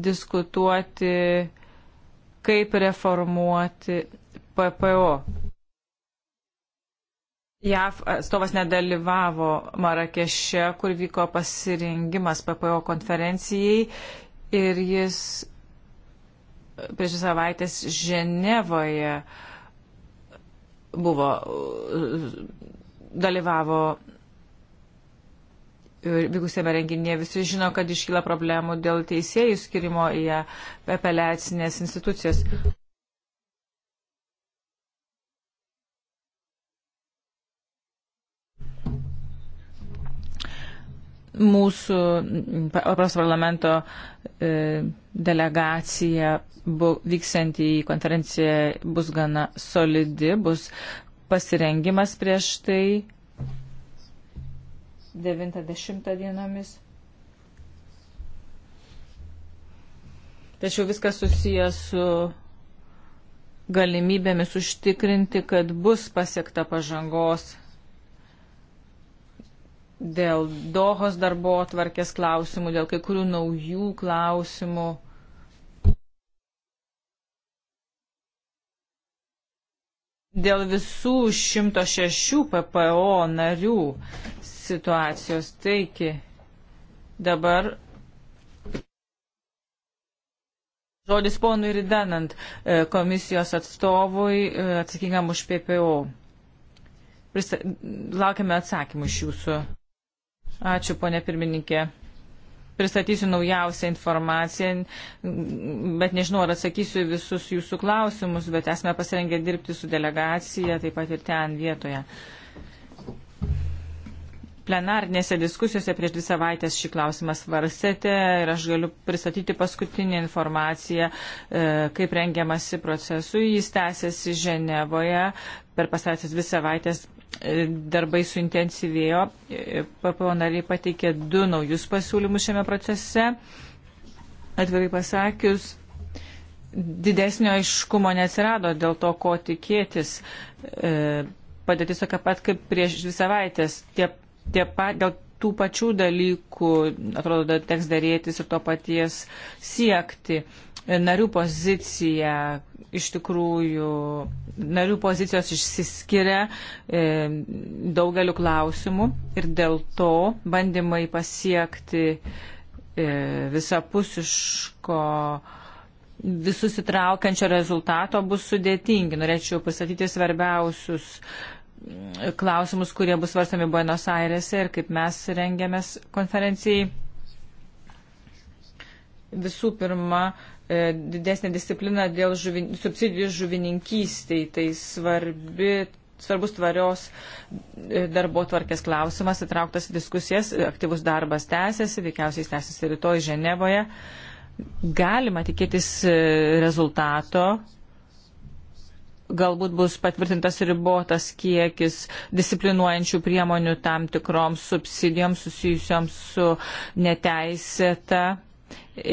diskutuoti, kaip reformuoti PPO. JAF atstovas nedalyvavo Marakeše, kur vyko pasirengimas PPO konferencijai ir jis prieš savaitės Ženevoje buvo, dalyvavo vykusėme renginėje. Visi žino, kad iškyla problemų dėl teisėjų skirimo į apeliacinės institucijas. mūsų Europos parlamento e, delegacija bu, vyksianti į konferenciją bus gana solidi, bus pasirengimas prieš tai 90 dienomis. Tačiau viskas susijęs su galimybėmis užtikrinti, kad bus pasiekta pažangos dėl Dohos darbo atvarkės klausimų, dėl kai kurių naujų klausimų. Dėl visų 106 PPO narių situacijos taigi dabar žodis ponui Ridenant e, komisijos atstovui e, atsakingam už PPO. Prista, laukiame atsakymų iš jūsų. Ačiū, ponė pirmininkė. Pristatysiu naujausią informaciją, bet nežinau, ar atsakysiu visus jūsų klausimus, bet esame pasirengę dirbti su delegacija, taip pat ir ten vietoje. Plenarnėse diskusijose prieš dvi savaitės šį klausimą svarsėte ir aš galiu pristatyti paskutinį informaciją, e, kaip rengiamasi procesui. Jis tęsiasi Ženevoje. Per pasarasias dvi savaitės darbai suintensyvėjo. PPO nariai pateikė du naujus pasiūlymus šiame procese. Atvirai pasakius, didesnio aiškumo neatsirado dėl to, ko tikėtis. E, padėtis tokia pat kaip prieš dvi savaitės. Tie, tie pa, dėl tų pačių dalykų, atrodo, teks dėrėtis ir to paties siekti. Narių pozicija, iš tikrųjų narių pozicijos išsiskiria e, daugeliu klausimų ir dėl to bandymai pasiekti e, visapusiško visus įtraukiančio rezultato bus sudėtingi. Norėčiau pasakyti svarbiausius mm, klausimus, kurie bus svarstami Buenos Airese ir kaip mes rengiamės konferencijai. Visų pirma, E, didesnė disciplina dėl žuvin, subsidijų žuvininkystiai. Tai svarbi, svarbus tvarios e, darbo tvarkės klausimas, įtrauktas diskusijas, aktyvus darbas tęsiasi, veikiausiai tęsiasi rytoj Ženevoje. Galima tikėtis e, rezultato, galbūt bus patvirtintas ribotas kiekis disciplinuojančių priemonių tam tikroms subsidijoms susijusioms su neteisėta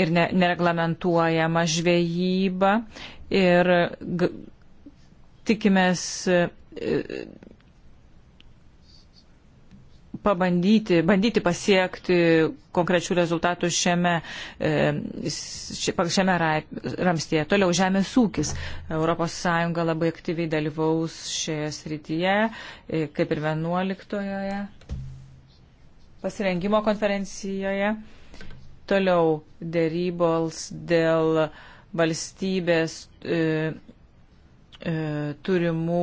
ir ne, nereglamentuojama žvejyba ir g, tikimės e, pabandyti, bandyti pasiekti konkrečių rezultatų šiame, e, šiame ramstėje. Toliau žemės ūkis. ES labai aktyviai dalyvaus šioje srityje, e, kaip ir 11 pasirengimo konferencijoje. Toliau dėrybos dėl valstybės e, e, turimų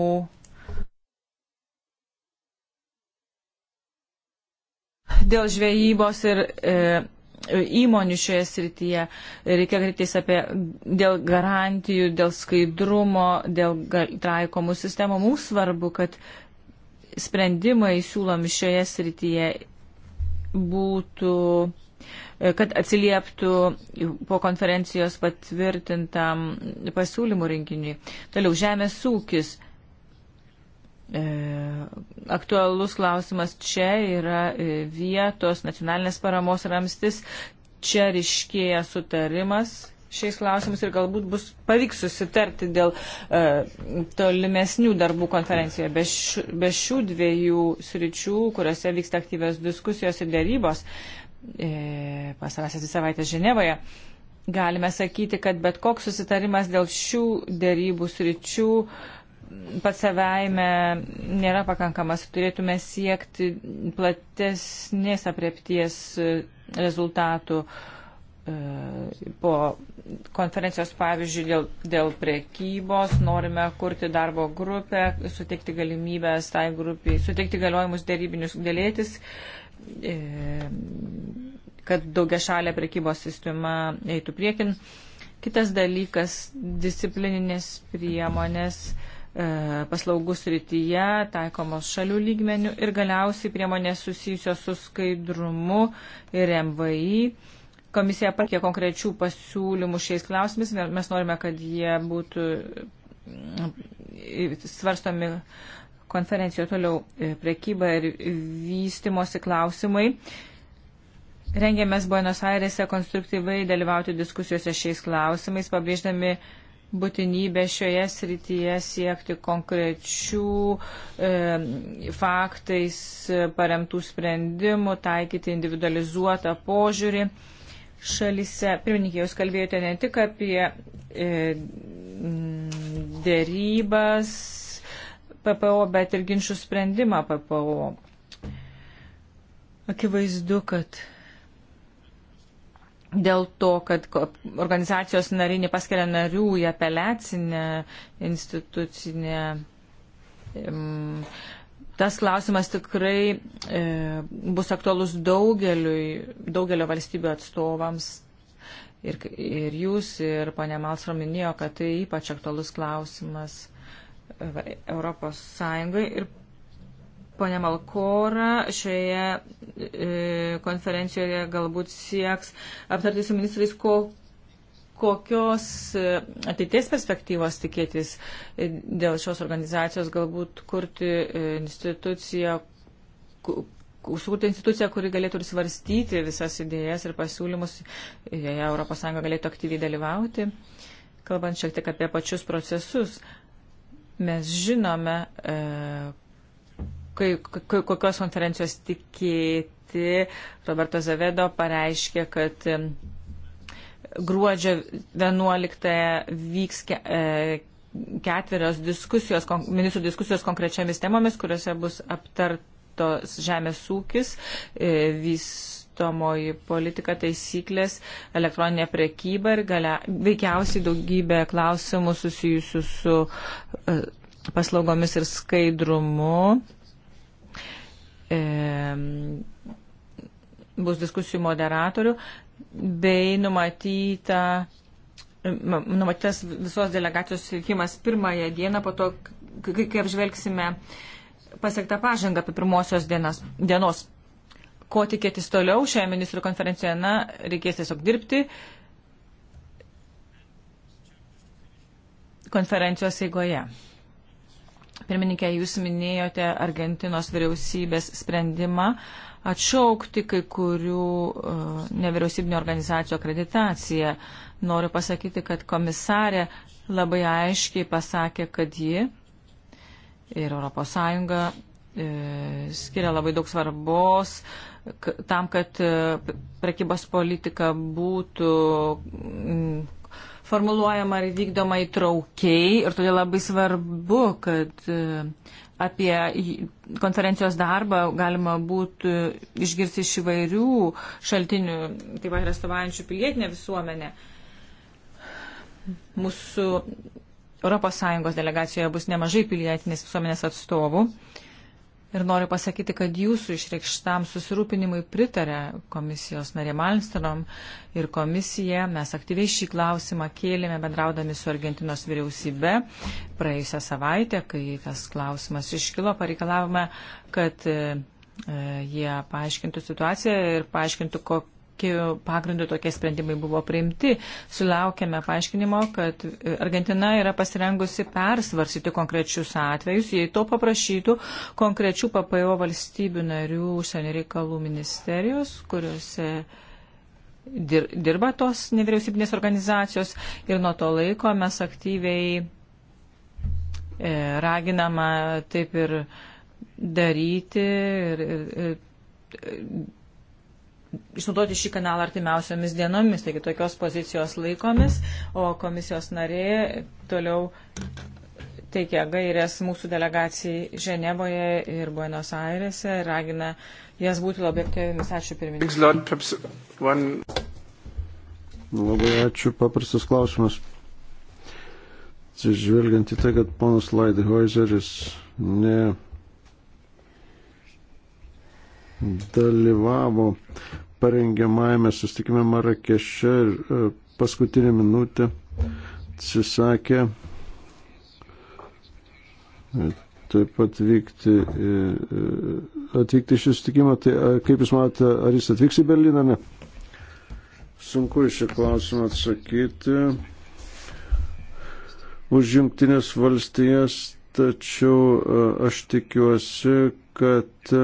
dėl žvejybos ir e, įmonių šioje srityje. Reikia kreiptis apie dėl garantijų, dėl skaidrumo, dėl taikomų sistemų. Mums svarbu, kad sprendimai siūlomi šioje srityje būtų E, kad atsilieptų po konferencijos patvirtintam pasiūlymų rinkiniui. Toliau, žemės ūkis. E, aktualus klausimas čia yra e, vietos nacionalinės paramos ramstis. Čia ryškėja sutarimas šiais klausimais ir galbūt bus pavyks susitarti dėl e, tolimesnių darbų konferencijoje. Be, š, be šių dviejų sričių, kuriuose vyksta aktyvios diskusijos ir dėrybos, e, e, pasarasias į savaitę Ženevoje. Galime sakyti, kad bet koks susitarimas dėl šių dėrybų sričių pats savaime nėra pakankamas. Turėtume siekti platesnės apriepties rezultatų e, po konferencijos, pavyzdžiui, dėl, dėl prekybos, norime kurti darbo grupę, suteikti galimybės tai grupiai, suteikti galiojimus dėrybinius dėlėtis E, kad daugia šalia prekybos sistema eitų priekin. Kitas dalykas - disciplininės priemonės e, paslaugų srityje taikomos šalių lygmenių ir galiausiai priemonės susijusios su skaidrumu ir MVI. Komisija pakė konkrečių pasiūlymų šiais klausimais. Mes norime, kad jie būtų svarstomi konferencijoje toliau e, prekyba ir vystimosi klausimai. Rengėmės Buenos Airėse konstruktyvai dalyvauti diskusijose šiais klausimais, pabrėždami būtinybę šioje srityje siekti konkrečių e, faktais paremtų sprendimų, taikyti individualizuotą požiūrį šalise. Pirmininkė, jūs kalbėjote ne tik apie e, dėrybas PPO, bet ir ginčių sprendimą PPO. Akivaizdu, kad dėl to, kad organizacijos nariai nepaskiria narių į apeliacinę institucinę. Tas klausimas tikrai e, bus aktualus daugelio valstybių atstovams. Ir, ir jūs, ir ponė Malsro minėjo, kad tai ypač aktualus klausimas Europos Sąjungai ir Pone Malkora šioje e, konferencijoje galbūt sieks aptarti su ministrais, ko, kokios e, ateities perspektyvos tikėtis e, dėl šios organizacijos, galbūt kurti e, instituciją, užsukurti instituciją, kuri galėtų ir svarstyti visas idėjas ir pasiūlymus, joje ES galėtų aktyviai dalyvauti. Kalbant šiek tiek apie pačius procesus, Mes žinome, e, kai, kai, kokios konferencijos tikėti. Roberto Zavedo pareiškė, kad e, gruodžio 11 vyks e, ketverios diskusijos, ministrų diskusijos konkrečiamis temomis, kuriuose bus aptartos žemės ūkis, vis vystomoji politika, taisyklės, elektroninė prekyba ir galia, veikiausiai daugybė klausimų susijusių su e, paslaugomis ir skaidrumu. E, bus diskusijų moderatorių bei numatyta, numatytas visos delegacijos sutikimas pirmąją dieną, po to, kai, kai apžvelgsime pasiektą pažangą apie pirmosios dienas, dienos ko tikėtis toliau šioje ministrų konferencijoje, na, reikės tiesiog dirbti. konferencijos eigoje. Pirmininkė, jūs minėjote Argentinos vyriausybės sprendimą atšaukti kai kurių uh, nevyriausybinio organizacijų akreditaciją. Noriu pasakyti, kad komisarė labai aiškiai pasakė, kad ji ir ES uh, skiria labai daug svarbos uh, tam, kad e, prekybos politika būtų mm, formuluojama ir vykdoma įtraukiai ir todėl labai svarbu, kad e, apie konferencijos darbą galima būtų išgirsti iš įvairių šaltinių, taip pat ir atstovaujančių pilietinę visuomenę. Mūsų ES delegacijoje bus nemažai pilietinės visuomenės atstovų. Uh, ir noriu pasakyti, kad jūsų išreikštam susirūpinimui pritarė komisijos narė Malmstrom ir komisija. Mes aktyviai šį klausimą kėlėme bendraudami su Argentinos vyriausybe. Praėjusią savaitę, kai tas klausimas iškilo, pareikalavome, kad e, jie paaiškintų situaciją ir paaiškintų, kok kokiu pagrindu tokie sprendimai buvo priimti. Sulaukėme paaiškinimo, kad Argentina yra pasirengusi persvarsyti konkrečius atvejus, jei to paprašytų konkrečių PPO valstybių narių užsienio reikalų ministerijos, kuriuose dirba tos nevyriausybinės organizacijos ir nuo to laiko mes aktyviai e, raginama taip ir daryti ir, ir, ir išnaudoti šį kanalą artimiausiomis dienomis, taigi tokios pozicijos laikomis, o komisijos narė toliau teikia gairias mūsų delegacijai Ženevoje ir Buenos Airese ir ragina jas būti labai aktyvėmis. Ačiū pirmininkai. Labai ačiū, paprastas klausimas. Atsižvelgiant į tai, kad ponas Laidhoizeris ne dalyvavo parengiamajame sustikime Marakeše e, paskutinį minutę atsisakė e, taip pat vykti, e, atvykti šį sustikimą. Tai kaip Jūs matote, ar jis atvyks į Berliną? Ne. Sunku iš šį klausimą atsakyti. Už jungtinės valstijas, tačiau aš tikiuosi, kad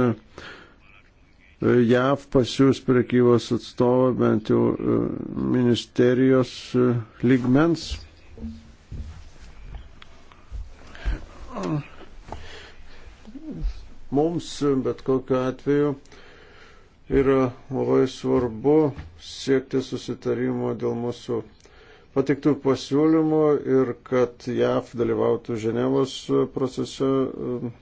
JAV pasiūs prekybos atstovą bent jau e, ministerijos e, lygmens. Mums bet kokiu atveju yra labai svarbu siekti susitarimo dėl mūsų patiktų pasiūlymų ir kad JAV dalyvautų Ženevos procese e,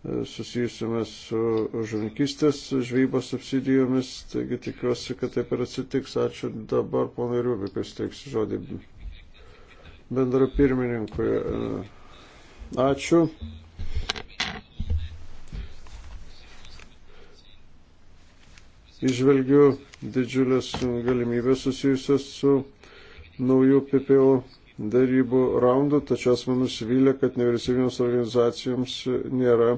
E, susijusime su žuvininkystės žvejybos subsidijomis, taigi tikiuosi, kad taip ir atsitiks. Ačiū dabar, ponai Rubikas, teiksiu žodį bendra pirmininkui. E, ačiū. Išvelgiu didžiulės galimybės susijusios su naujų PPO darybų raundų, tačiau esame nusivylę, kad nevyriausybinėms organizacijoms nėra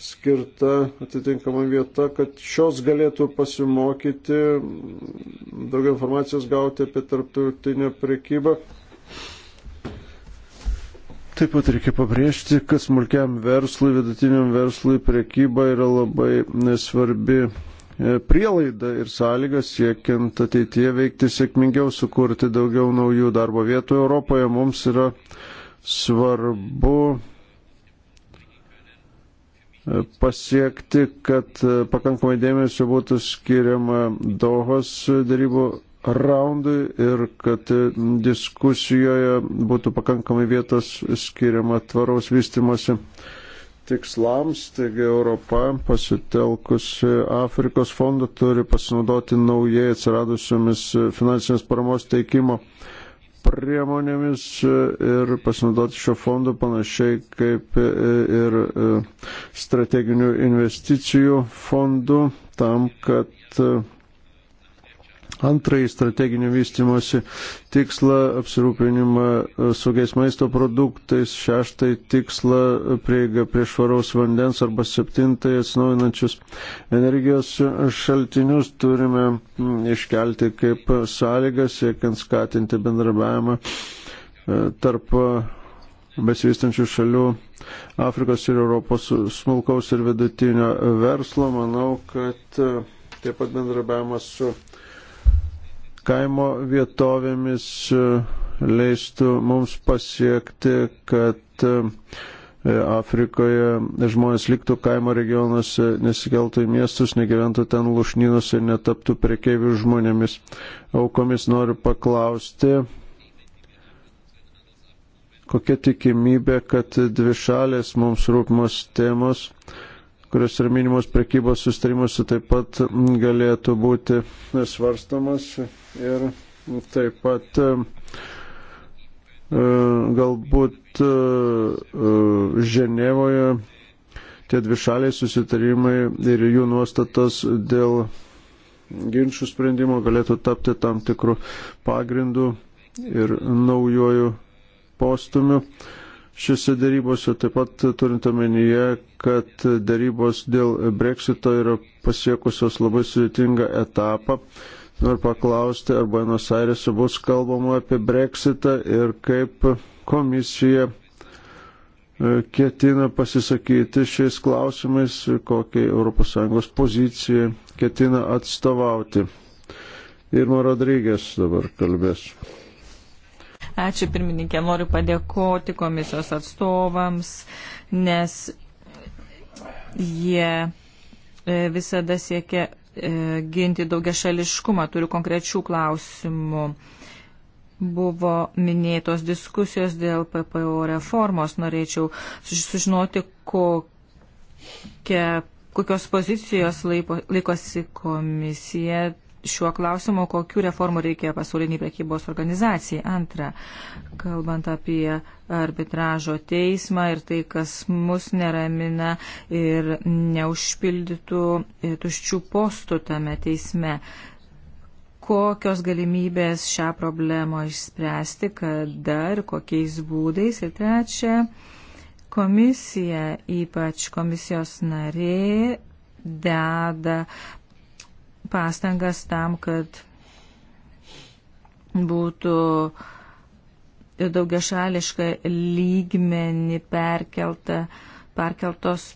skirta atitinkama vieta, kad šios galėtų pasimokyti, daugiau informacijos gauti apie tarptautinę prekybą. Taip pat reikia pabrėžti, kad smulkiam verslui, vidutiniam verslui priekyba yra labai svarbi E, prielaidą ir sąlygą siekiant ateityje veikti sėkmingiau, sukurti daugiau naujų darbo vietų Europoje. Mums yra svarbu e, pasiekti, kad e, pakankamai dėmesio būtų skiriama Dohos darybų raundui ir kad diskusijoje būtų pakankamai vietos skiriama tvaraus vystimosi tikslams, taigi Europa pasitelkusi Afrikos fondą turi pasinaudoti naujai atsiradusiomis finansinės paramos teikimo priemonėmis ir pasinaudoti šio fondo panašiai kaip ir e, strateginių investicijų fondų tam, kad e, antrąjį strateginį vystimosi tikslą apsirūpinimą e, saugiais maisto produktais, šeštąjį tikslą e, prieigą prie švaraus vandens arba septintąjį atsinaujinančius energijos šaltinius turime iškelti kaip sąlygą siekiant skatinti bendrabiavimą e, tarp besivystančių šalių Afrikos ir Europos smulkaus ir vidutinio verslo. Manau, kad taip pat bendrabiavimas su kaimo vietovėmis e, leistų mums pasiekti, kad e, Afrikoje žmonės liktų kaimo regionuose, nesikeltų į miestus, negyventų ten lušninus ir netaptų prekeivių žmonėmis. Aukomis noriu paklausti, kokia tikimybė, kad dvi šalės mums rūpmos temos kurios yra minimos prekybos sustarimuose, taip pat galėtų būti svarstamas ir taip pat e, e, galbūt e, Ženevoje tie dvišaliai susitarimai ir jų nuostatos dėl ginčių sprendimo galėtų tapti tam tikrų pagrindų ir naujojų postumių šiuose darybose, taip pat turint omenyje, kad darybos dėl breksito yra pasiekusios labai sudėtingą etapą. Noriu paklausti, ar Buenos Airese bus kalbama apie breksitą ir kaip komisija e, ketina pasisakyti šiais klausimais, kokiai ES pozicijai ketina atstovauti. Irma Rodrygės dabar kalbės. Ačiū pirmininkė, noriu padėkoti komisijos atstovams, nes jie e, visada siekia e, ginti daugia šališkumą. Turiu konkrečių klausimų. Buvo minėtos diskusijos dėl PPO reformos. Norėčiau sužinoti, kokia kokios pozicijos laiko, laikosi komisija šiuo klausimu, kokiu reformu reikia pasauliniai prekybos organizacijai. Antra, kalbant apie arbitražo teismą ir tai, kas mus neramina ir neužpildytų tuščių postų tame teisme. Kokios galimybės šią problemą išspręsti, kada ir kokiais būdais. Ir trečia, komisija, ypač komisijos narė, deda pastangas tam, kad būtų daugiašališką lygmenį perkelta, perkeltos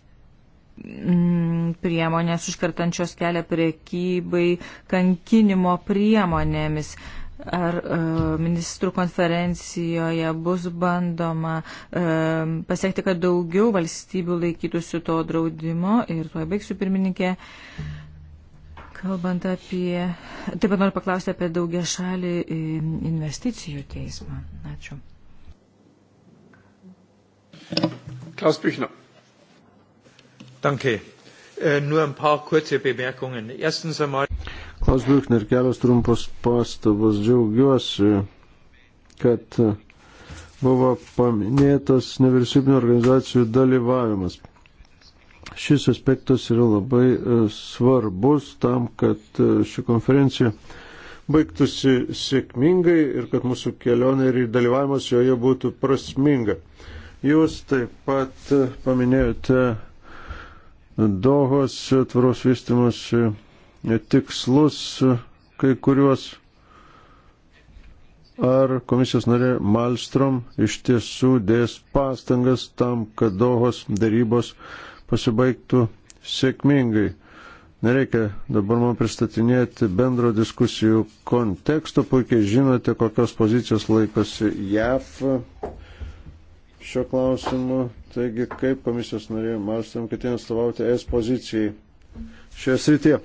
mm, priemonės užkartančios kelią priekybai, kankinimo priemonėmis. Ar e, ministrų konferencijoje bus bandoma e, pasiekti, kad daugiau valstybių laikytųsi to draudimo ir tuo baigsiu pirmininkė. E, Kalbant apie, taip pat noriu paklausti apie daugia šalį e, investicijų teismą. Ačiū. Klaus Büchner. Danke. Äh, nur ein paar kurze Bemerkungen. Erstens einmal. Klaus Büchner, kelios trumpos pastabos. Džiaugiuosi, kad äh, buvo paminėtas nevyriausybinio organizacijų dalyvavimas. Šis aspektas yra labai e, svarbus tam, kad e, ši konferencija baigtųsi sėkmingai ir kad mūsų kelionė ir dalyvavimas joje būtų prasminga. Jūs taip pat e, paminėjote Dohos tvaros vystimus tikslus kai kuriuos. Ar komisijos narė Malstrom iš tiesų dės pastangas tam, kad Dohos darybos pasibaigtų sėkmingai. Nereikia dabar man pristatinėti bendro diskusijų konteksto, puikiai žinote, kokios pozicijos laikosi JAF šio klausimu. Taigi, kaip komisijos norėjo Malstrom ketina atstovauti es pozicijai šioje srityje?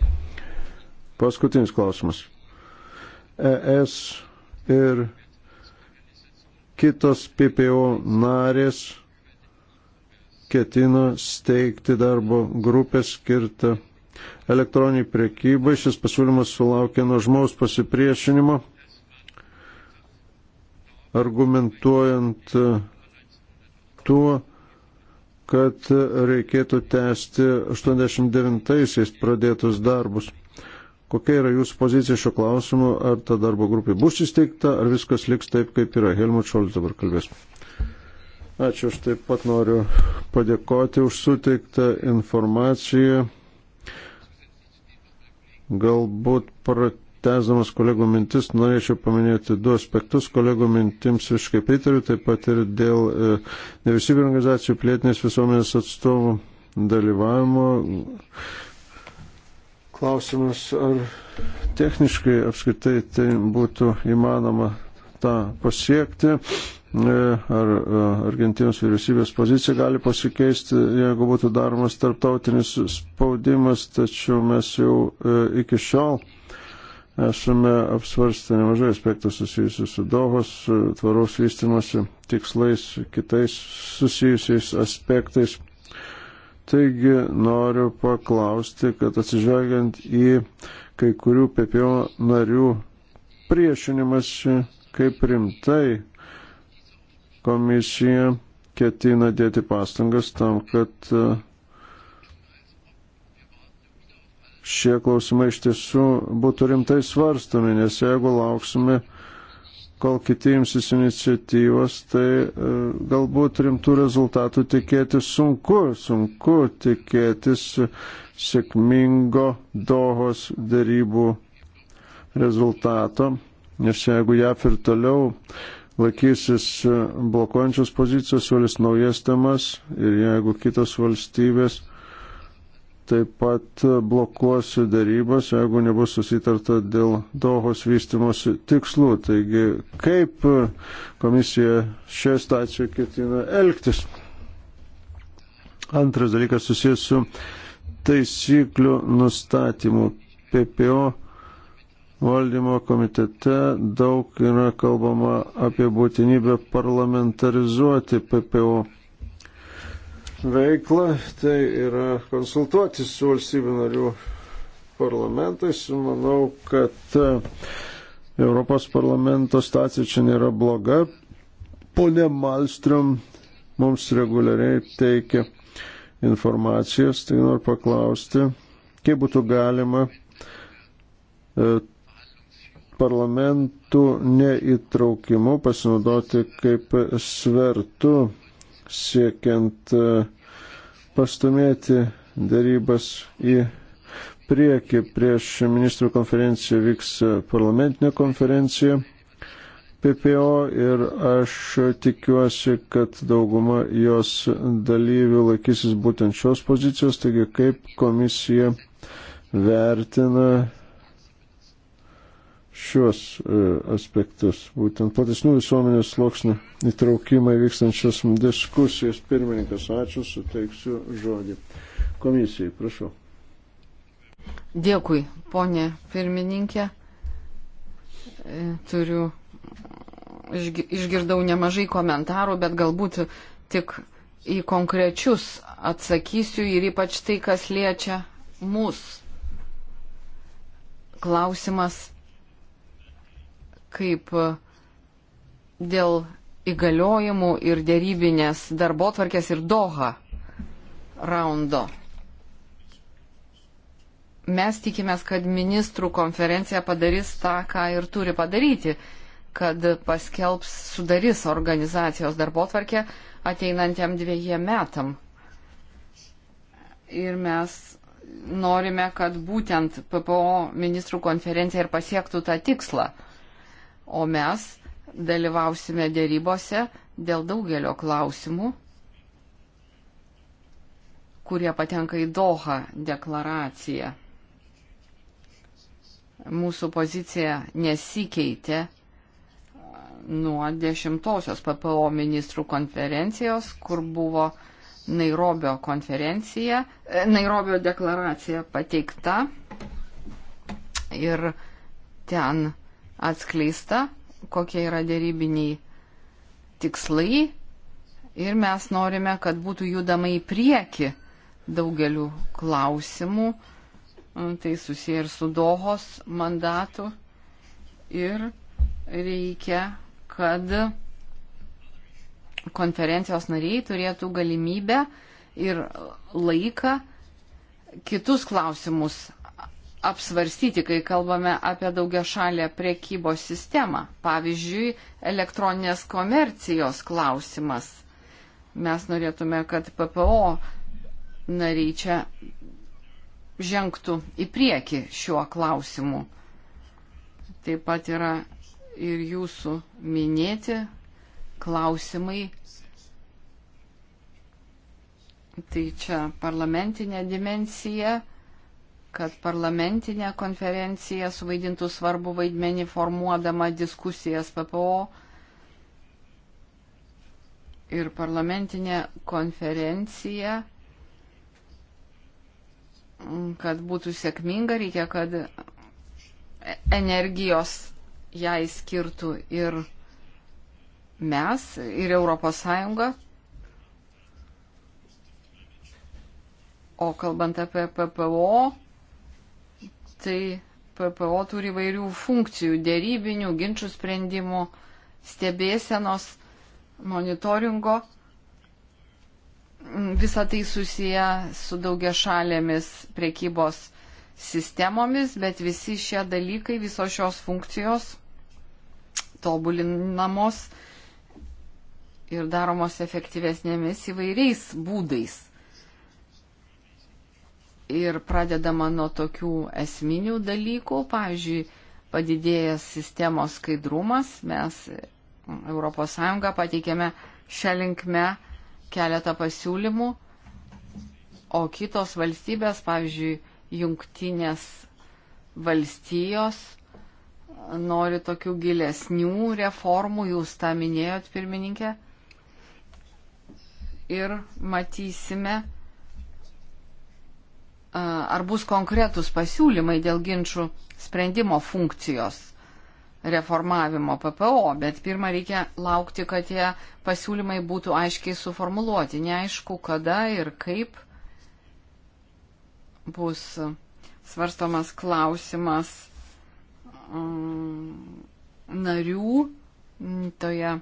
Paskutinis klausimas. ES ir kitos PPO narės ketina steigti darbo grupę skirtą elektroniniai priekybai. Šis pasiūlymas sulaukė nuožmaus pasipriešinimo, argumentuojant e, tuo, kad reikėtų tęsti 89-aisiais pradėtus darbus. Kokia yra jūsų pozicija šio klausimu, ar ta darbo grupė bus įsteigta, ar viskas liks taip, kaip yra? Helmut Šolis dabar kalbės. Ačiū, aš taip pat noriu padėkoti už suteiktą informaciją. Galbūt pratesdamas kolegų mintis norėčiau paminėti du aspektus. Kolegų mintims visiškai pritariu, taip pat ir dėl e, nevisybinio organizacijų plėtinės visuomenės atstovų dalyvavimo. Klausimas, ar techniškai apskritai tai būtų įmanoma tą pasiekti E, ar e, Argentinos vyriausybės pozicija gali pasikeisti, jeigu būtų daromas tarptautinis spaudimas, tačiau mes jau e, iki šiol esame apsvarstę nemažai aspektų susijusių su Dohos, tvaraus vystimosi tikslais, kitais susijusiais aspektais. Taigi noriu paklausti, kad atsižvelgiant į kai kurių PPO narių priešinimas, kaip rimtai komisija ketina dėti pastangas tam, kad e, šie klausimai iš tiesų būtų rimtai svarstami, nes jeigu lauksime, kol kiti imsis iniciatyvos, tai e, galbūt rimtų rezultatų tikėtis sunku, sunku tikėtis sėkmingo dohos darybų rezultato, nes jeigu JAF ir toliau laikysis e, blokuojančios pozicijos, siūlys naujas temas ir jeigu kitos valstybės taip pat blokuos darybas, jeigu nebus susitarta dėl Dohos vystimosi tikslų. Taigi, kaip komisija šioje stacijoje ketina elgtis? Antras dalykas susijęs su taisyklių nustatymu. PPO valdymo komitete daug yra kalbama apie būtinybę parlamentarizuoti PPO veiklą, tai yra konsultuoti su valstybių narių parlamentais. Manau, kad e, Europos parlamento stacija čia nėra bloga. Pone Malstrom mums reguliariai teikia informacijos, tai noriu paklausti, kaip būtų galima e, parlamentų neįtraukimu pasinaudoti kaip svertu siekiant e, pastumėti darybas į priekį. Prieš ministrų konferenciją vyks parlamentinė konferencija PPO ir aš tikiuosi, kad dauguma jos dalyvių laikysis būtent šios pozicijos, taigi kaip komisija vertina šiuos e, aspektus, būtent platesnių visuomenės sluoksnių įtraukimą į vykstančias diskusijas. Pirmininkas, ačiū, suteiksiu žodį. Komisijai, prašau. Dėkui, ponė pirmininkė. E, turiu, išgirdau nemažai komentarų, bet galbūt tik į konkrečius atsakysiu ir ypač tai, kas liečia mus. Klausimas kaip e, dėl įgaliojimų ir dėrybinės darbo tvarkės ir Doha raundo. Mes tikimės, kad ministrų konferencija padarys tą, ką ir turi padaryti, kad paskelbs, sudarys organizacijos darbo tvarkę ateinantiem dviejiem metam. Ir mes norime, kad būtent PPO ministrų konferencija ir pasiektų tą tikslą o mes dalyvausime dėrybose dėl daugelio klausimų, kurie patenka į Doha deklaraciją. Mūsų pozicija nesikeitė nuo dešimtosios PPO ministrų konferencijos, kur buvo Nairobio konferencija, e, Nairobio deklaracija pateikta ir ten atskleista, kokie yra dėrybiniai tikslai ir mes norime, kad būtų judama į priekį daugeliu klausimų. Mm, tai susiję ir su Dohos mandatu. Ir reikia, kad konferencijos nariai turėtų galimybę ir laiką kitus klausimus apsvarstyti, kai kalbame apie daugia šalę priekybos sistemą. Pavyzdžiui, elektroninės komercijos klausimas. Mes norėtume, kad PPO nariai čia žengtų į priekį šiuo klausimu. Taip pat yra ir jūsų minėti klausimai. Tai čia parlamentinė dimensija kad parlamentinė konferencija suvaidintų svarbu vaidmenį formuodama diskusijas PPO. Ir parlamentinė konferencija, mm, kad būtų sėkminga, reikia, kad e-, energijos jai skirtų ir mes, ir Europos Sąjunga. O kalbant apie PPO, tai PPO turi vairių funkcijų - dėrybinių, ginčių sprendimų, stebėsenos, monitoringo. Visa tai susiję su daugia šalėmis prekybos sistemomis, bet visi šie dalykai, visos šios funkcijos tobulinamos ir daromos efektyvesnėmis įvairiais būdais ir pradedama nuo tokių esminių dalykų, pavyzdžiui, padidėjęs sistemos skaidrumas, mes mm, ES pateikėme šią linkmę keletą pasiūlymų, o kitos valstybės, pavyzdžiui, jungtinės valstijos nori tokių gilesnių reformų, jūs tą minėjot pirmininkė. Ir matysime, ar bus konkretus pasiūlymai dėl ginčių sprendimo funkcijos reformavimo PPO, bet pirmą reikia laukti, kad tie pasiūlymai būtų aiškiai suformuluoti. Neaišku, kada ir kaip bus svarstomas klausimas um, narių mm, toje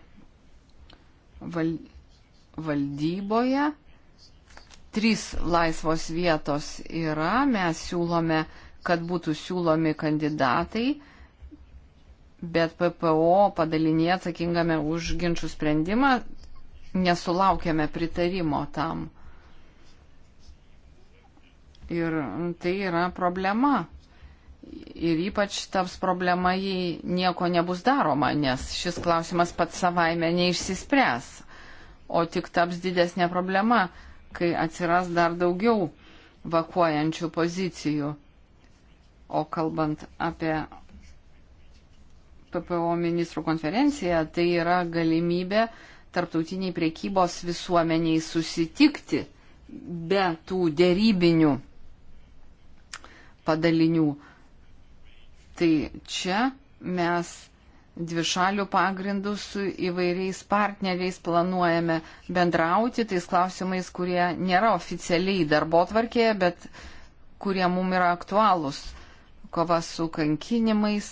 val, valdyboje Trys laisvos vietos yra, mes siūlome, kad būtų siūlomi kandidatai, bet PPO padalinėje atsakingame už ginčių sprendimą nesulaukėme pritarimo tam. Ir tai yra problema. Ir ypač taps problema, jei nieko nebus daroma, nes šis klausimas pats savaime neišsispręs, o tik taps didesnė problema kai atsiras dar daugiau vakuojančių pozicijų. O kalbant apie PPO ministrų konferenciją, tai yra galimybė tarptautiniai priekybos visuomeniai susitikti be tų dėrybinių padalinių. Tai čia mes dvišalių pagrindų su įvairiais partneriais planuojame bendrauti tais klausimais, kurie nėra oficialiai darbo tvarkėje, bet kurie mum yra aktualūs. Kova su kankinimais,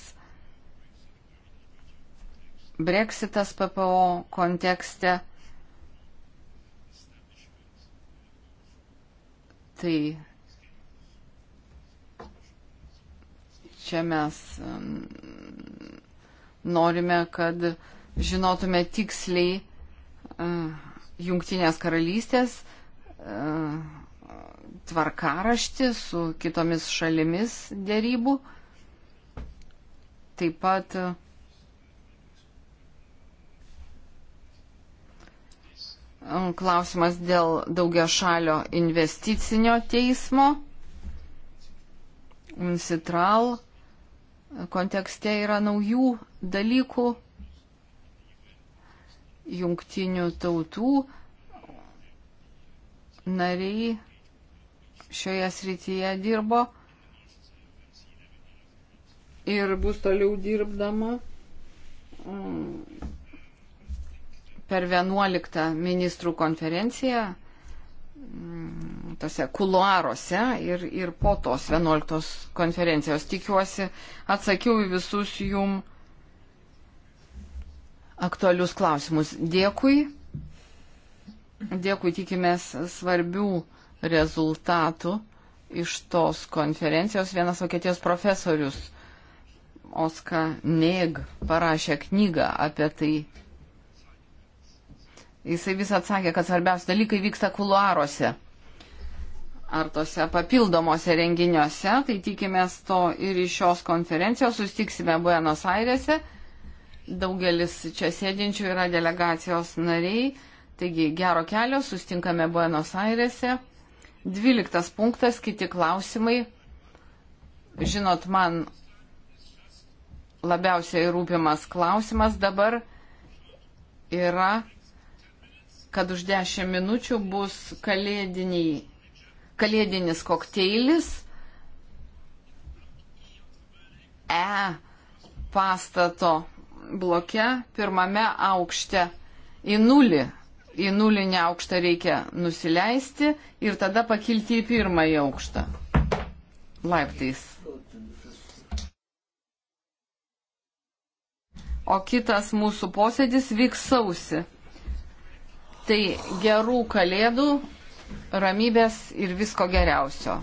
Brexitas PPO kontekste. Tai čia mes norime, kad žinotume tiksliai e, jungtinės karalystės e, tvarkaraštį su kitomis šalimis dėrybų. Taip pat e, klausimas dėl daugia šalio investicinio teismo, UNCITRAL kontekste yra naujų dalykų, jungtinių tautų nariai šioje srityje dirbo ir bus toliau dirbdama mm, per 11 ministrų konferenciją mm, tose kuluaruose ir, ir po tos 11 konferencijos. Tikiuosi, atsakiau į visus jum aktualius klausimus. Dėkui. Dėkui, tikimės svarbių rezultatų iš tos konferencijos. Vienas Vokietijos profesorius Oska Neg parašė knygą apie tai. Jisai vis atsakė, kad svarbiausi dalykai vyksta kuluaruose ar tose papildomose renginiuose, tai tikimės to ir iš šios konferencijos, sustiksime Buenos Airėse, daugelis čia sėdinčių yra delegacijos nariai, taigi gero kelio, sustinkame Buenos Airėse. Dvyliktas punktas, kiti klausimai. Žinot, man labiausiai rūpimas klausimas dabar yra, kad už dešimt minučių bus kalėdiniai kalėdinis kokteilis E pastato bloke pirmame aukšte į nulį. Į nulinį aukštą reikia nusileisti ir tada pakilti į pirmąjį aukštą laiptais. O kitas mūsų posėdis vyks sausi. Tai gerų kalėdų ramybės ir visko geriausio.